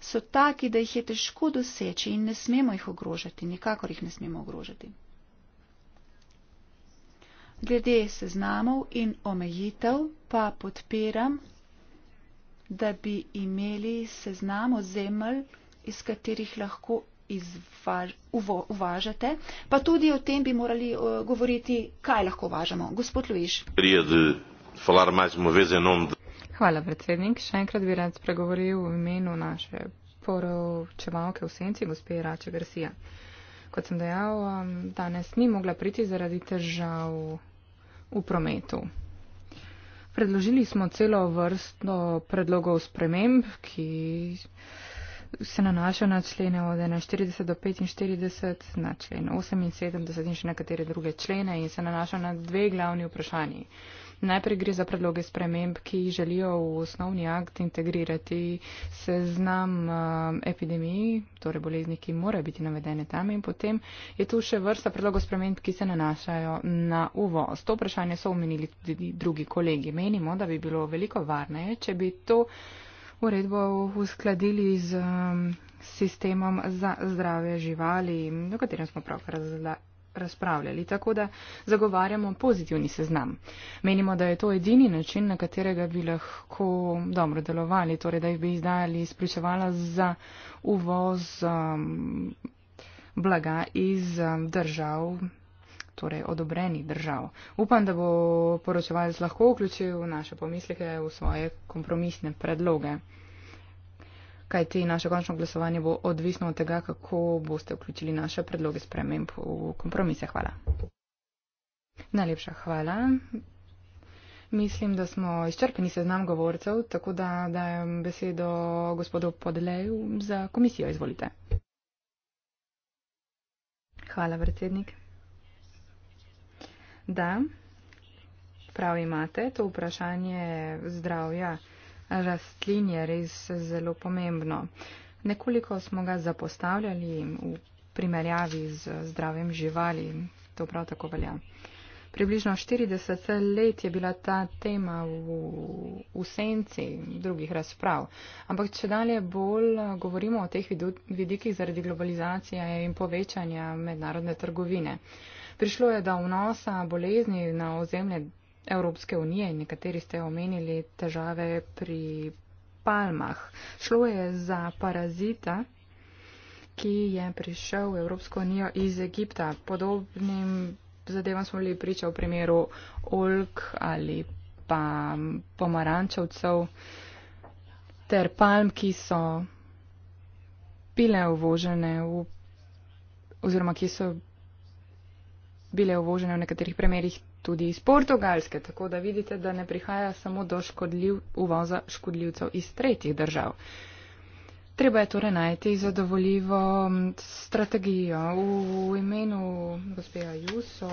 so taki, da jih je težko doseči in ne smemo jih ogrožati, nikakor jih ne smemo ogrožati. Glede seznamov in omejitev pa podpiram, da bi imeli seznam ozemelj, iz katerih lahko izvaž, uvo, uvažate. Pa tudi o tem bi morali uh, govoriti, kaj lahko uvažamo. Gospod Luiš. Hvala, predsednik. Še enkrat bi rad spregovoril v imenu naše poročevalke v senci, gospe Rače Garcia. Kot sem dejal, danes ni mogla priti zaradi težav v prometu. Predložili smo celo vrsto predlogov sprememb, ki se nanaša na člene od 41 do 45, na člen 78 in še nekatere druge člene in se nanaša na dve glavni vprašanji. Najprej gre za predloge sprememb, ki želijo v osnovni akt integrirati seznam um, epidemij, torej bolezni, ki morajo biti navedene tam in potem je tu še vrsta predlogov sprememb, ki se nanašajo na uvoz. To vprašanje so omenili tudi drugi kolegi. Menimo, da bi bilo veliko varneje, če bi to uredbo uskladili z um, sistemom za zdrave živali, o katerem smo pravkar razpravljali. Tako da zagovarjamo pozitivni seznam. Menimo, da je to edini način, na katerega bi lahko dobro delovali, torej da jih bi izdajali spričevala za uvoz. Um, blaga iz um, držav torej odobrenih držav. Upam, da bo poročevalec lahko vključil naše pomisleke v svoje kompromisne predloge. Kaj ti naše končno glasovanje bo odvisno od tega, kako boste vključili naše predloge sprememb v kompromise. Hvala. Najlepša hvala. Mislim, da smo izčrpani seznam govorcev, tako da dajem besedo gospodu Podeleju za komisijo. Izvolite. Hvala, predsednik. Da, prav imate, to vprašanje zdravja rastlin je res zelo pomembno. Nekoliko smo ga zapostavljali v primerjavi z zdravjem živali, to prav tako velja. Približno 40 let je bila ta tema v, v senci drugih razprav, ampak če dalje bolj govorimo o teh vidikih zaradi globalizacije in povečanja mednarodne trgovine. Prišlo je do vnosa bolezni na ozemlje Evropske unije in nekateri ste omenili težave pri palmah. Šlo je za parazita, ki je prišel v Evropsko unijo iz Egipta. Podobnim zadevam smo bili priča v primeru olk ali pa pomarančevcev ter palm, ki so bile uvožene v, oziroma ki so bile uvožene v nekaterih primerjih tudi iz Portugalske, tako da vidite, da ne prihaja samo do škodljiv, uvoza škodljivcev iz tretjih držav. Treba je torej najti zadovoljivo strategijo. V imenu gospeja Juso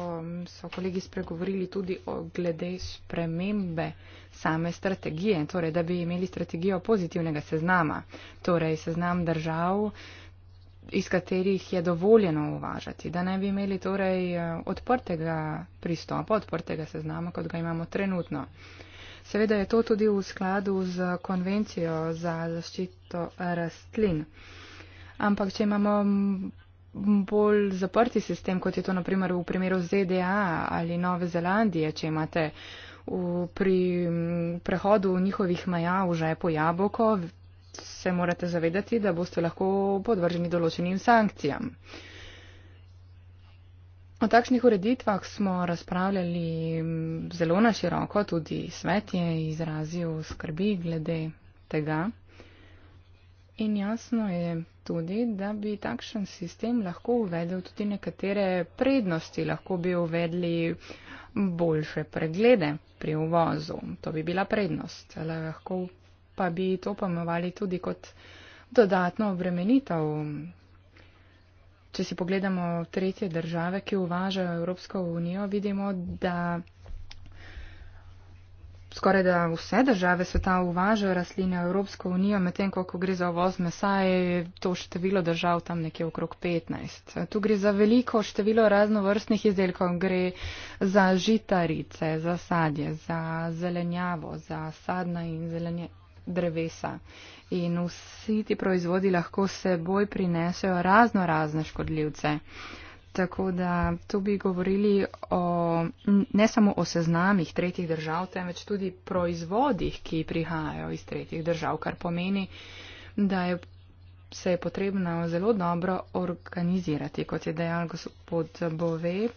so kolegi spregovorili tudi o glede spremembe same strategije, torej da bi imeli strategijo pozitivnega seznama, torej seznam držav, iz katerih je dovoljeno uvažati, da ne bi imeli torej eh, odprtega pristopa, odprtega seznama, kot ga imamo trenutno. Seveda je to tudi v skladu z konvencijo za zaščito rastlin. Ampak, če imamo bolj zaprti sistem, kot je to naprimer v primeru ZDA ali Nove Zelandije, če imate v, pri prehodu njihovih meja v žepu jabolko, se morate zavedati, da boste lahko podvrženi določenim sankcijam. O takšnih ureditvah smo razpravljali zelo na široko, tudi svet je izrazil skrbi glede tega. In jasno je tudi, da bi takšen sistem lahko uvedel tudi nekatere prednosti, lahko bi uvedli boljše preglede pri uvozu. To bi bila prednost. Lahko pa bi to pomovali tudi kot dodatno obremenitev. Če si pogledamo tretje države, ki uvažajo Evropsko unijo, vidimo, da skoraj da vse države sveta uvažajo rastline v Evropsko unijo, medtem ko gre za ovoz mesa, je to število držav tam nekje okrog 15. Tu gre za veliko število raznovrstnih izdelkov, gre za žitarice, za sadje, za zelenjavo, za sadna in zelenje, drevesa. In vsi ti proizvodi lahko seboj prinesejo razno razne škodljivce. Tako da tu bi govorili o, ne samo o seznamih tretjih držav, temveč tudi proizvodih, ki prihajajo iz tretjih držav, kar pomeni, da je, se je potrebno zelo dobro organizirati, kot je dejal gospod Bove,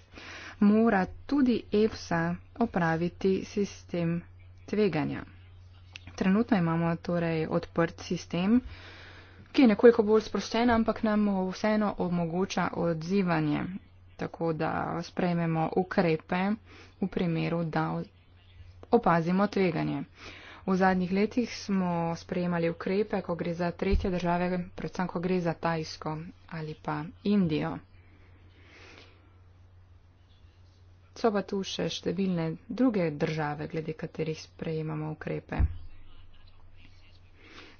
mora tudi EFSA opraviti sistem tveganja trenutno imamo torej odprt sistem, ki je nekoliko bolj sproščen, ampak nam vseeno omogoča odzivanje, tako da sprejmemo ukrepe v primeru, da opazimo tveganje. V zadnjih letih smo sprejemali ukrepe, ko gre za tretje države, predvsem ko gre za Tajsko ali pa Indijo. So pa tu še številne druge države, glede katerih sprejemamo ukrepe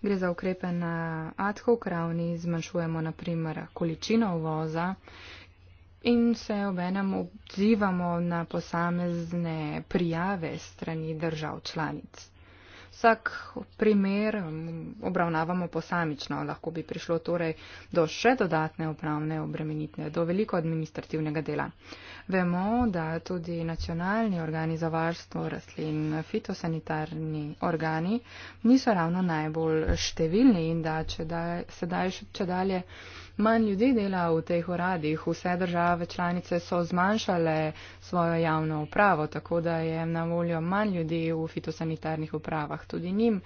gre za ukrepe na adhok ravni, zmanjšujemo naprimer količino uvoza in se obenem odzivamo na posamezne prijave strani držav članic. Vsak primer um, obravnavamo posamično, lahko bi prišlo torej do še dodatne upravne obremenitve, do veliko administrativnega dela. Vemo, da tudi nacionalni organi za varstvo rastlin, fitosanitarni organi, niso ravno najbolj številni in da če da, sedaj še dalje manj ljudi dela v teh uradih, vse države članice so zmanjšale svojo javno upravo, tako da je na voljo manj ljudi v fitosanitarnih upravah. Tudi njim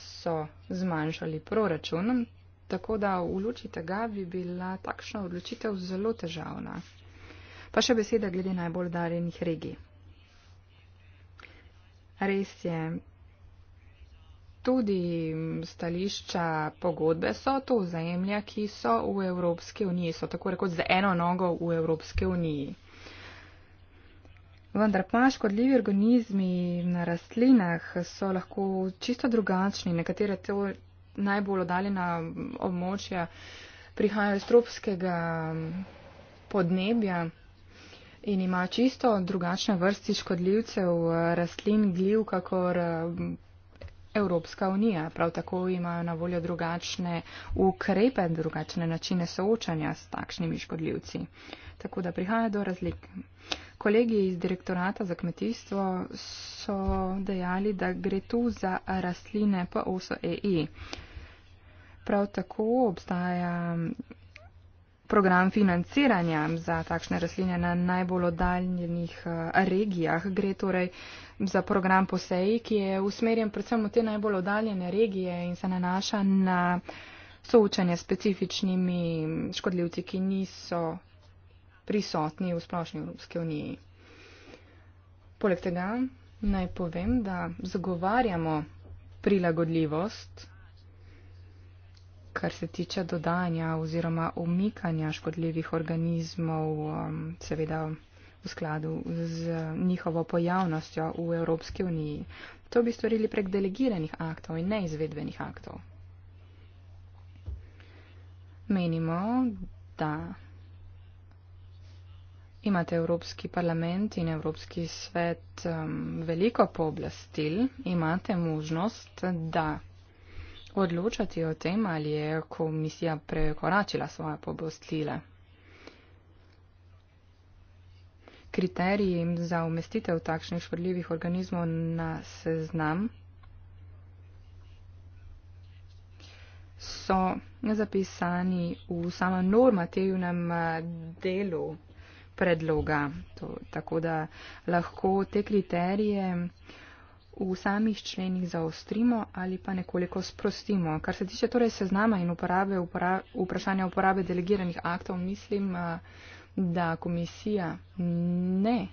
so zmanjšali proračun. Tako da v luči tega bi bila takšna odločitev zelo težavna. Pa še beseda glede najbolj darjenih regij. Res je, tudi stališča pogodbe so to vzajemlja, ki so v Evropski uniji, so tako rekoč za eno nogo v Evropski uniji. Vendar pa škodljivi organizmi na rastlinah so lahko čisto drugačni. Nekatere to najbolj odaljena območja prihajajo iz tropskega podnebja in ima čisto drugačne vrsti škodljivcev eh, rastlin gliv, kakor eh, Evropska unija. Prav tako imajo na voljo drugačne ukrepe, drugačne načine soočanja s takšnimi škodljivci. Tako da prihaja do razlik. Kolegi iz direktorata za kmetijstvo so dejali, da gre tu za rastline POSO EI. Prav tako obstaja program financiranja za takšne rastline na najbolj oddaljenih eh, regijah. Gre torej za program poseji, ki je usmerjen predvsem v te najbolj oddaljene regije in se nanaša na soočanje s specifičnimi škodljivci, ki niso prisotni v splošni Evropske unije. Poleg tega naj povem, da zagovarjamo prilagodljivost kar se tiče dodanja oziroma umikanja škodljivih organizmov, um, seveda v skladu z njihovo pojavnostjo v Evropski uniji. To bi storili prek delegiranih aktov in neizvedbenih aktov. Menimo, da imate Evropski parlament in Evropski svet um, veliko pooblastil, imate možnost, da odločati o tem, ali je komisija prekoračila svoje pobostile. Kriteriji za umestitev takšnih škodljivih organizmov na seznam so zapisani v samem normativnem eh, delu predloga. To, tako da lahko te kriterije uh, v samih členih zaostrimo ali pa nekoliko sprostimo. Kar se tiče torej seznama in uporabe, upra, vprašanja uporabe delegiranih aktov, mislim, eh, da komisija ne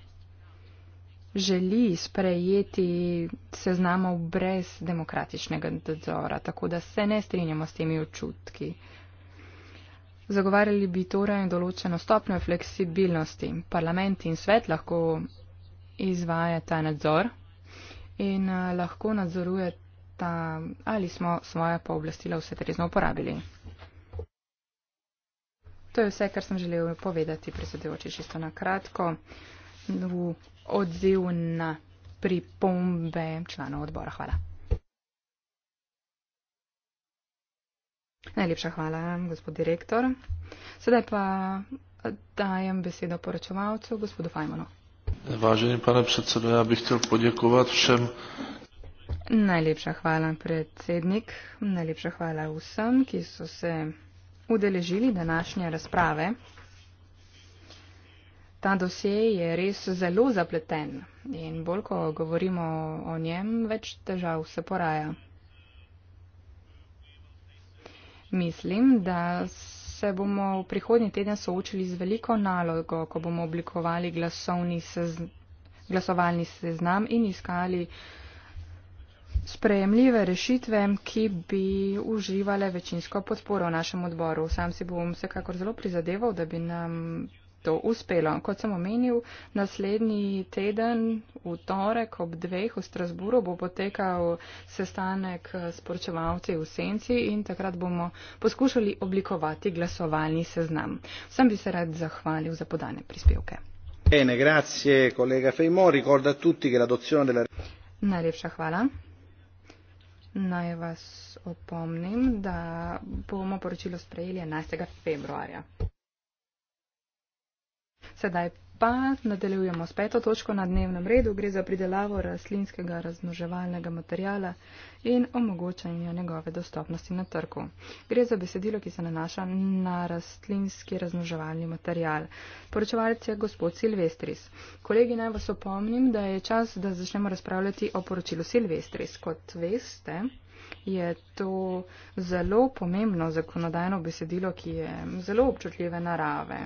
želi sprejeti seznamov brez demokratičnega nadzora, tako da se ne strinjamo s temi očutki. Zagovarjali bi torej določeno stopnjo fleksibilnosti. Parlament in svet lahko izvajata nadzor in eh, lahko nadzorujeta, ali smo svoje pooblastila vse trezno uporabili. To je vse, kar sem želel povedati, predsedujoči, čisto na kratko, v odziv na pripombe članov odbora. Hvala. Najlepša hvala, gospod direktor. Sedaj pa eh, dajem besedo poročevalcu, gospodu Fajmonu. Vážený pane predsedo, ja bych chcel poděkovat všem. Najlepša hvala, predsednik. Najlepša hvala vsem, ki so se udeležili današnje razprave. Ta dosej je res zelo zapleten in bolj, ko govorimo o njem, več težav se poraja. Mislim, da se bomo v prihodnji teden soočili z veliko nalogo, ko bomo oblikovali sez glasovalni seznam in iskali sprejemljive rešitve, ki bi uživale večinsko podporo v našem odboru. Sam si bom vsekakor zelo prizadeval, da bi nam to uspelo. Kot sem omenil, naslednji teden v torek ob dveh v Strasburu bo potekal sestanek eh, s poročevalci v Senci in takrat bomo poskušali oblikovati glasovalni seznam. Sem bi se rad zahvalil za podane prispevke. Bene, grazie, kolega Fejmo, ricorda tutti che l'adozione della... Najlepša hvala. Naj vas opomnim, da bomo poročilo sprejeli 11. februarja. Sedaj pa nadaljujemo s peto točko na dnevnem redu. Gre za pridelavo rastlinskega raznoževalnega materijala in omogočanje njegove dostopnosti na trgu. Gre za besedilo, ki se nanaša na rastlinski raznoževalni materijal. Poročevalec je gospod Silvestris. Kolegi, naj vas opomnim, da je čas, da začnemo razpravljati o poročilu Silvestris. Kot veste, je to zelo pomembno zakonodajno besedilo, ki je zelo občutljive narave.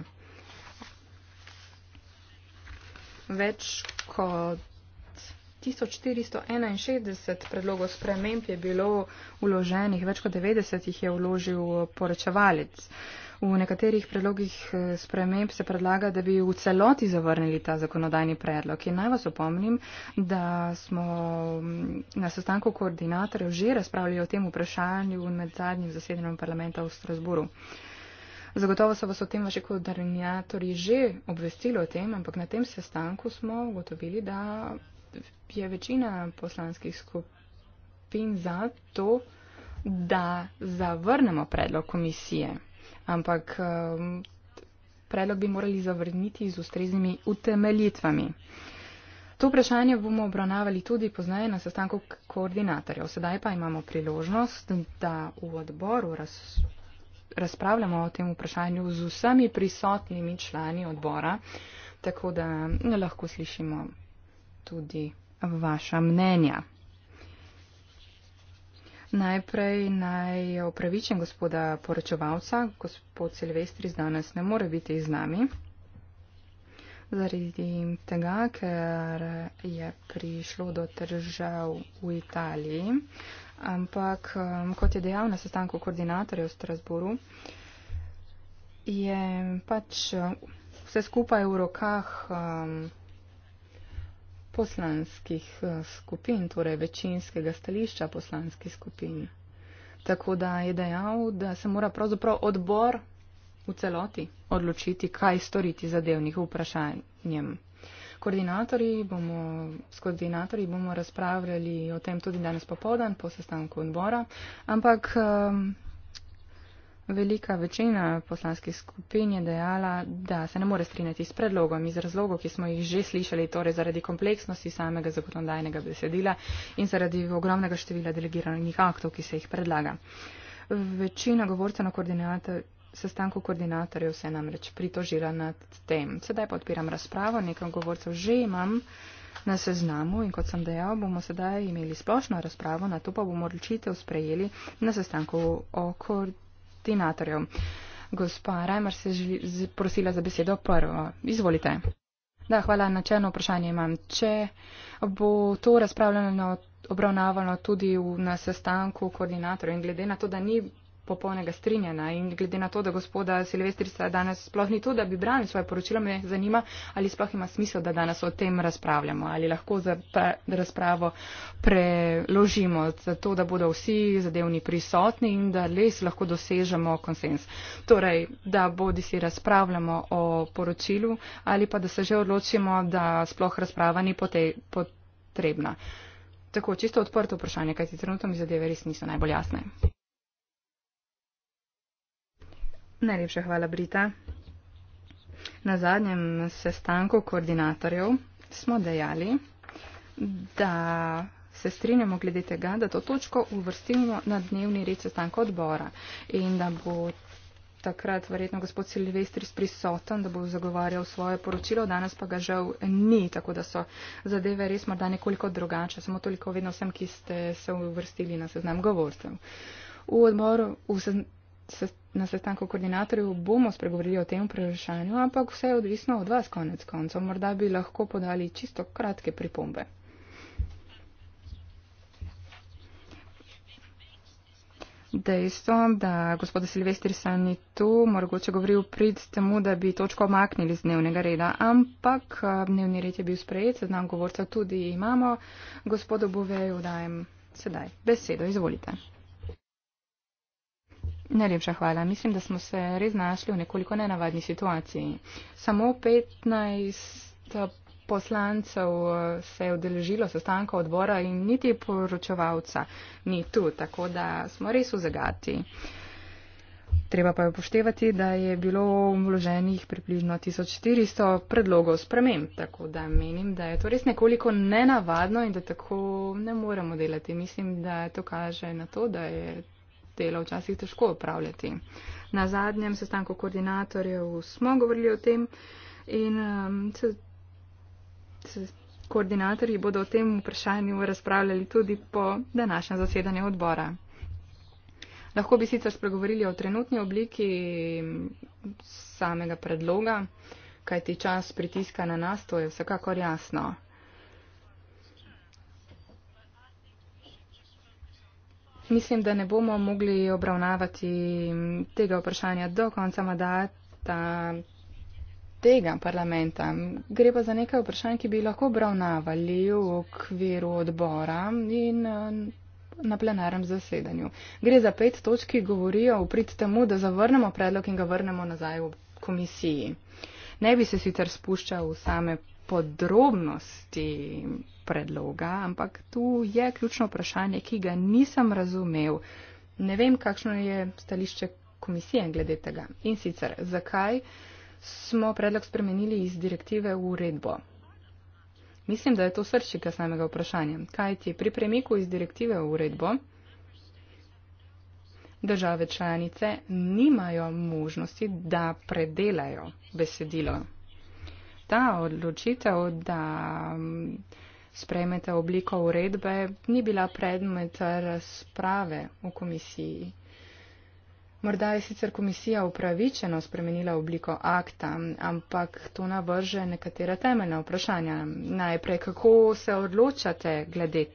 več kot 1461 predlogov sprememb je bilo vloženih, več kot 90 jih je vložil porečevalec. V nekaterih predlogih eh, sprememb se predlaga, da bi v celoti zavrnili ta zakonodajni predlog. In naj vas opomnim, da smo mm, na sestanku koordinatorjev že razpravljali o tem vprašanju med zadnjim zasedanjem parlamenta v Strasburu. Uh, Zagotovo so vas o tem vaši koordinatorji že obvestili o tem, ampak na tem sestanku smo ugotovili, da je večina poslanskih skupin za to, da zavrnemo predlog komisije. Ampak um, predlog bi morali zavrniti z ustreznimi utemeljitvami. To vprašanje bomo obravnavali tudi poznaje na sestanku koordinatorjev. Sedaj pa imamo priložnost, da v odboru razsvetljamo razpravljamo o tem vprašanju z vsemi prisotnimi člani odbora, tako da lahko slišimo tudi vaša mnenja. Najprej naj opravičem gospoda poročevalca, gospod Silvestris danes ne more biti z nami. Zaradi tega, ker je prišlo do držav v Italiji, ampak um, kot je dejal na sestanku koordinatorja v Strasboru, je pač uh, vse skupaj v rokah um, poslanskih uh, skupin, torej večinskega stališča poslanskih skupin. Tako da je dejal, da se mora pravzaprav odbor v celoti odločiti, kaj storiti zadevnih vprašanjem koordinatorji bomo, s koordinatorji bomo razpravljali o tem tudi danes popovdan po sestanku odbora, ampak um, velika večina poslanskih skupin je dejala, da se ne more strinjati s predlogom iz razlogov, ki smo jih že slišali, torej zaradi kompleksnosti samega zakonodajnega besedila in zaradi ogromnega števila delegiranih aktov, ki se jih predlaga. Večina govorcev na koordinatorju sestanku koordinatorjev se je namreč pritožila nad tem. Sedaj pa odpiram razpravo, nekaj govorcev že imam na seznamu in kot sem dejal, bomo sedaj imeli splošno razpravo, na to pa bomo odločitev sprejeli na sestanku o koordinatorjev. Gospa Rajmar se je prosila za besedo prvo. Izvolite. Da, hvala. Načelno vprašanje imam. Če bo to razpravljeno obravnavano tudi v, na sestanku koordinatorjev in glede na to, da ni popolnega strinjena in glede na to, da gospoda Silvestrisa danes sploh ni tu, da bi branil svoje poročilo, me zanima, ali sploh ima smisel, da danes o tem razpravljamo, ali lahko za razpravo preložimo, zato da bodo vsi zadevni prisotni in da les lahko dosežemo konsens. Torej, da bodi si razpravljamo o poročilu ali pa da se že odločimo, da sploh razprava ni potrebna. Tako, čisto odprto vprašanje, kajti trenutno mi zadeve res niso najbolj jasne. Najlepša hvala, Brita. Na zadnjem sestanku koordinatorjev smo dejali, da se strinjamo glede tega, da to točko uvrstimo na dnevni red sestanka odbora in da bo takrat verjetno gospod Silvestris prisoten, da bo zagovarjal svoje poročilo, danes pa ga žal ni, tako da so zadeve res morda nekoliko drugače, samo toliko vedno vsem, ki ste se uvrstili na seznam govorcev. V odboru, v seznam na sestanku koordinatorjev bomo spregovorili o tem vprašanju, ampak vse je odvisno od vas konec koncev. Morda bi lahko podali čisto kratke pripombe. Dejstvo, da gospod Silvestri san ni tu, mogoče govoril prid temu, da bi točko omaknili z dnevnega reda, ampak dnevni red je bil sprejet, seznam govorca tudi imamo. Gospodu Boveju dajem sedaj besedo, izvolite. Najlepša hvala. Mislim, da smo se res našli v nekoliko nenavadni situaciji. Samo 15 eh, poslancev eh, se je odeležilo sestanka odbora in niti poročevalca ni tu, tako da smo res v zagati. Treba pa je upoštevati, da je bilo vloženih približno 1400 predlogov sprememb, tako da menim, da je to res nekoliko nenavadno in da tako ne moremo delati. Mislim, da to kaže na to, da je delo včasih težko upravljati. Na zadnjem sestanku koordinatorjev smo govorili o tem in um, se, se koordinatorji bodo o tem vprašanju razpravljali tudi po današnjem zasedanju odbora. Lahko bi sicer spregovorili o trenutni obliki um, samega predloga, kajti čas pritiska na nas, to je vsekakor jasno. mislim, da ne bomo mogli obravnavati tega vprašanja do konca mandata tega parlamenta. Gre pa za nekaj vprašanj, ki bi lahko obravnavali v okviru odbora in eh, na plenarnem zasedanju. Gre za pet točk, ki govorijo v prid temu, da zavrnemo predlog in ga vrnemo nazaj v komisiji. Ne bi se sicer spuščal v same podrobnosti predloga, ampak tu je ključno vprašanje, ki ga nisem razumev. Ne vem, kakšno je stališče komisije glede tega. In sicer, zakaj smo predlog spremenili iz direktive v uredbo? Mislim, da je to srčika samega vprašanja. Kaj ti pri premiku iz direktive v uredbo? Države članice nimajo možnosti, da predelajo besedilo ta odločitev, da mm, sprejmete obliko uredbe, ni bila predmet razprave v komisiji. Morda je sicer komisija upravičeno spremenila obliko akta, ampak to navrže nekatera temeljna vprašanja. Najprej, kako se odločate glede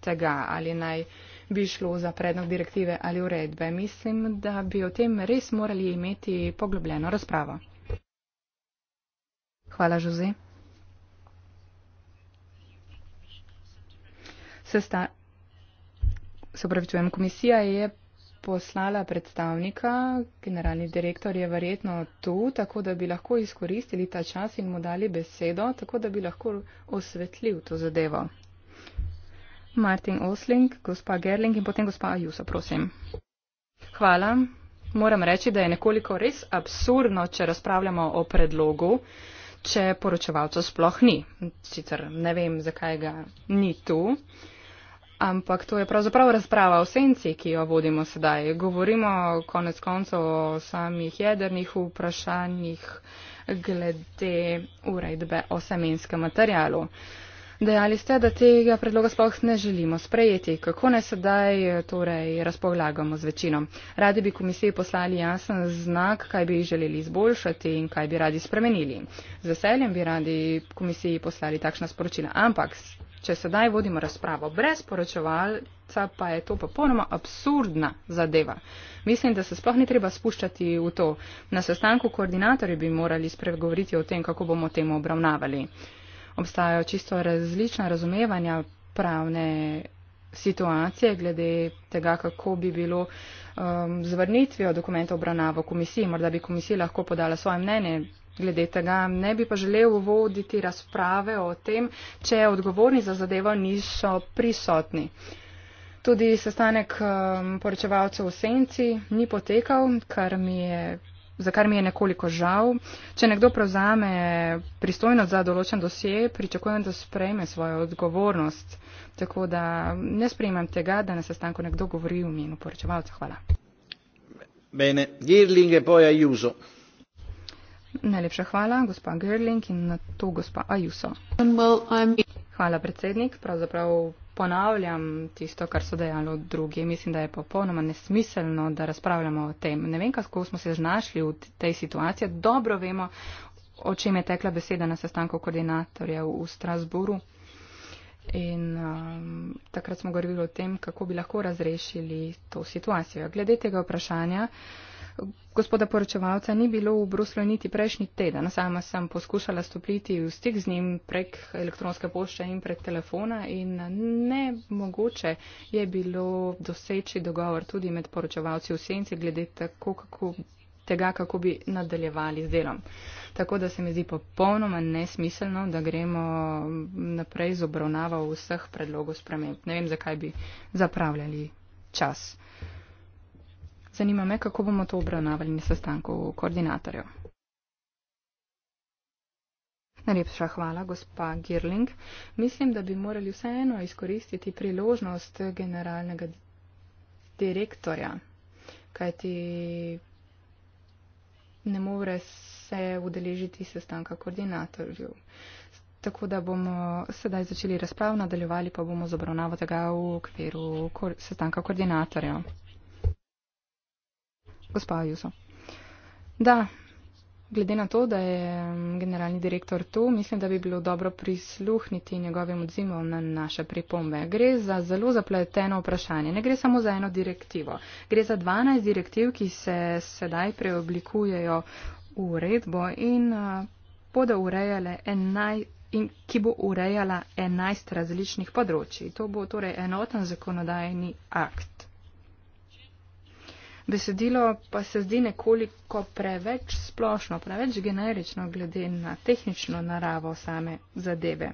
tega, ali naj bi šlo za predlog direktive ali uredbe. Mislim, da bi o tem res morali imeti poglobljeno razpravo. Hvala, Žuze. Sesta, se upravičujem, komisija je poslala predstavnika, generalni direktor je verjetno tu, tako da bi lahko izkoristili ta čas in mu dali besedo, tako da bi lahko osvetlil to zadevo. Martin Osling, gospa Gerling in potem gospa Ajusa, prosim. Hvala. Moram reči, da je nekoliko res absurdno, če razpravljamo o predlogu. Uh, če poročevalca sploh ni. Sicer ne vem, zakaj ga ni tu, ampak to je pravzaprav razprava o senci, ki jo vodimo sedaj. Govorimo konec koncev o samih jedrnih vprašanjih glede urejbe o semenskem materialu. Uh, Dejali ste, da tega predloga sploh ne želimo sprejeti. Kako ne sedaj eh, torej razpolagamo z večino? Radi bi komisiji poslali jasen znak, kaj bi želeli izboljšati in kaj bi radi spremenili. Z veseljem bi radi komisiji poslali takšna sporočila. Ampak, če sedaj vodimo razpravo brez poročevalca, pa je to popolnoma absurdna zadeva. Mislim, da se sploh ni treba spuščati v to. Na sestanku koordinatorji bi morali spregovoriti o tem, kako bomo temu obravnavali obstajajo čisto različna razumevanja pravne situacije glede tega, kako bi bilo um, z vrnitvijo dokumentov obravnavo komisiji. Morda bi komisija lahko podala svoje mnenje glede tega. Ne bi pa želel voditi razprave o tem, če odgovorni za zadevo niso prisotni. Tudi sestanek um, poročevalcev v Senci ni potekal, kar mi je za kar mi je nekoliko žal. Če nekdo prevzame pristojnost za določen dosje, pričakujem, da sprejme svojo odgovornost. Tako da ne sprejemam tega, da na sestanku nekdo govori v imenu poročevalca. Hvala. Bene, Girling je poja Juzo. Najlepša hvala, gospa Girling in na to gospa Ajuso. Hvala, predsednik. Pravzaprav ponavljam tisto, kar so dejali drugi. Mislim, da je popolnoma nesmiselno, da razpravljamo o tem. Ne vem, kako smo se znašli v tej situaciji. Dobro vemo, o čem je tekla beseda na sestanku koordinatorja v Strasburu. In um, takrat smo govorili o tem, kako bi lahko razrešili to situacijo. Glede tega vprašanja. Uh, gospoda poročevalca ni bilo v Bruslju niti prejšnji teden. Sama sem poskušala stopiti v stik z njim prek elektronske pošte in prek telefona in ne mogoče je bilo doseči dogovor tudi med poročevalci v senci glede tako, kako, tega, kako bi nadaljevali z delom. Tako da se mi zdi popolnoma nesmiselno, da gremo naprej z obravnavo vseh predlogov sprememb. Ne vem, zakaj bi zapravljali čas. Zanima me, kako bomo to obravnavali na sestanku koordinatorjev. Najlepša hvala, gospa Girling. Mislim, da bi morali vseeno izkoristiti priložnost generalnega direktorja, kajti ne more se udeležiti sestanka koordinatorjev. Tako da bomo sedaj začeli razprav, nadaljevali pa bomo z obravnavo tega v okviru sestanka koordinatorjev gospa Juso. Da, glede na to, da je mm, generalni direktor tu, mislim, da bi bilo dobro prisluhniti njegovim odzivom na naše pripombe. Gre za zelo zapleteno vprašanje. Ne gre samo za eno direktivo. Gre za 12 direktiv, ki se sedaj preoblikujejo v uredbo in eh, bodo urejale enaj. In ki bo urejala 11 različnih področji. To bo torej enoten zakonodajni akt. Besedilo pa se zdi nekoliko preveč splošno, preveč generično glede na tehnično naravo same zadeve.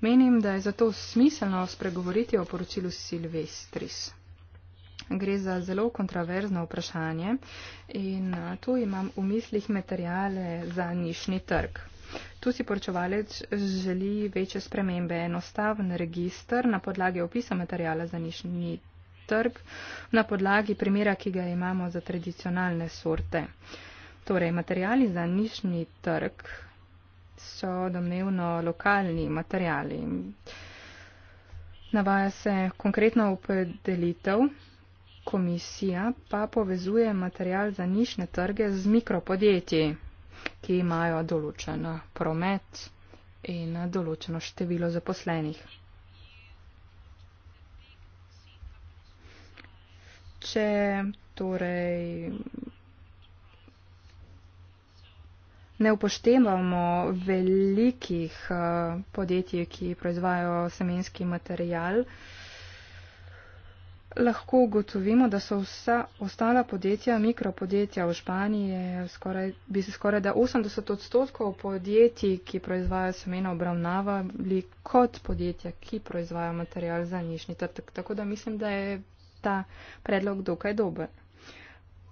Menim, da je zato smiselno spregovoriti o poročilu Silvestris. Gre za zelo kontraverzno vprašanje in tu imam v mislih materijale za nišni trg. Tu si poročevalec želi večje spremembe, enostaven register na podlagi opisa materijala za nišni trg trg na podlagi primera, ki ga imamo za tradicionalne sorte. Torej, materijali za nišni trg so domnevno lokalni materijali. Navaja se konkretna opredelitev, komisija pa povezuje material za nišne trge z mikropodjetji, ki imajo določen promet in določeno število zaposlenih. če torej ne upoštevamo velikih eh, podjetij, ki proizvajajo semenski material, lahko ugotovimo, da so vsa ostala podjetja, mikropodjetja v Španiji, skoraj, bi se skoraj da 80 odstotkov podjetij, ki proizvajajo semena, obravnavali kot podjetja, ki proizvajajo material za nišnice. Tako da mislim, da je ta predlog dokaj dober.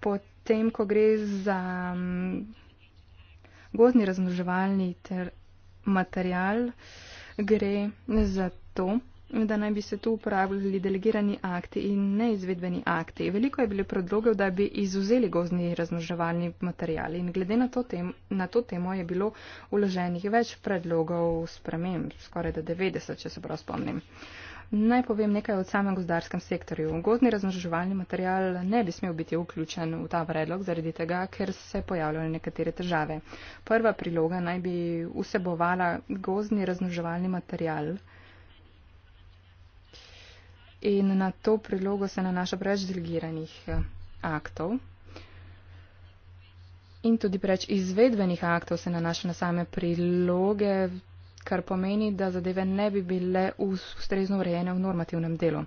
Potem, ko gre za mm, gozni razmnoževalni material, gre za to, da naj bi se tu uporabljali delegirani akti in neizvedbeni akti. Veliko je bilo predlogov, da bi izuzeli gozni razmnoževalni material in glede na to, tem, na to temo je bilo vloženih več predlogov sprememb, skoraj da 90, če se prav spomnim. Uh, Naj povem nekaj o samem gozdarskem sektorju. Gozdni razmnoževalni material ne bi smel biti vključen v ta predlog zaradi tega, ker se pojavljajo nekatere težave. Prva priloga naj bi vsebovala gozdni razmnoževalni material. In na to prilogo se nanaša preveč delegiranih eh, aktov. In tudi preveč izvedbenih aktov se nanaša na same priloge, kar pomeni, da zadeve ne bi bile ustrezno urejene v normativnem delu.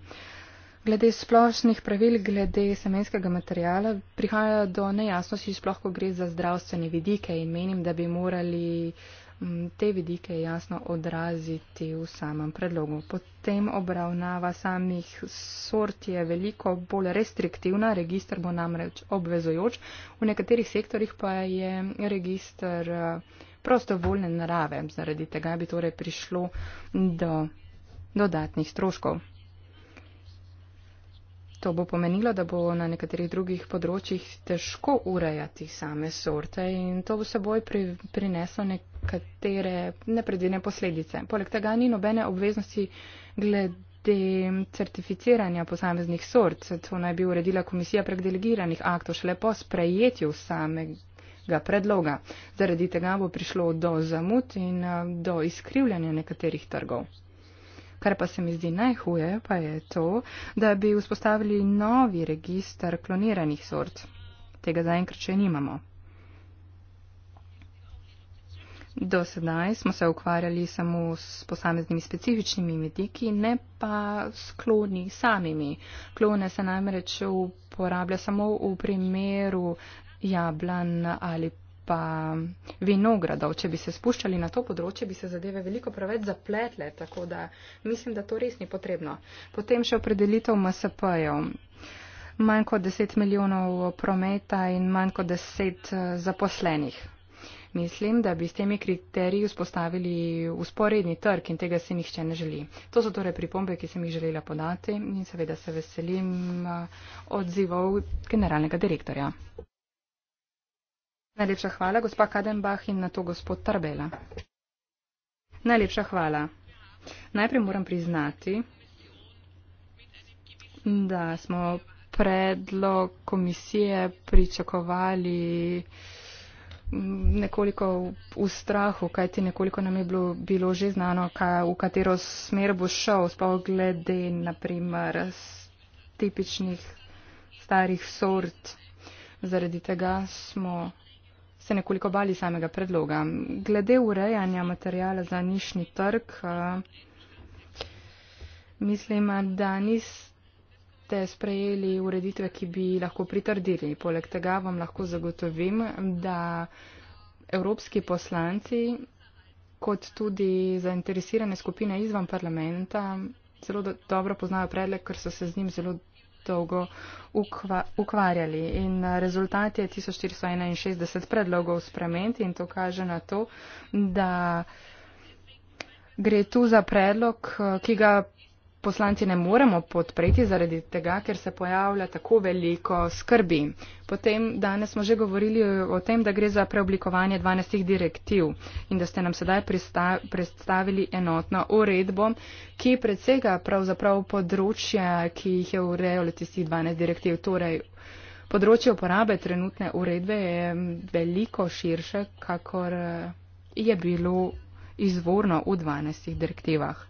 Glede splošnih pravil, glede semenskega materijala, prihaja do nejasnosti, sploh ko gre za zdravstvene vidike in menim, da bi morali mm, te vidike jasno odraziti v samem predlogu. Potem obravnava samih sort je veliko bolj restriktivna, registr bo namreč obvezojoč, v nekaterih sektorjih pa je registr. Uh, prostovoljne narave. Zaradi tega bi torej prišlo do dodatnih stroškov. To bo pomenilo, da bo na nekaterih drugih področjih težko urejati same sorte in to bo seboj pri, prineslo nekatere nepredvidene posledice. Poleg tega ni nobene obveznosti glede certificiranja posameznih sort. To naj bi uredila komisija prek delegiranih aktov šele po sprejetju samega tega predloga. Zaradi tega bo prišlo do zamud in eh, do izkrivljanja nekaterih trgov. Kar pa se mi zdi najhuje, pa je to, da bi vzpostavili novi registar kloniranih sort. Tega zaenkrat še nimamo. Do sedaj smo se ukvarjali samo s posameznimi specifičnimi vidiki, ne pa s kloni samimi. Klone se namreč uporablja samo v primeru jablan ali pa vinogradov. Če bi se spuščali na to področje, bi se zadeve veliko preveč zapletle, tako da mislim, da to res ni potrebno. Potem še opredelitev MSP-jev. Manj kot 10 milijonov prometa in manj kot 10 eh, zaposlenih. Mislim, da bi s temi kriteriji vzpostavili usporedni trg in tega si nihče ne želi. To so torej pripombe, ki sem jih želela podati in seveda se veselim eh, odzivov generalnega direktorja. Najlepša hvala, gospa Kadenbach in na to gospod Tarbela. Najlepša hvala. Najprej moram priznati, da smo predlog komisije pričakovali mm, nekoliko v strahu, kajti nekoliko nam je bilo, bilo že znano, kaj, v katero smer bo šel, sploh glede na primer tipičnih starih sort. Zaradi tega smo se nekoliko bali samega predloga. Glede urejanja materijala za nišni trg, eh, mislim, da niste sprejeli ureditve, ki bi lahko pritrdili. Poleg tega vam lahko zagotovim, da evropski poslanci kot tudi zainteresirane skupine izvan parlamenta zelo dobro poznajo predlog, ker so se z njim zelo dolgo ukva, ukvarjali. In eh, rezultat je 1461 predlogov sprememb in to kaže na to, da gre tu za predlog, eh, ki ga poslanci ne moremo podpreti zaradi tega, ker se pojavlja tako veliko skrbi. Potem danes smo že govorili o tem, da gre za preoblikovanje 12 direktiv in da ste nam sedaj predstavili enotno uredbo, ki predsega pravzaprav področja, ki jih je urejalo tistih 12 direktiv. Torej, področje uporabe trenutne uredbe je veliko širše, kakor je bilo izvorno v 12 direktivah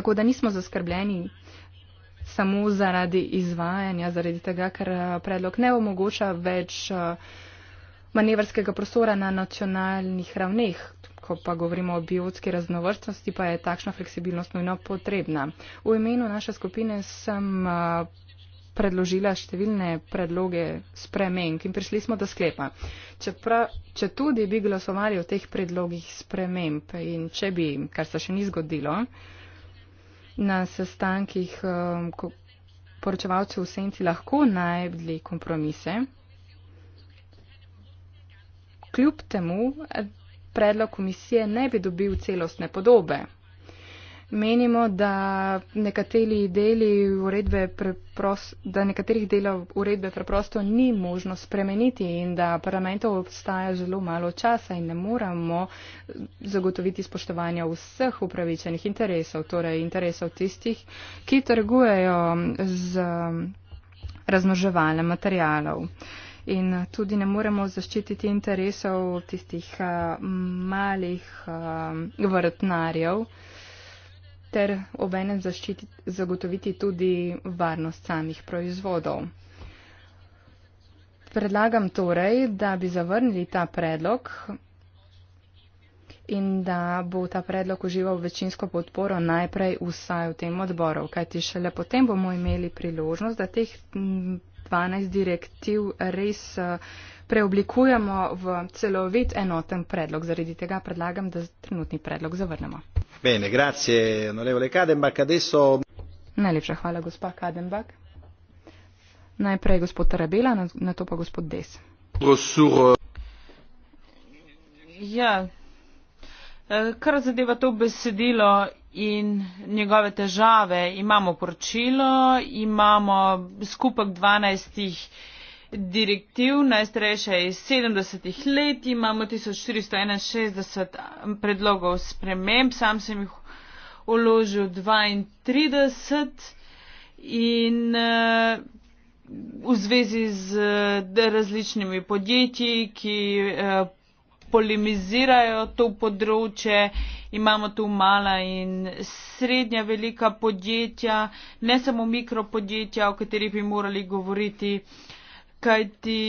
tako da nismo zaskrbljeni samo zaradi izvajanja, zaradi tega, ker eh, predlog ne omogoča več eh, manevrskega prostora na nacionalnih ravneh. Ko pa govorimo o biotski raznovrstnosti, pa je takšna fleksibilnost nujno potrebna. V imenu naše skupine sem eh, predložila številne predloge sprememb in prišli smo do sklepa. Če, pra, če tudi bi glasovali o teh predlogih sprememb in če bi, kar se še ni zgodilo, na sestankih um, poročevalcev v senci lahko najdli kompromise. Kljub temu eh, predlog komisije ne bi dobil celostne podobe. Menimo, da, nekateri deli uredbe preprosto, da nekaterih delov uredbe preprosto ni možno spremeniti in da parlamentov obstaja zelo malo časa in ne moramo zagotoviti spoštovanja vseh upravičenih interesov, torej interesov tistih, ki trgujejo z razmoževanjem materialov. In tudi ne moremo zaščititi interesov tistih uh, malih uh, vrtnarjev, uh, ter obenem zagotoviti tudi varnost samih proizvodov. Predlagam torej, da bi zavrnili ta predlog in da bo ta predlog užival večinsko podporo najprej vsaj v tem odboru, kajti šele potem bomo imeli priložnost, da teh 12 direktiv res eh, preoblikujemo v celovit enoten predlog. Zaradi tega predlagam, da trenutni predlog zavrnemo. Bene, grazie, onorevole Kadenbak. Adesso... Najlepša hvala, gospa Kadenbak. Najprej gospod Tarabela, na to pa gospod Des. Eh. Ja, eh, kar zadeva to besedilo in njegove težave. Imamo poročilo, imamo skupek 12 direktiv, najstarejša je iz 70 let, imamo 1461 predlogov sprememb, sam sem jih uložil 32 in eh, v zvezi z različnimi podjetji, ki eh, polemizirajo to področje imamo tu mala in srednja velika podjetja, ne samo mikropodjetja, o katerih bi morali govoriti, kajti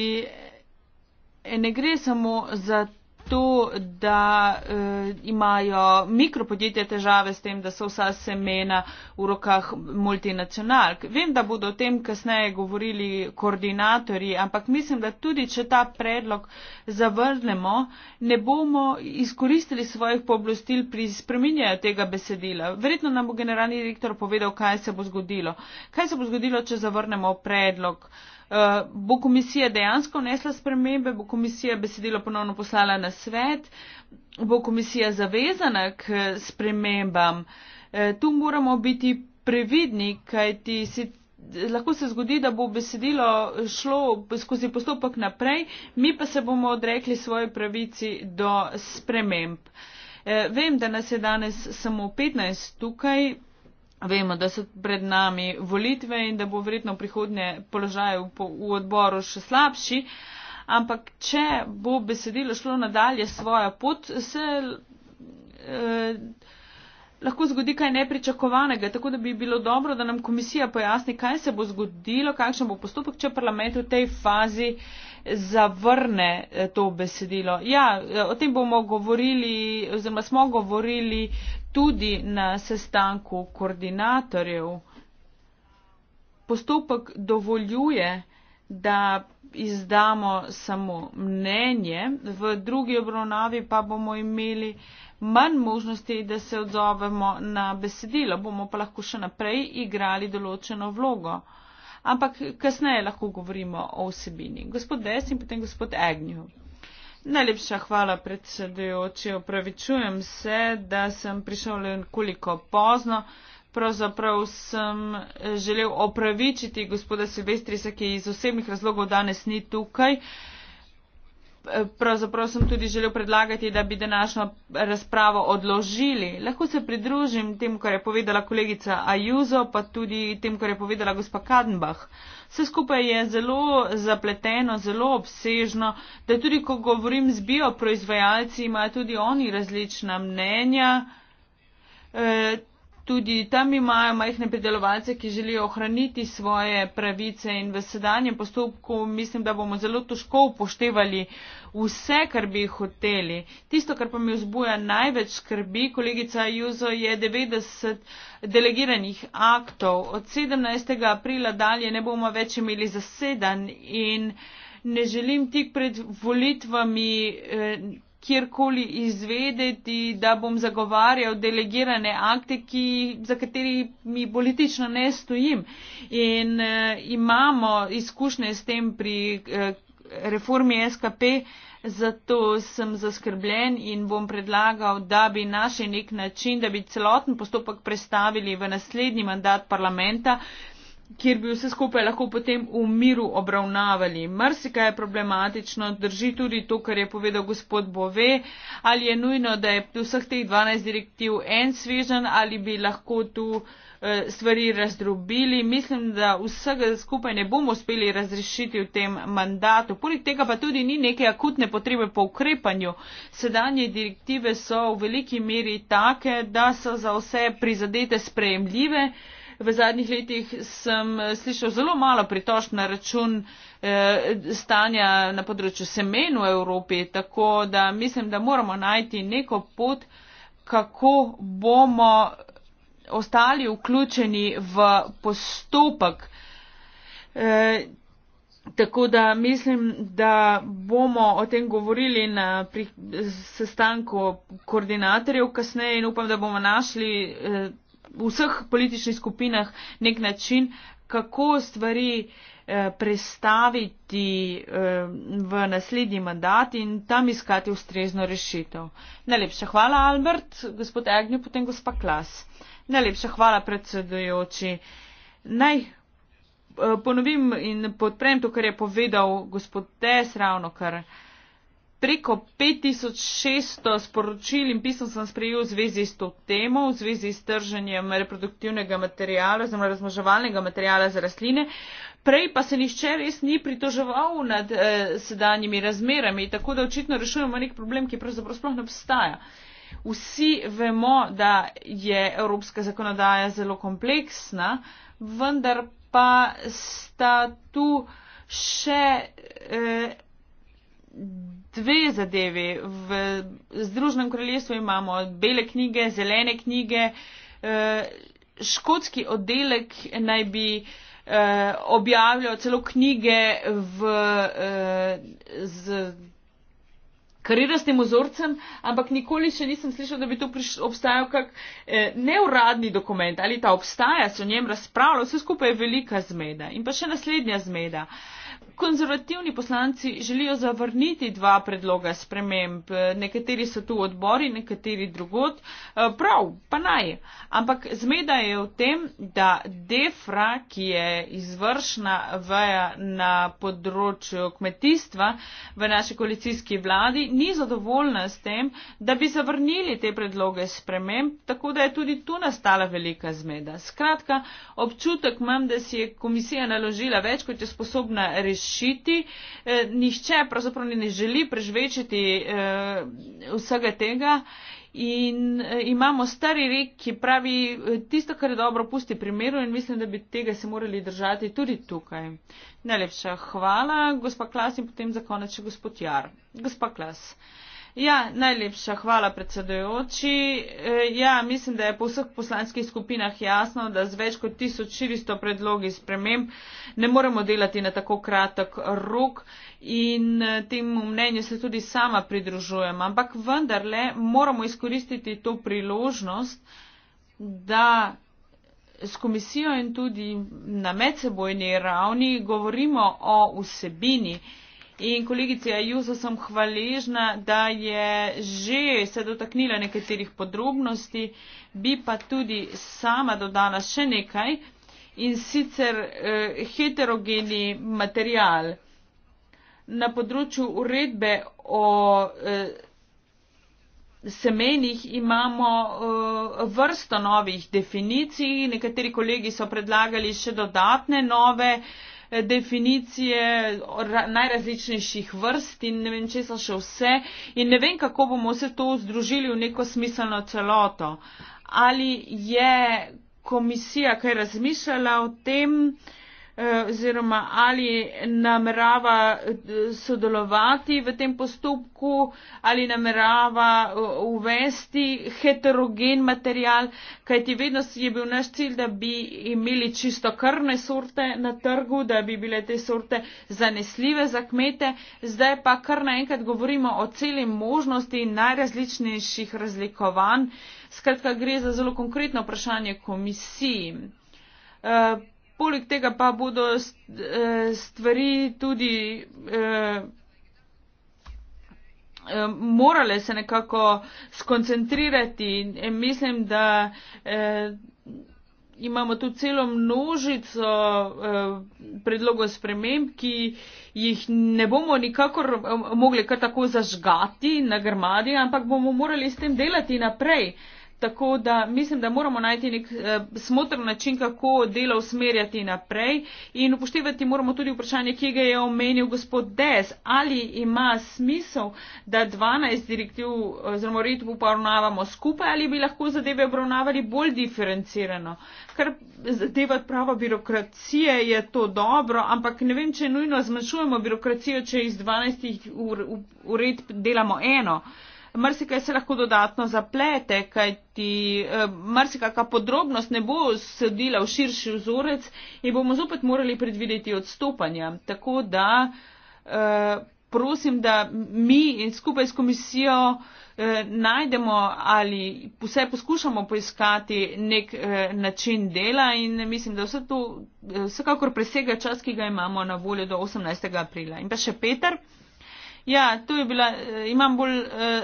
eh, ne gre samo za to, to, da eh, imajo mikropodjetja težave s tem, da so vsa semena v rokah multinacionalk. Vem, da bodo o tem kasneje govorili koordinatorji, ampak mislim, da tudi, če ta predlog zavrnemo, ne bomo izkoristili svojih pooblastil pri spreminjanju tega besedila. Verjetno nam bo generalni direktor povedal, kaj se bo zgodilo. Kaj se bo zgodilo, če zavrnemo predlog? Uh, bo komisija dejansko vnesla spremembe, bo komisija besedilo ponovno poslala na svet, bo komisija zavezana k spremembam. Uh, tu moramo biti previdni, kajti si, lahko se zgodi, da bo besedilo šlo skozi postopek naprej, mi pa se bomo odrekli svoje pravici do sprememb. Eh, vem, da nas je danes samo 15 tukaj, Vemo, da so pred nami volitve in da bo verjetno prihodnje položaj v, v odboru še slabši, ampak če bo besedilo šlo nadalje svojo pot, se eh, lahko zgodi kaj nepričakovanega. Tako da bi bilo dobro, da nam komisija pojasni, kaj se bo zgodilo, kakšen bo postopek, če parlament v tej fazi zavrne eh, to besedilo. Ja, eh, o tem bomo govorili, oziroma smo govorili tudi na sestanku koordinatorjev. Postopek dovoljuje, da izdamo samo mnenje, v drugi obravnavi pa bomo imeli manj možnosti, da se odzovemo na besedilo, bomo pa lahko še naprej igrali določeno vlogo. Ampak kasneje lahko govorimo o vsebini. Gospod Des in potem gospod Agnew. Najlepša hvala, predsedujoči. Opravičujem se, da sem prišel le nekoliko pozno. Pravzaprav sem želel opravičiti gospoda Silvestrisa, ki iz osebnih razlogov danes ni tukaj. Pravzaprav sem tudi želel predlagati, da bi današnjo razpravo odložili. Lahko se pridružim temu, kar je povedala kolegica Ajuzo, pa tudi temu, kar je povedala gospa Kadenbach vse skupaj je zelo zapleteno, zelo obsežno, da tudi, ko govorim z bioproizvajalci, imajo tudi oni različna mnenja. Eh, Tudi tam imajo majhne predelovalce, ki želijo ohraniti svoje pravice in v sedanjem postopku mislim, da bomo zelo težko upoštevali vse, kar bi hoteli. Tisto, kar pa mi vzbuja največ skrbi, kolegica Juzo, je 90 delegiranih aktov. Od 17. aprila dalje ne bomo več imeli zasedan in ne želim tik pred volitvami. Eh, kjerkoli izvedeti, da bom zagovarjal delegirane akte, ki, za kateri mi politično ne stojim. In uh, imamo izkušnje s tem pri uh, reformi SKP, zato sem zaskrbljen in bom predlagal, da bi našli nek način, da bi celoten postopek prestavili v naslednji mandat parlamenta, kjer bi vse skupaj lahko potem v miru obravnavali. Mrsika je problematično, drži tudi to, kar je povedal gospod Bove, ali je nujno, da je vseh teh 12 direktiv en svežen, ali bi lahko tu eh, stvari razdrobili. Mislim, da vsega skupaj ne bomo uspeli razrešiti v tem mandatu. Poleg tega pa tudi ni neke akutne potrebe po ukrepanju. Sedanje direktive so v veliki meri take, da so za vse prizadete sprejemljive v zadnjih letih sem eh, slišal zelo malo pritožb na račun eh, stanja na področju semen v Evropi, tako da mislim, da moramo najti neko pot, kako bomo ostali vključeni v postopek. E, tako da mislim, da bomo o tem govorili na sestanku koordinatorjev kasneje in upam, da bomo našli. E, v vseh političnih skupinah nek način, kako stvari eh, prestaviti eh, v naslednji mandat in tam iskati ustrezno rešitev. Najlepša hvala, Albert, gospod Agnew, potem gospa Klas. Najlepša hvala, predsedujoči. Naj eh, ponovim in podprem to, kar je povedal gospod Tess ravno kar. Eh, preko 5600 sporočil in pisem sem sprejel v zvezi s to temo, v zvezi s trženjem reproduktivnega materijala, oziroma razmoževalnega materijala za rastline. Prej pa se nišče res ni pritoževal nad eh, sedanjimi razmerami, tako da očitno rešujemo nek problem, ki pravzaprav sploh ne obstaja. Vsi vemo, da je evropska zakonodaja zelo kompleksna, vendar pa sta tu še. Eh, dve zadevi. V Združenem kraljestvu imamo bele knjige, zelene knjige. Eh, škotski oddelek naj bi eh, objavljal celo knjige v, eh, z karirastim ozorcem, ampak nikoli še nisem slišal, da bi tu obstajal kak neuradni dokument ali ta obstaja, se o njem razpravlja, vse skupaj je velika zmeda. In pa še naslednja zmeda. Konzervativni poslanci želijo zavrniti dva predloga sprememb. Nekateri so tu odbori, nekateri drugot. Eh, prav, pa naj. Ampak zmeda je v tem, da DEFRA, ki je izvršna veja na področju kmetijstva v naši koalicijski vladi, ni zadovoljna s tem, da bi zavrnili te predloge sprememb, tako da je tudi tu nastala velika zmeda. Skratka, občutek imam, da si je komisija naložila več, kot je sposobna rešiti rešiti. E, nihče pravzaprav ni ne želi prežvečiti e, vsega tega. In e, imamo stari rek, ki pravi, e, tisto, kar je dobro, pusti pri miru in mislim, da bi tega se morali držati tudi tukaj. Najlepša hvala, gospa Klas in potem za konec še gospod Jar. Gospa Klas. Uh, Ja, najlepša hvala predsedujoči. E, ja, mislim, da je po vseh poslanskih skupinah jasno, da z več kot 1400 predlogi sprememb ne moremo delati na tako kratek rok in e, temu mnenju se tudi sama pridružujem. Ampak vendarle moramo izkoristiti to priložnost, da s komisijo in tudi na medsebojni ravni govorimo o vsebini In kolegici Ajuso sem hvaležna, da je že se dotaknila nekaterih podrobnosti, bi pa tudi sama dodala še nekaj in sicer eh, heterogeni material. Na področju uredbe o eh, semenih imamo eh, vrsto novih definicij, nekateri kolegi so predlagali še dodatne nove eh, definicije najrazličnejših vrst in ne vem, če so še vse in ne vem, kako bomo vse to združili v neko smiselno celoto. Ali je komisija kaj razmišljala o tem? Uh, Eh, oziroma ali namerava eh, sodelovati v tem postopku, ali namerava eh, uvesti heterogen material, kajti vedno je bil naš cilj, da bi imeli čisto krvne sorte na trgu, da bi bile te sorte zanesljive za kmete. Zdaj pa kar naenkrat govorimo o celi možnosti najrazličnejših razlikovanj. Skratka, gre za zelo konkretno vprašanje komisiji. Poleg tega pa bodo eh, stvari tudi eh, eh, morale se nekako skoncentrirati. Mislim, da imamo tu celo množico predlogov sprememb, ki jih ne bomo nikakor mogli kar tako zažgati na grmadi, ampak bomo morali s tem delati naprej. Tako da mislim, da moramo najti nek eh, smotrn način, kako delo usmerjati naprej in upoštevati moramo tudi vprašanje, ki ga je omenil gospod Des. Ali ima smisel, da 12 direktiv oziroma uredb uporavnavamo skupaj ali bi lahko zadeve obravnavali bolj diferencirano? Kar zadeva prava birokracije je to dobro, ampak ne vem, če nujno zmanjšujemo birokracijo, če iz 12 uredb delamo eno. Eh, marsikaj se lahko dodatno zaplete, kajti eh, marsikaka podrobnost ne bo sedila v širši vzorec in bomo zopet morali predvideti odstopanja. Tako da eh, prosim, da mi skupaj s komisijo eh, najdemo ali vse poskušamo poiskati nek način dela in mislim, da vse to vsekakor presega čas, ki ga imamo na voljo do 18. aprila. In pa še Peter. Ja, tu bila, eh, imam bolj eh,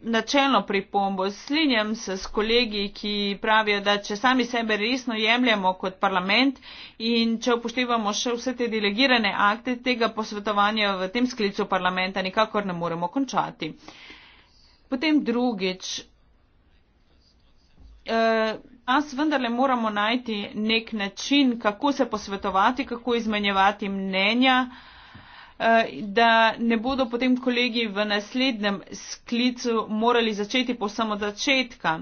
načelno pripombo. Slinjam se s kolegi, ki pravijo, da če sami sebe resno jemljamo kot parlament in če upoštevamo še vse te delegirane akte, tega posvetovanja v tem sklicu parlamenta nikakor ne moremo končati. Potem drugič. Nas eh, vendarle moramo najti nek način, kako se posvetovati, kako izmenjevati mnenja. Eh, Eh, da ne bodo potem kolegi v naslednjem sklicu morali začeti po samo začetka.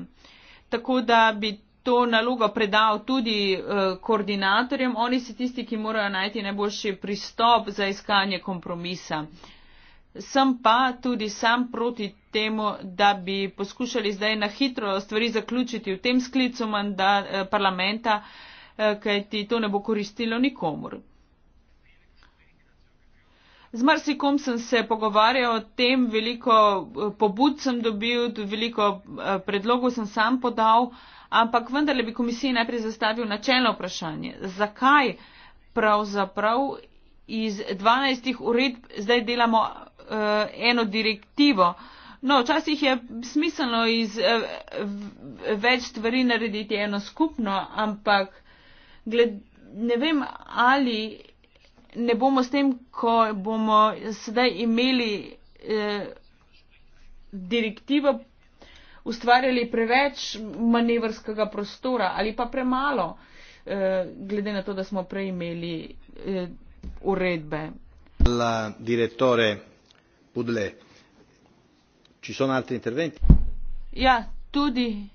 Tako da bi to nalogo predal tudi eh, koordinatorjem. Oni so tisti, ki morajo najti najboljši pristop za iskanje kompromisa. Sem pa tudi sam proti temu, da bi poskušali zdaj na hitro stvari zaključiti v tem sklicu manda, eh, parlamenta, kajti to ne bo koristilo nikomor. Z marsikom sem se pogovarjal o tem, veliko eh, pobud sem dobil, veliko eh, predlogov sem sam podal, ampak vendarle bi komisiji najprej zastavil načelno vprašanje. Zakaj pravzaprav iz 12 uredb zdaj delamo uh, eno direktivo? No, včasih je smiselno iz uh, več stvari narediti eno skupno, ampak gled, ne vem ali ne bomo s tem, ko bomo sedaj imeli eh, direktivo, ustvarjali preveč manevrskega prostora ali pa premalo, eh, glede na to, da smo prej imeli eh, uredbe. La direktore Pudle, ci sono altri interventi? Ja, tudi.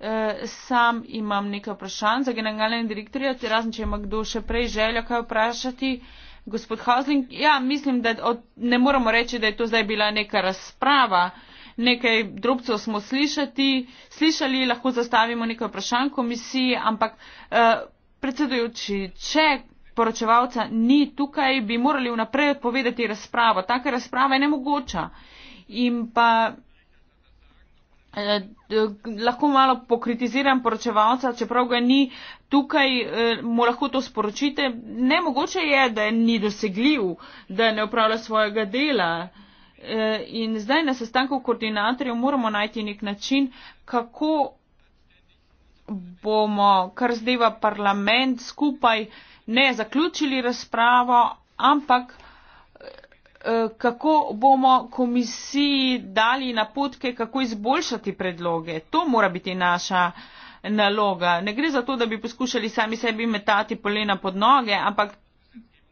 Eh, sam imam nekaj vprašanj za generalne direktorje, ti razen, če ima kdo še prej željo kaj vprašati. Gospod Hausling, ja, mislim, da od, ne moramo reči, da je to zdaj bila neka razprava. Nekaj drobcev smo slišati, slišali, lahko zastavimo nekaj vprašanj komisiji, ampak eh, predsedujoči, če poročevalca ni tukaj, bi morali vnaprej odpovedati razpravo. Taka razprava je nemogoča. In pa Eh, lahko malo pokritiziram poročevalca, čeprav ga ni tukaj, eh, mu lahko to sporočite. Nemogoče je, da ni dosegljiv, da ne upravlja svojega dela. Eh, in zdaj na sestanku koordinatorjev moramo najti nek način, kako bomo, kar zdeva parlament, skupaj ne zaključili razpravo, ampak Eh, kako bomo komisiji dali napotke, kako izboljšati predloge. To mora biti naša naloga. Ne gre za to, da bi poskušali sami sebi metati polena pod noge, ampak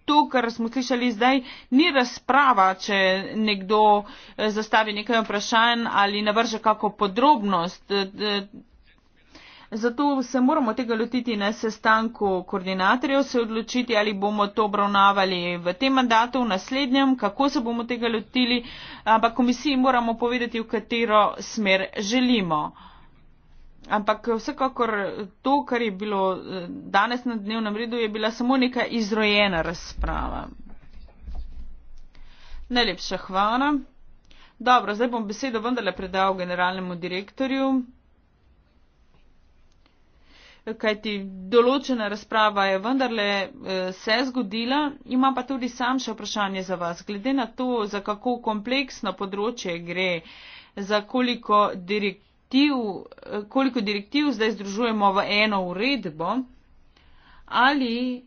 to, kar smo slišali zdaj, ni razprava, če nekdo eh, zastavi nekaj vprašanj ali navrže kako podrobnost. Eh, Zato se moramo tega lotiti na sestanku koordinatorjev, se odločiti, ali bomo to obravnavali v tem mandatu, v naslednjem, kako se bomo tega lotili, ampak komisiji moramo povedati, v katero smer želimo. Ampak vsekakor to, kar je bilo eh, danes na dnevnem redu, je bila samo neka izrojena razprava. Najlepša hvala. Dobro, zdaj bom besedo vendarle predal generalnemu direktorju kajti določena razprava je vendarle eh, se zgodila. Imam pa tudi sam še vprašanje za vas. Glede na to, za kako kompleksno področje gre, za koliko direktiv, eh, koliko direktiv zdaj združujemo v eno uredbo, ali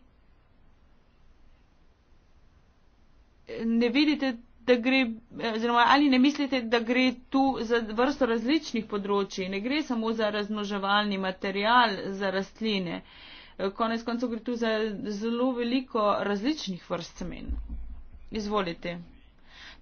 ne vidite da gre, eh, oziroma ali ne mislite, da gre tu za vrsto različnih področji, ne gre samo za razmnoževalni material za rastline. Eh, konec koncev gre tu za zelo veliko različnih vrst semen. Izvolite.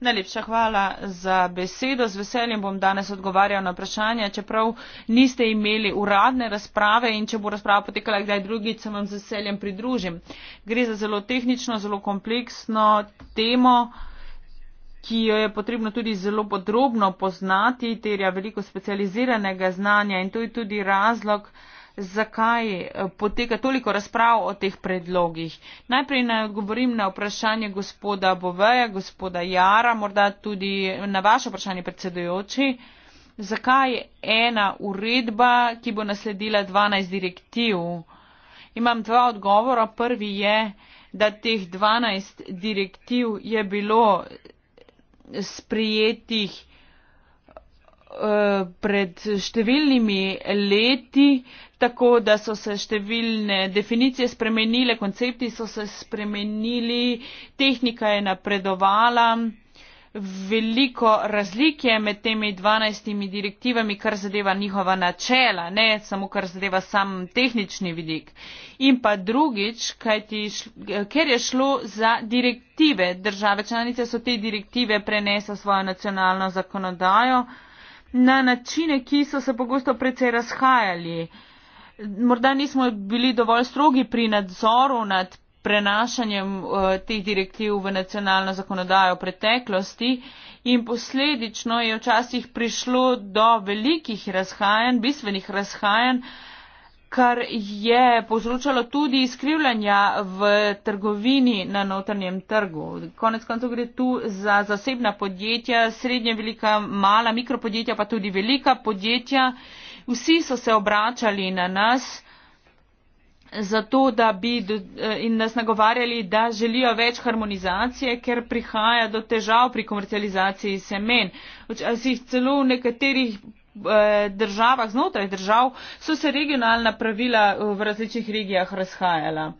Najlepša hvala za besedo. Z veseljem bom danes odgovarjal na vprašanja, čeprav niste imeli uradne razprave in če bo razprava potekala kdaj drugi, se vam z veseljem pridružim. Gre za zelo tehnično, zelo kompleksno temo ki jo je potrebno tudi zelo podrobno poznati, terja veliko specializiranega znanja in to je tudi razlog, zakaj eh, poteka toliko razprav o teh predlogih. Najprej naj odgovorim na vprašanje gospoda Boveja, gospoda Jara, morda tudi na vaše vprašanje predsedujoči. Zakaj je ena uredba, ki bo nasledila 12 direktiv? Imam dva odgovora. Prvi je, da teh 12 direktiv je bilo sprijetih eh, pred številnimi leti, tako da so se številne definicije spremenile, koncepti so se spremenili, tehnika je napredovala veliko razlike med temi dvanajstimi direktivami, kar zadeva njihova načela, ne samo kar zadeva sam tehnični vidik. In pa drugič, ti, ker je šlo za direktive, države članice so te direktive prenesle svojo nacionalno zakonodajo na načine, ki so se pogosto precej razhajali. Morda nismo bili dovolj strogi pri nadzoru nad prenašanjem eh, teh direktiv v nacionalno zakonodajo v preteklosti in posledično je včasih prišlo do velikih razhajanj, bistvenih razhajanj, kar je povzročalo tudi izkrivljanja v trgovini na notrnjem trgu. Konec koncev gre tu za zasebna podjetja, srednje velika, mala, mikropodjetja, pa tudi velika podjetja. Vsi so se obračali na nas zato, da bi eh, in nas nagovarjali, da želijo več harmonizacije, ker prihaja do težav pri komercializaciji semen. Včasih celo v nekaterih eh, državah, znotraj držav, so se regionalna pravila eh, v različnih regijah razhajala.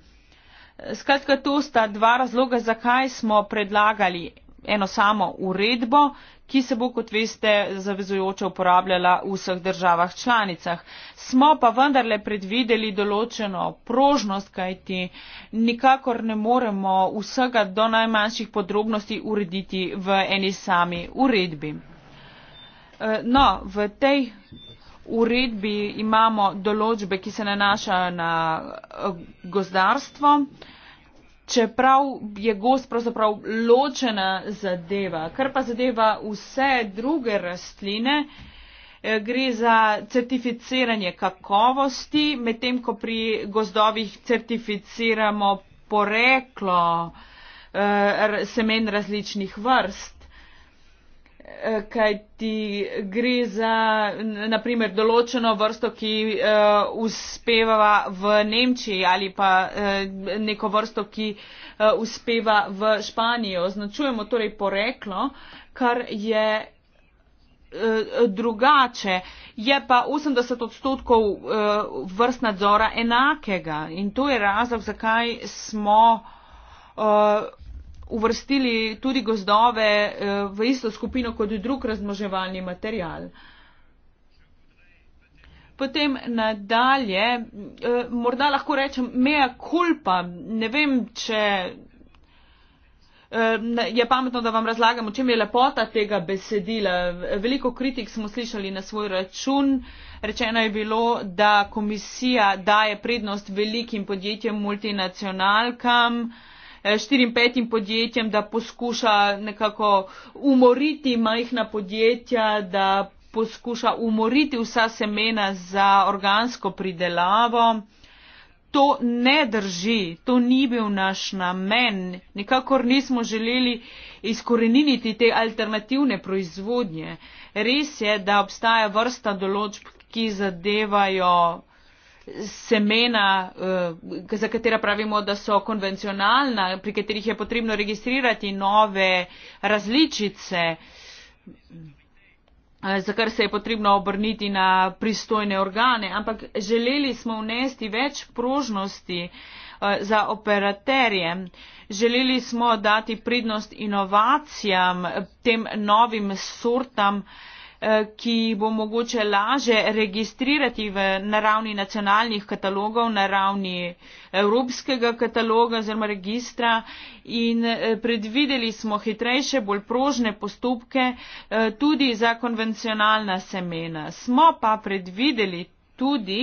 Skratka, to sta dva razloga, zakaj smo predlagali eno samo uredbo, ki se bo, kot veste, zavezujoče uporabljala v vseh državah članicah. Smo pa vendarle predvideli določeno prožnost, kajti nikakor ne moremo vsega do najmanjših podrobnosti urediti v eni sami uredbi. E, no, v tej uredbi imamo določbe, ki se nanašajo na e, gozdarstvo čeprav je gost pravzaprav ločena zadeva. Kar pa zadeva vse druge rastline, eh, gre za certificiranje kakovosti, medtem ko pri gozdovih certificiramo poreklo eh, semen različnih vrst. Eh, kaj ti gre za naprimer določeno vrsto, ki uh, eh, uspeva v Nemčiji ali pa uh, neko vrsto, ki uh, uspeva v Španiji. Označujemo torej poreklo, kar je drugače je pa 80 odstotkov vrst nadzora enakega in to je razlog, zakaj smo uvrstili tudi gozdove eh, v isto skupino kot drug razmoževalni material. Potem nadalje, eh, morda lahko rečem meja kulpa, ne vem, če eh, je pametno, da vam razlagam, v čem je lepota tega besedila. Veliko kritik smo slišali na svoj račun. Rečeno je bilo, da komisija daje prednost velikim podjetjem, multinacionalkam, Eh, štirim-petim podjetjem, da poskuša nekako umoriti majhna podjetja, da poskuša umoriti vsa semena za organsko pridelavo. To ne drži, to ni bil naš namen. Nikakor nismo želeli izkoreniniti te alternativne proizvodnje. Res je, da obstaja vrsta določb, ki zadevajo semena, eh, za katera pravimo, da so konvencionalna, pri katerih je potrebno registrirati nove različice, eh, za kar se je potrebno obrniti na pristojne organe. Ampak želeli smo vnesti več prožnosti eh, za operaterje. Želeli smo dati prednost inovacijam, tem novim sortam, Eh, ki bo mogoče laže registrirati v naravni nacionalnih katalogov, naravni evropskega kataloga oziroma registra in eh, predvideli smo hitrejše, bolj prožne postopke eh, tudi za konvencionalna semena. Smo pa predvideli tudi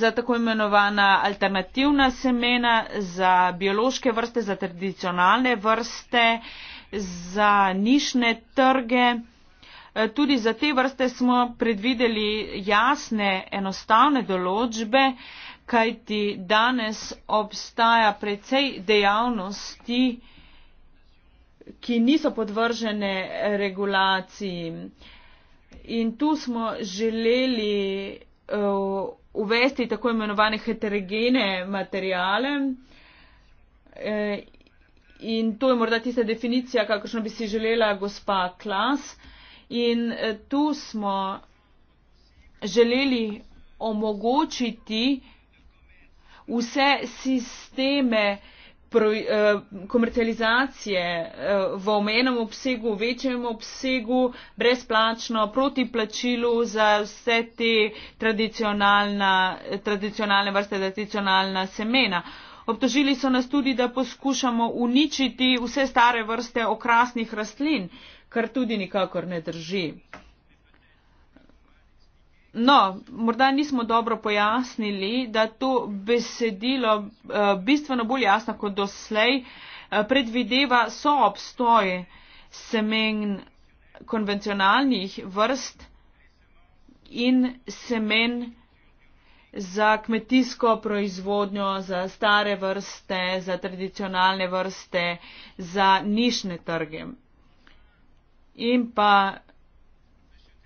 za tako imenovana alternativna semena, za biološke vrste, za tradicionalne vrste, za nišne trge. E, tudi za te vrste smo predvideli jasne, enostavne določbe, kajti danes obstaja precej dejavnosti, ki niso podvržene regulaciji. In tu smo želeli uh, uvesti tako imenovane heterogene materijale. E, In to je morda tista definicija, kakršno bi si želela gospa Klas. In eh, tu smo želeli omogočiti vse sisteme eh, komercializacije eh, v omenem obsegu, v večjem obsegu, brezplačno, proti plačilu za vse te tradicionalne vrste, tradicionalna semena. Uh, Obtožili so nas tudi, da poskušamo uničiti vse stare vrste okrasnih rastlin, kar tudi nikakor ne drži. No, morda nismo dobro pojasnili, da to besedilo eh, bistveno bolj jasno kot doslej eh, predvideva soobstoj semen konvencionalnih vrst in semen za kmetijsko proizvodnjo, za stare vrste, za tradicionalne vrste, za nišne trge. In pa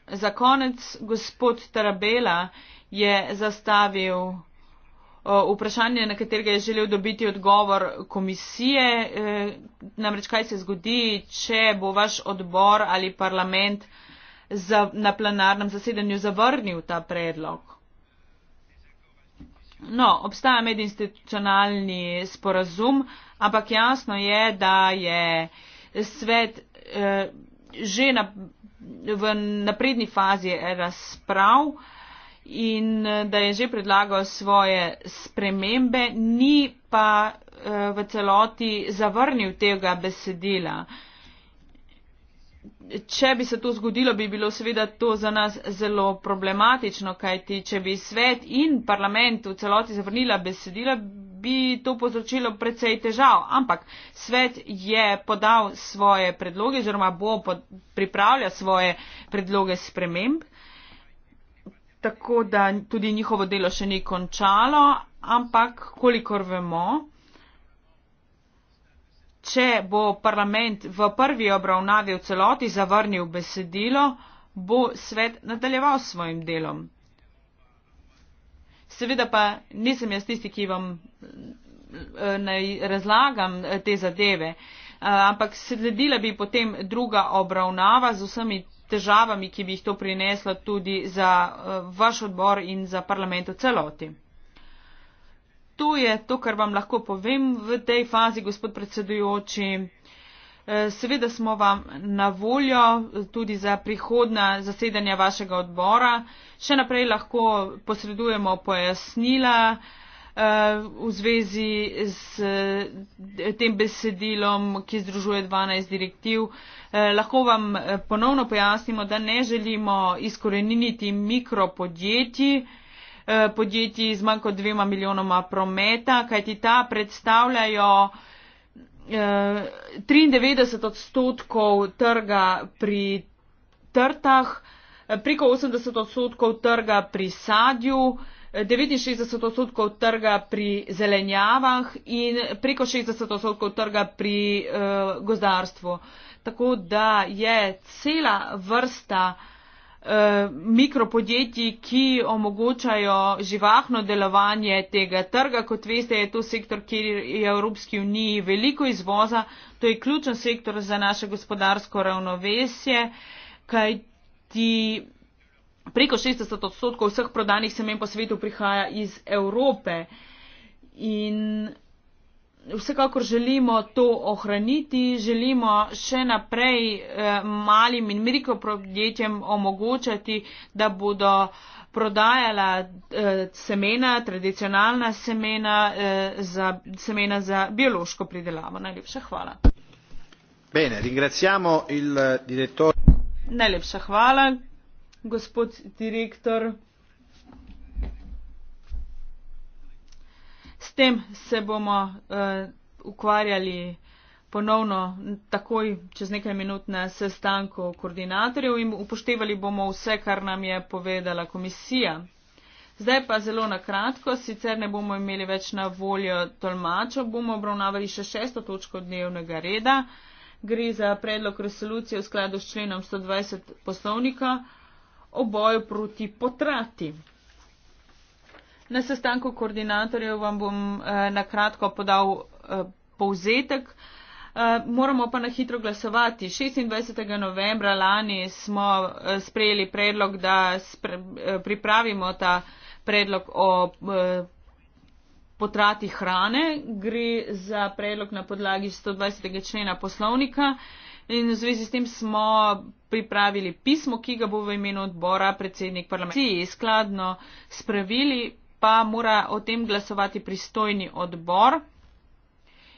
za konec gospod Tarabela je zastavil vprašanje, na katerega je želel dobiti odgovor komisije, e, namreč kaj se zgodi, če bo vaš odbor ali parlament za, na plenarnem zasedanju zavrnil ta predlog. No, obstaja medinstitucionalni sporazum, ampak jasno je, da je svet eh, že na, v napredni fazi razprav in eh, da je že predlagal svoje spremembe, ni pa eh, v celoti zavrnil tega besedila. Eh, če bi se to zgodilo, bi bilo seveda to za nas zelo problematično, kajti če bi svet in parlament v celoti zavrnila besedila, bi to povzročilo precej težav. Ampak svet je podal svoje predloge oziroma bo pod, pripravlja svoje predloge sprememb, tako da tudi njihovo delo še ni končalo, ampak kolikor vemo, če bo parlament v prvi obravnavi v celoti zavrnil besedilo, bo svet nadaljeval s svojim delom. Seveda pa nisem jaz tisti, ki vam eh, razlagam eh, te zadeve, eh, ampak sledila bi potem druga obravnava z vsemi težavami, ki bi jih to prineslo tudi za vaš odbor in za parlament v celoti. To je to, kar vam lahko povem v tej fazi, gospod predsedujoči. E, seveda smo vam na voljo tudi za prihodna zasedanja vašega odbora. Še naprej lahko posredujemo pojasnila e, v zvezi s e, tem besedilom, ki združuje 12 direktiv. Lahko vam ponovno pojasnimo, da ne želimo izkoreniniti mikropodjetij. Eh, podjetij z manj kot dvema milijonoma prometa, kajti ta predstavljajo 93 eh, odstotkov trga pri trtah, eh, preko 80 odstotkov trga pri sadju, 69 odstotkov trga pri zelenjavah in preko 60 odstotkov trga pri uh, gozdarstvu. Tako da je cela vrsta uh, Eh, mikropodjetij, ki omogočajo živahno delovanje tega trga. Kot veste, je to sektor, kjer je Evropski uniji veliko izvoza, to je ključen sektor za naše gospodarsko ravnovesje, kajti preko 60 odstotkov vseh prodanih semen po svetu prihaja iz Evrope. In vsekakor želimo to ohraniti, želimo še naprej eh, malim in mikroprodjetjem omogočati, da bodo prodajala eh, semena, tradicionalna semena eh, za, semena za biološko pridelavo. Najlepša hvala. Bene, ringraziamo il direttore. Najlepša hvala, gospod direktor. tem se bomo uh, ukvarjali ponovno takoj čez nekaj minut na sestanku koordinatorjev in upoštevali bomo vse, kar nam je povedala komisija. Zdaj pa zelo na kratko, sicer ne bomo imeli več na voljo tolmačev, bomo obravnavali še šesto točko dnevnega reda. Gre za predlog resolucije v skladu s členom 120 poslovnika o boju proti potrati. Na sestanku koordinatorjev vam bom eh, na kratko podal eh, povzetek. Eh, moramo pa na hitro glasovati. 26. novembra lani smo eh, sprejeli predlog, da spre, eh, pripravimo ta predlog o. Eh, potrati hrane, gre za predlog na podlagi 120. člena poslovnika in v zvezi s tem smo pripravili pismo, ki ga bo v imenu odbora predsednik parlamenta skladno spravili pa mora o tem glasovati pristojni odbor.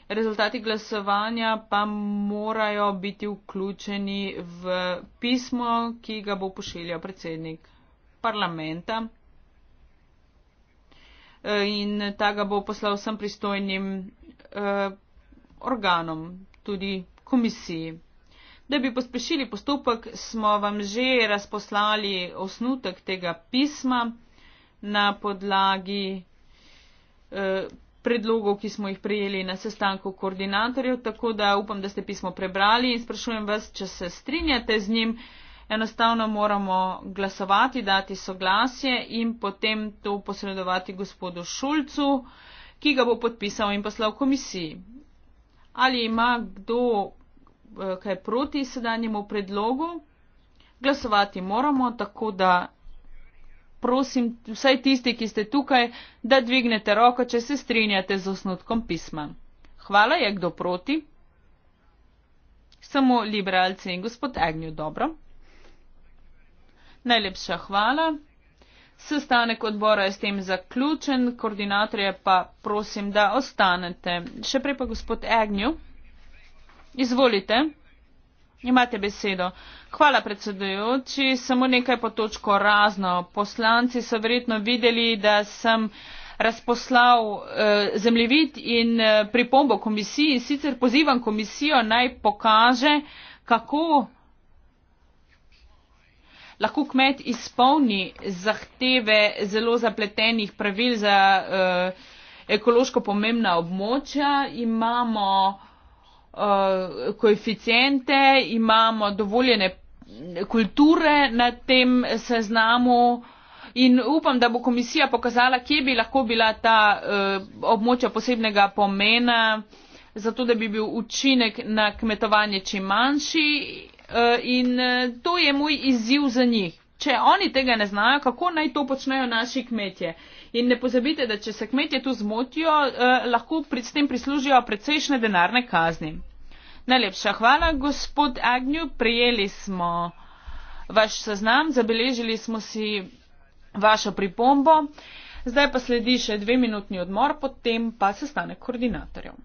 Rezultati glasovanja pa morajo biti vključeni v pismo, ki ga bo pošiljal predsednik parlamenta. In ta ga bo poslal vsem pristojnim eh, organom, tudi komisiji. Da bi pospešili postopek, smo vam že razposlali osnutek tega pisma na podlagi eh, predlogov, ki smo jih prijeli na sestanku koordinatorjev, tako da upam, da ste pismo prebrali in sprašujem vas, če se strinjate z njim. Enostavno moramo glasovati, dati soglasje in potem to posredovati gospodu Šulcu, ki ga bo podpisal in poslal komisiji. Ali ima kdo eh, kaj proti sedanjemu predlogu? Glasovati moramo, tako da prosim vsaj tisti, ki ste tukaj, da dvignete roko, če se strinjate z osnutkom pisma. Hvala je kdo proti? Samo liberalci in gospod Agnew, dobro. Najlepša hvala. Sestanek odbora je s tem zaključen, koordinatorje pa prosim, da ostanete. Še prej pa gospod Agnew. Izvolite. Imate besedo. Hvala predsedujoči. Samo nekaj po točko razno. Poslanci so verjetno videli, da sem razposlal eh, zemljevid in eh, pripombo komisiji in sicer pozivam komisijo naj pokaže, kako lahko kmet izpolni zahteve zelo zapletenih pravil za eh, ekološko pomembna območja. Imamo uh, koeficiente, imamo dovoljene kulture na tem seznamu in upam, da bo komisija pokazala, kje bi lahko bila ta uh, območja posebnega pomena, zato da bi bil učinek na kmetovanje čim manjši. Eh, in to je moj izziv za njih. Če oni tega ne znajo, kako naj to počnejo naši kmetje? In ne pozabite, da če se kmetje tu zmotijo, eh, lahko pri s tem prislužijo precejšnje denarne kazni. Najlepša hvala, gospod Agnju. Prijeli smo vaš seznam, zabeležili smo si vašo pripombo. Zdaj pa sledi še dve minutni odmor, potem pa sestanek koordinatorjev.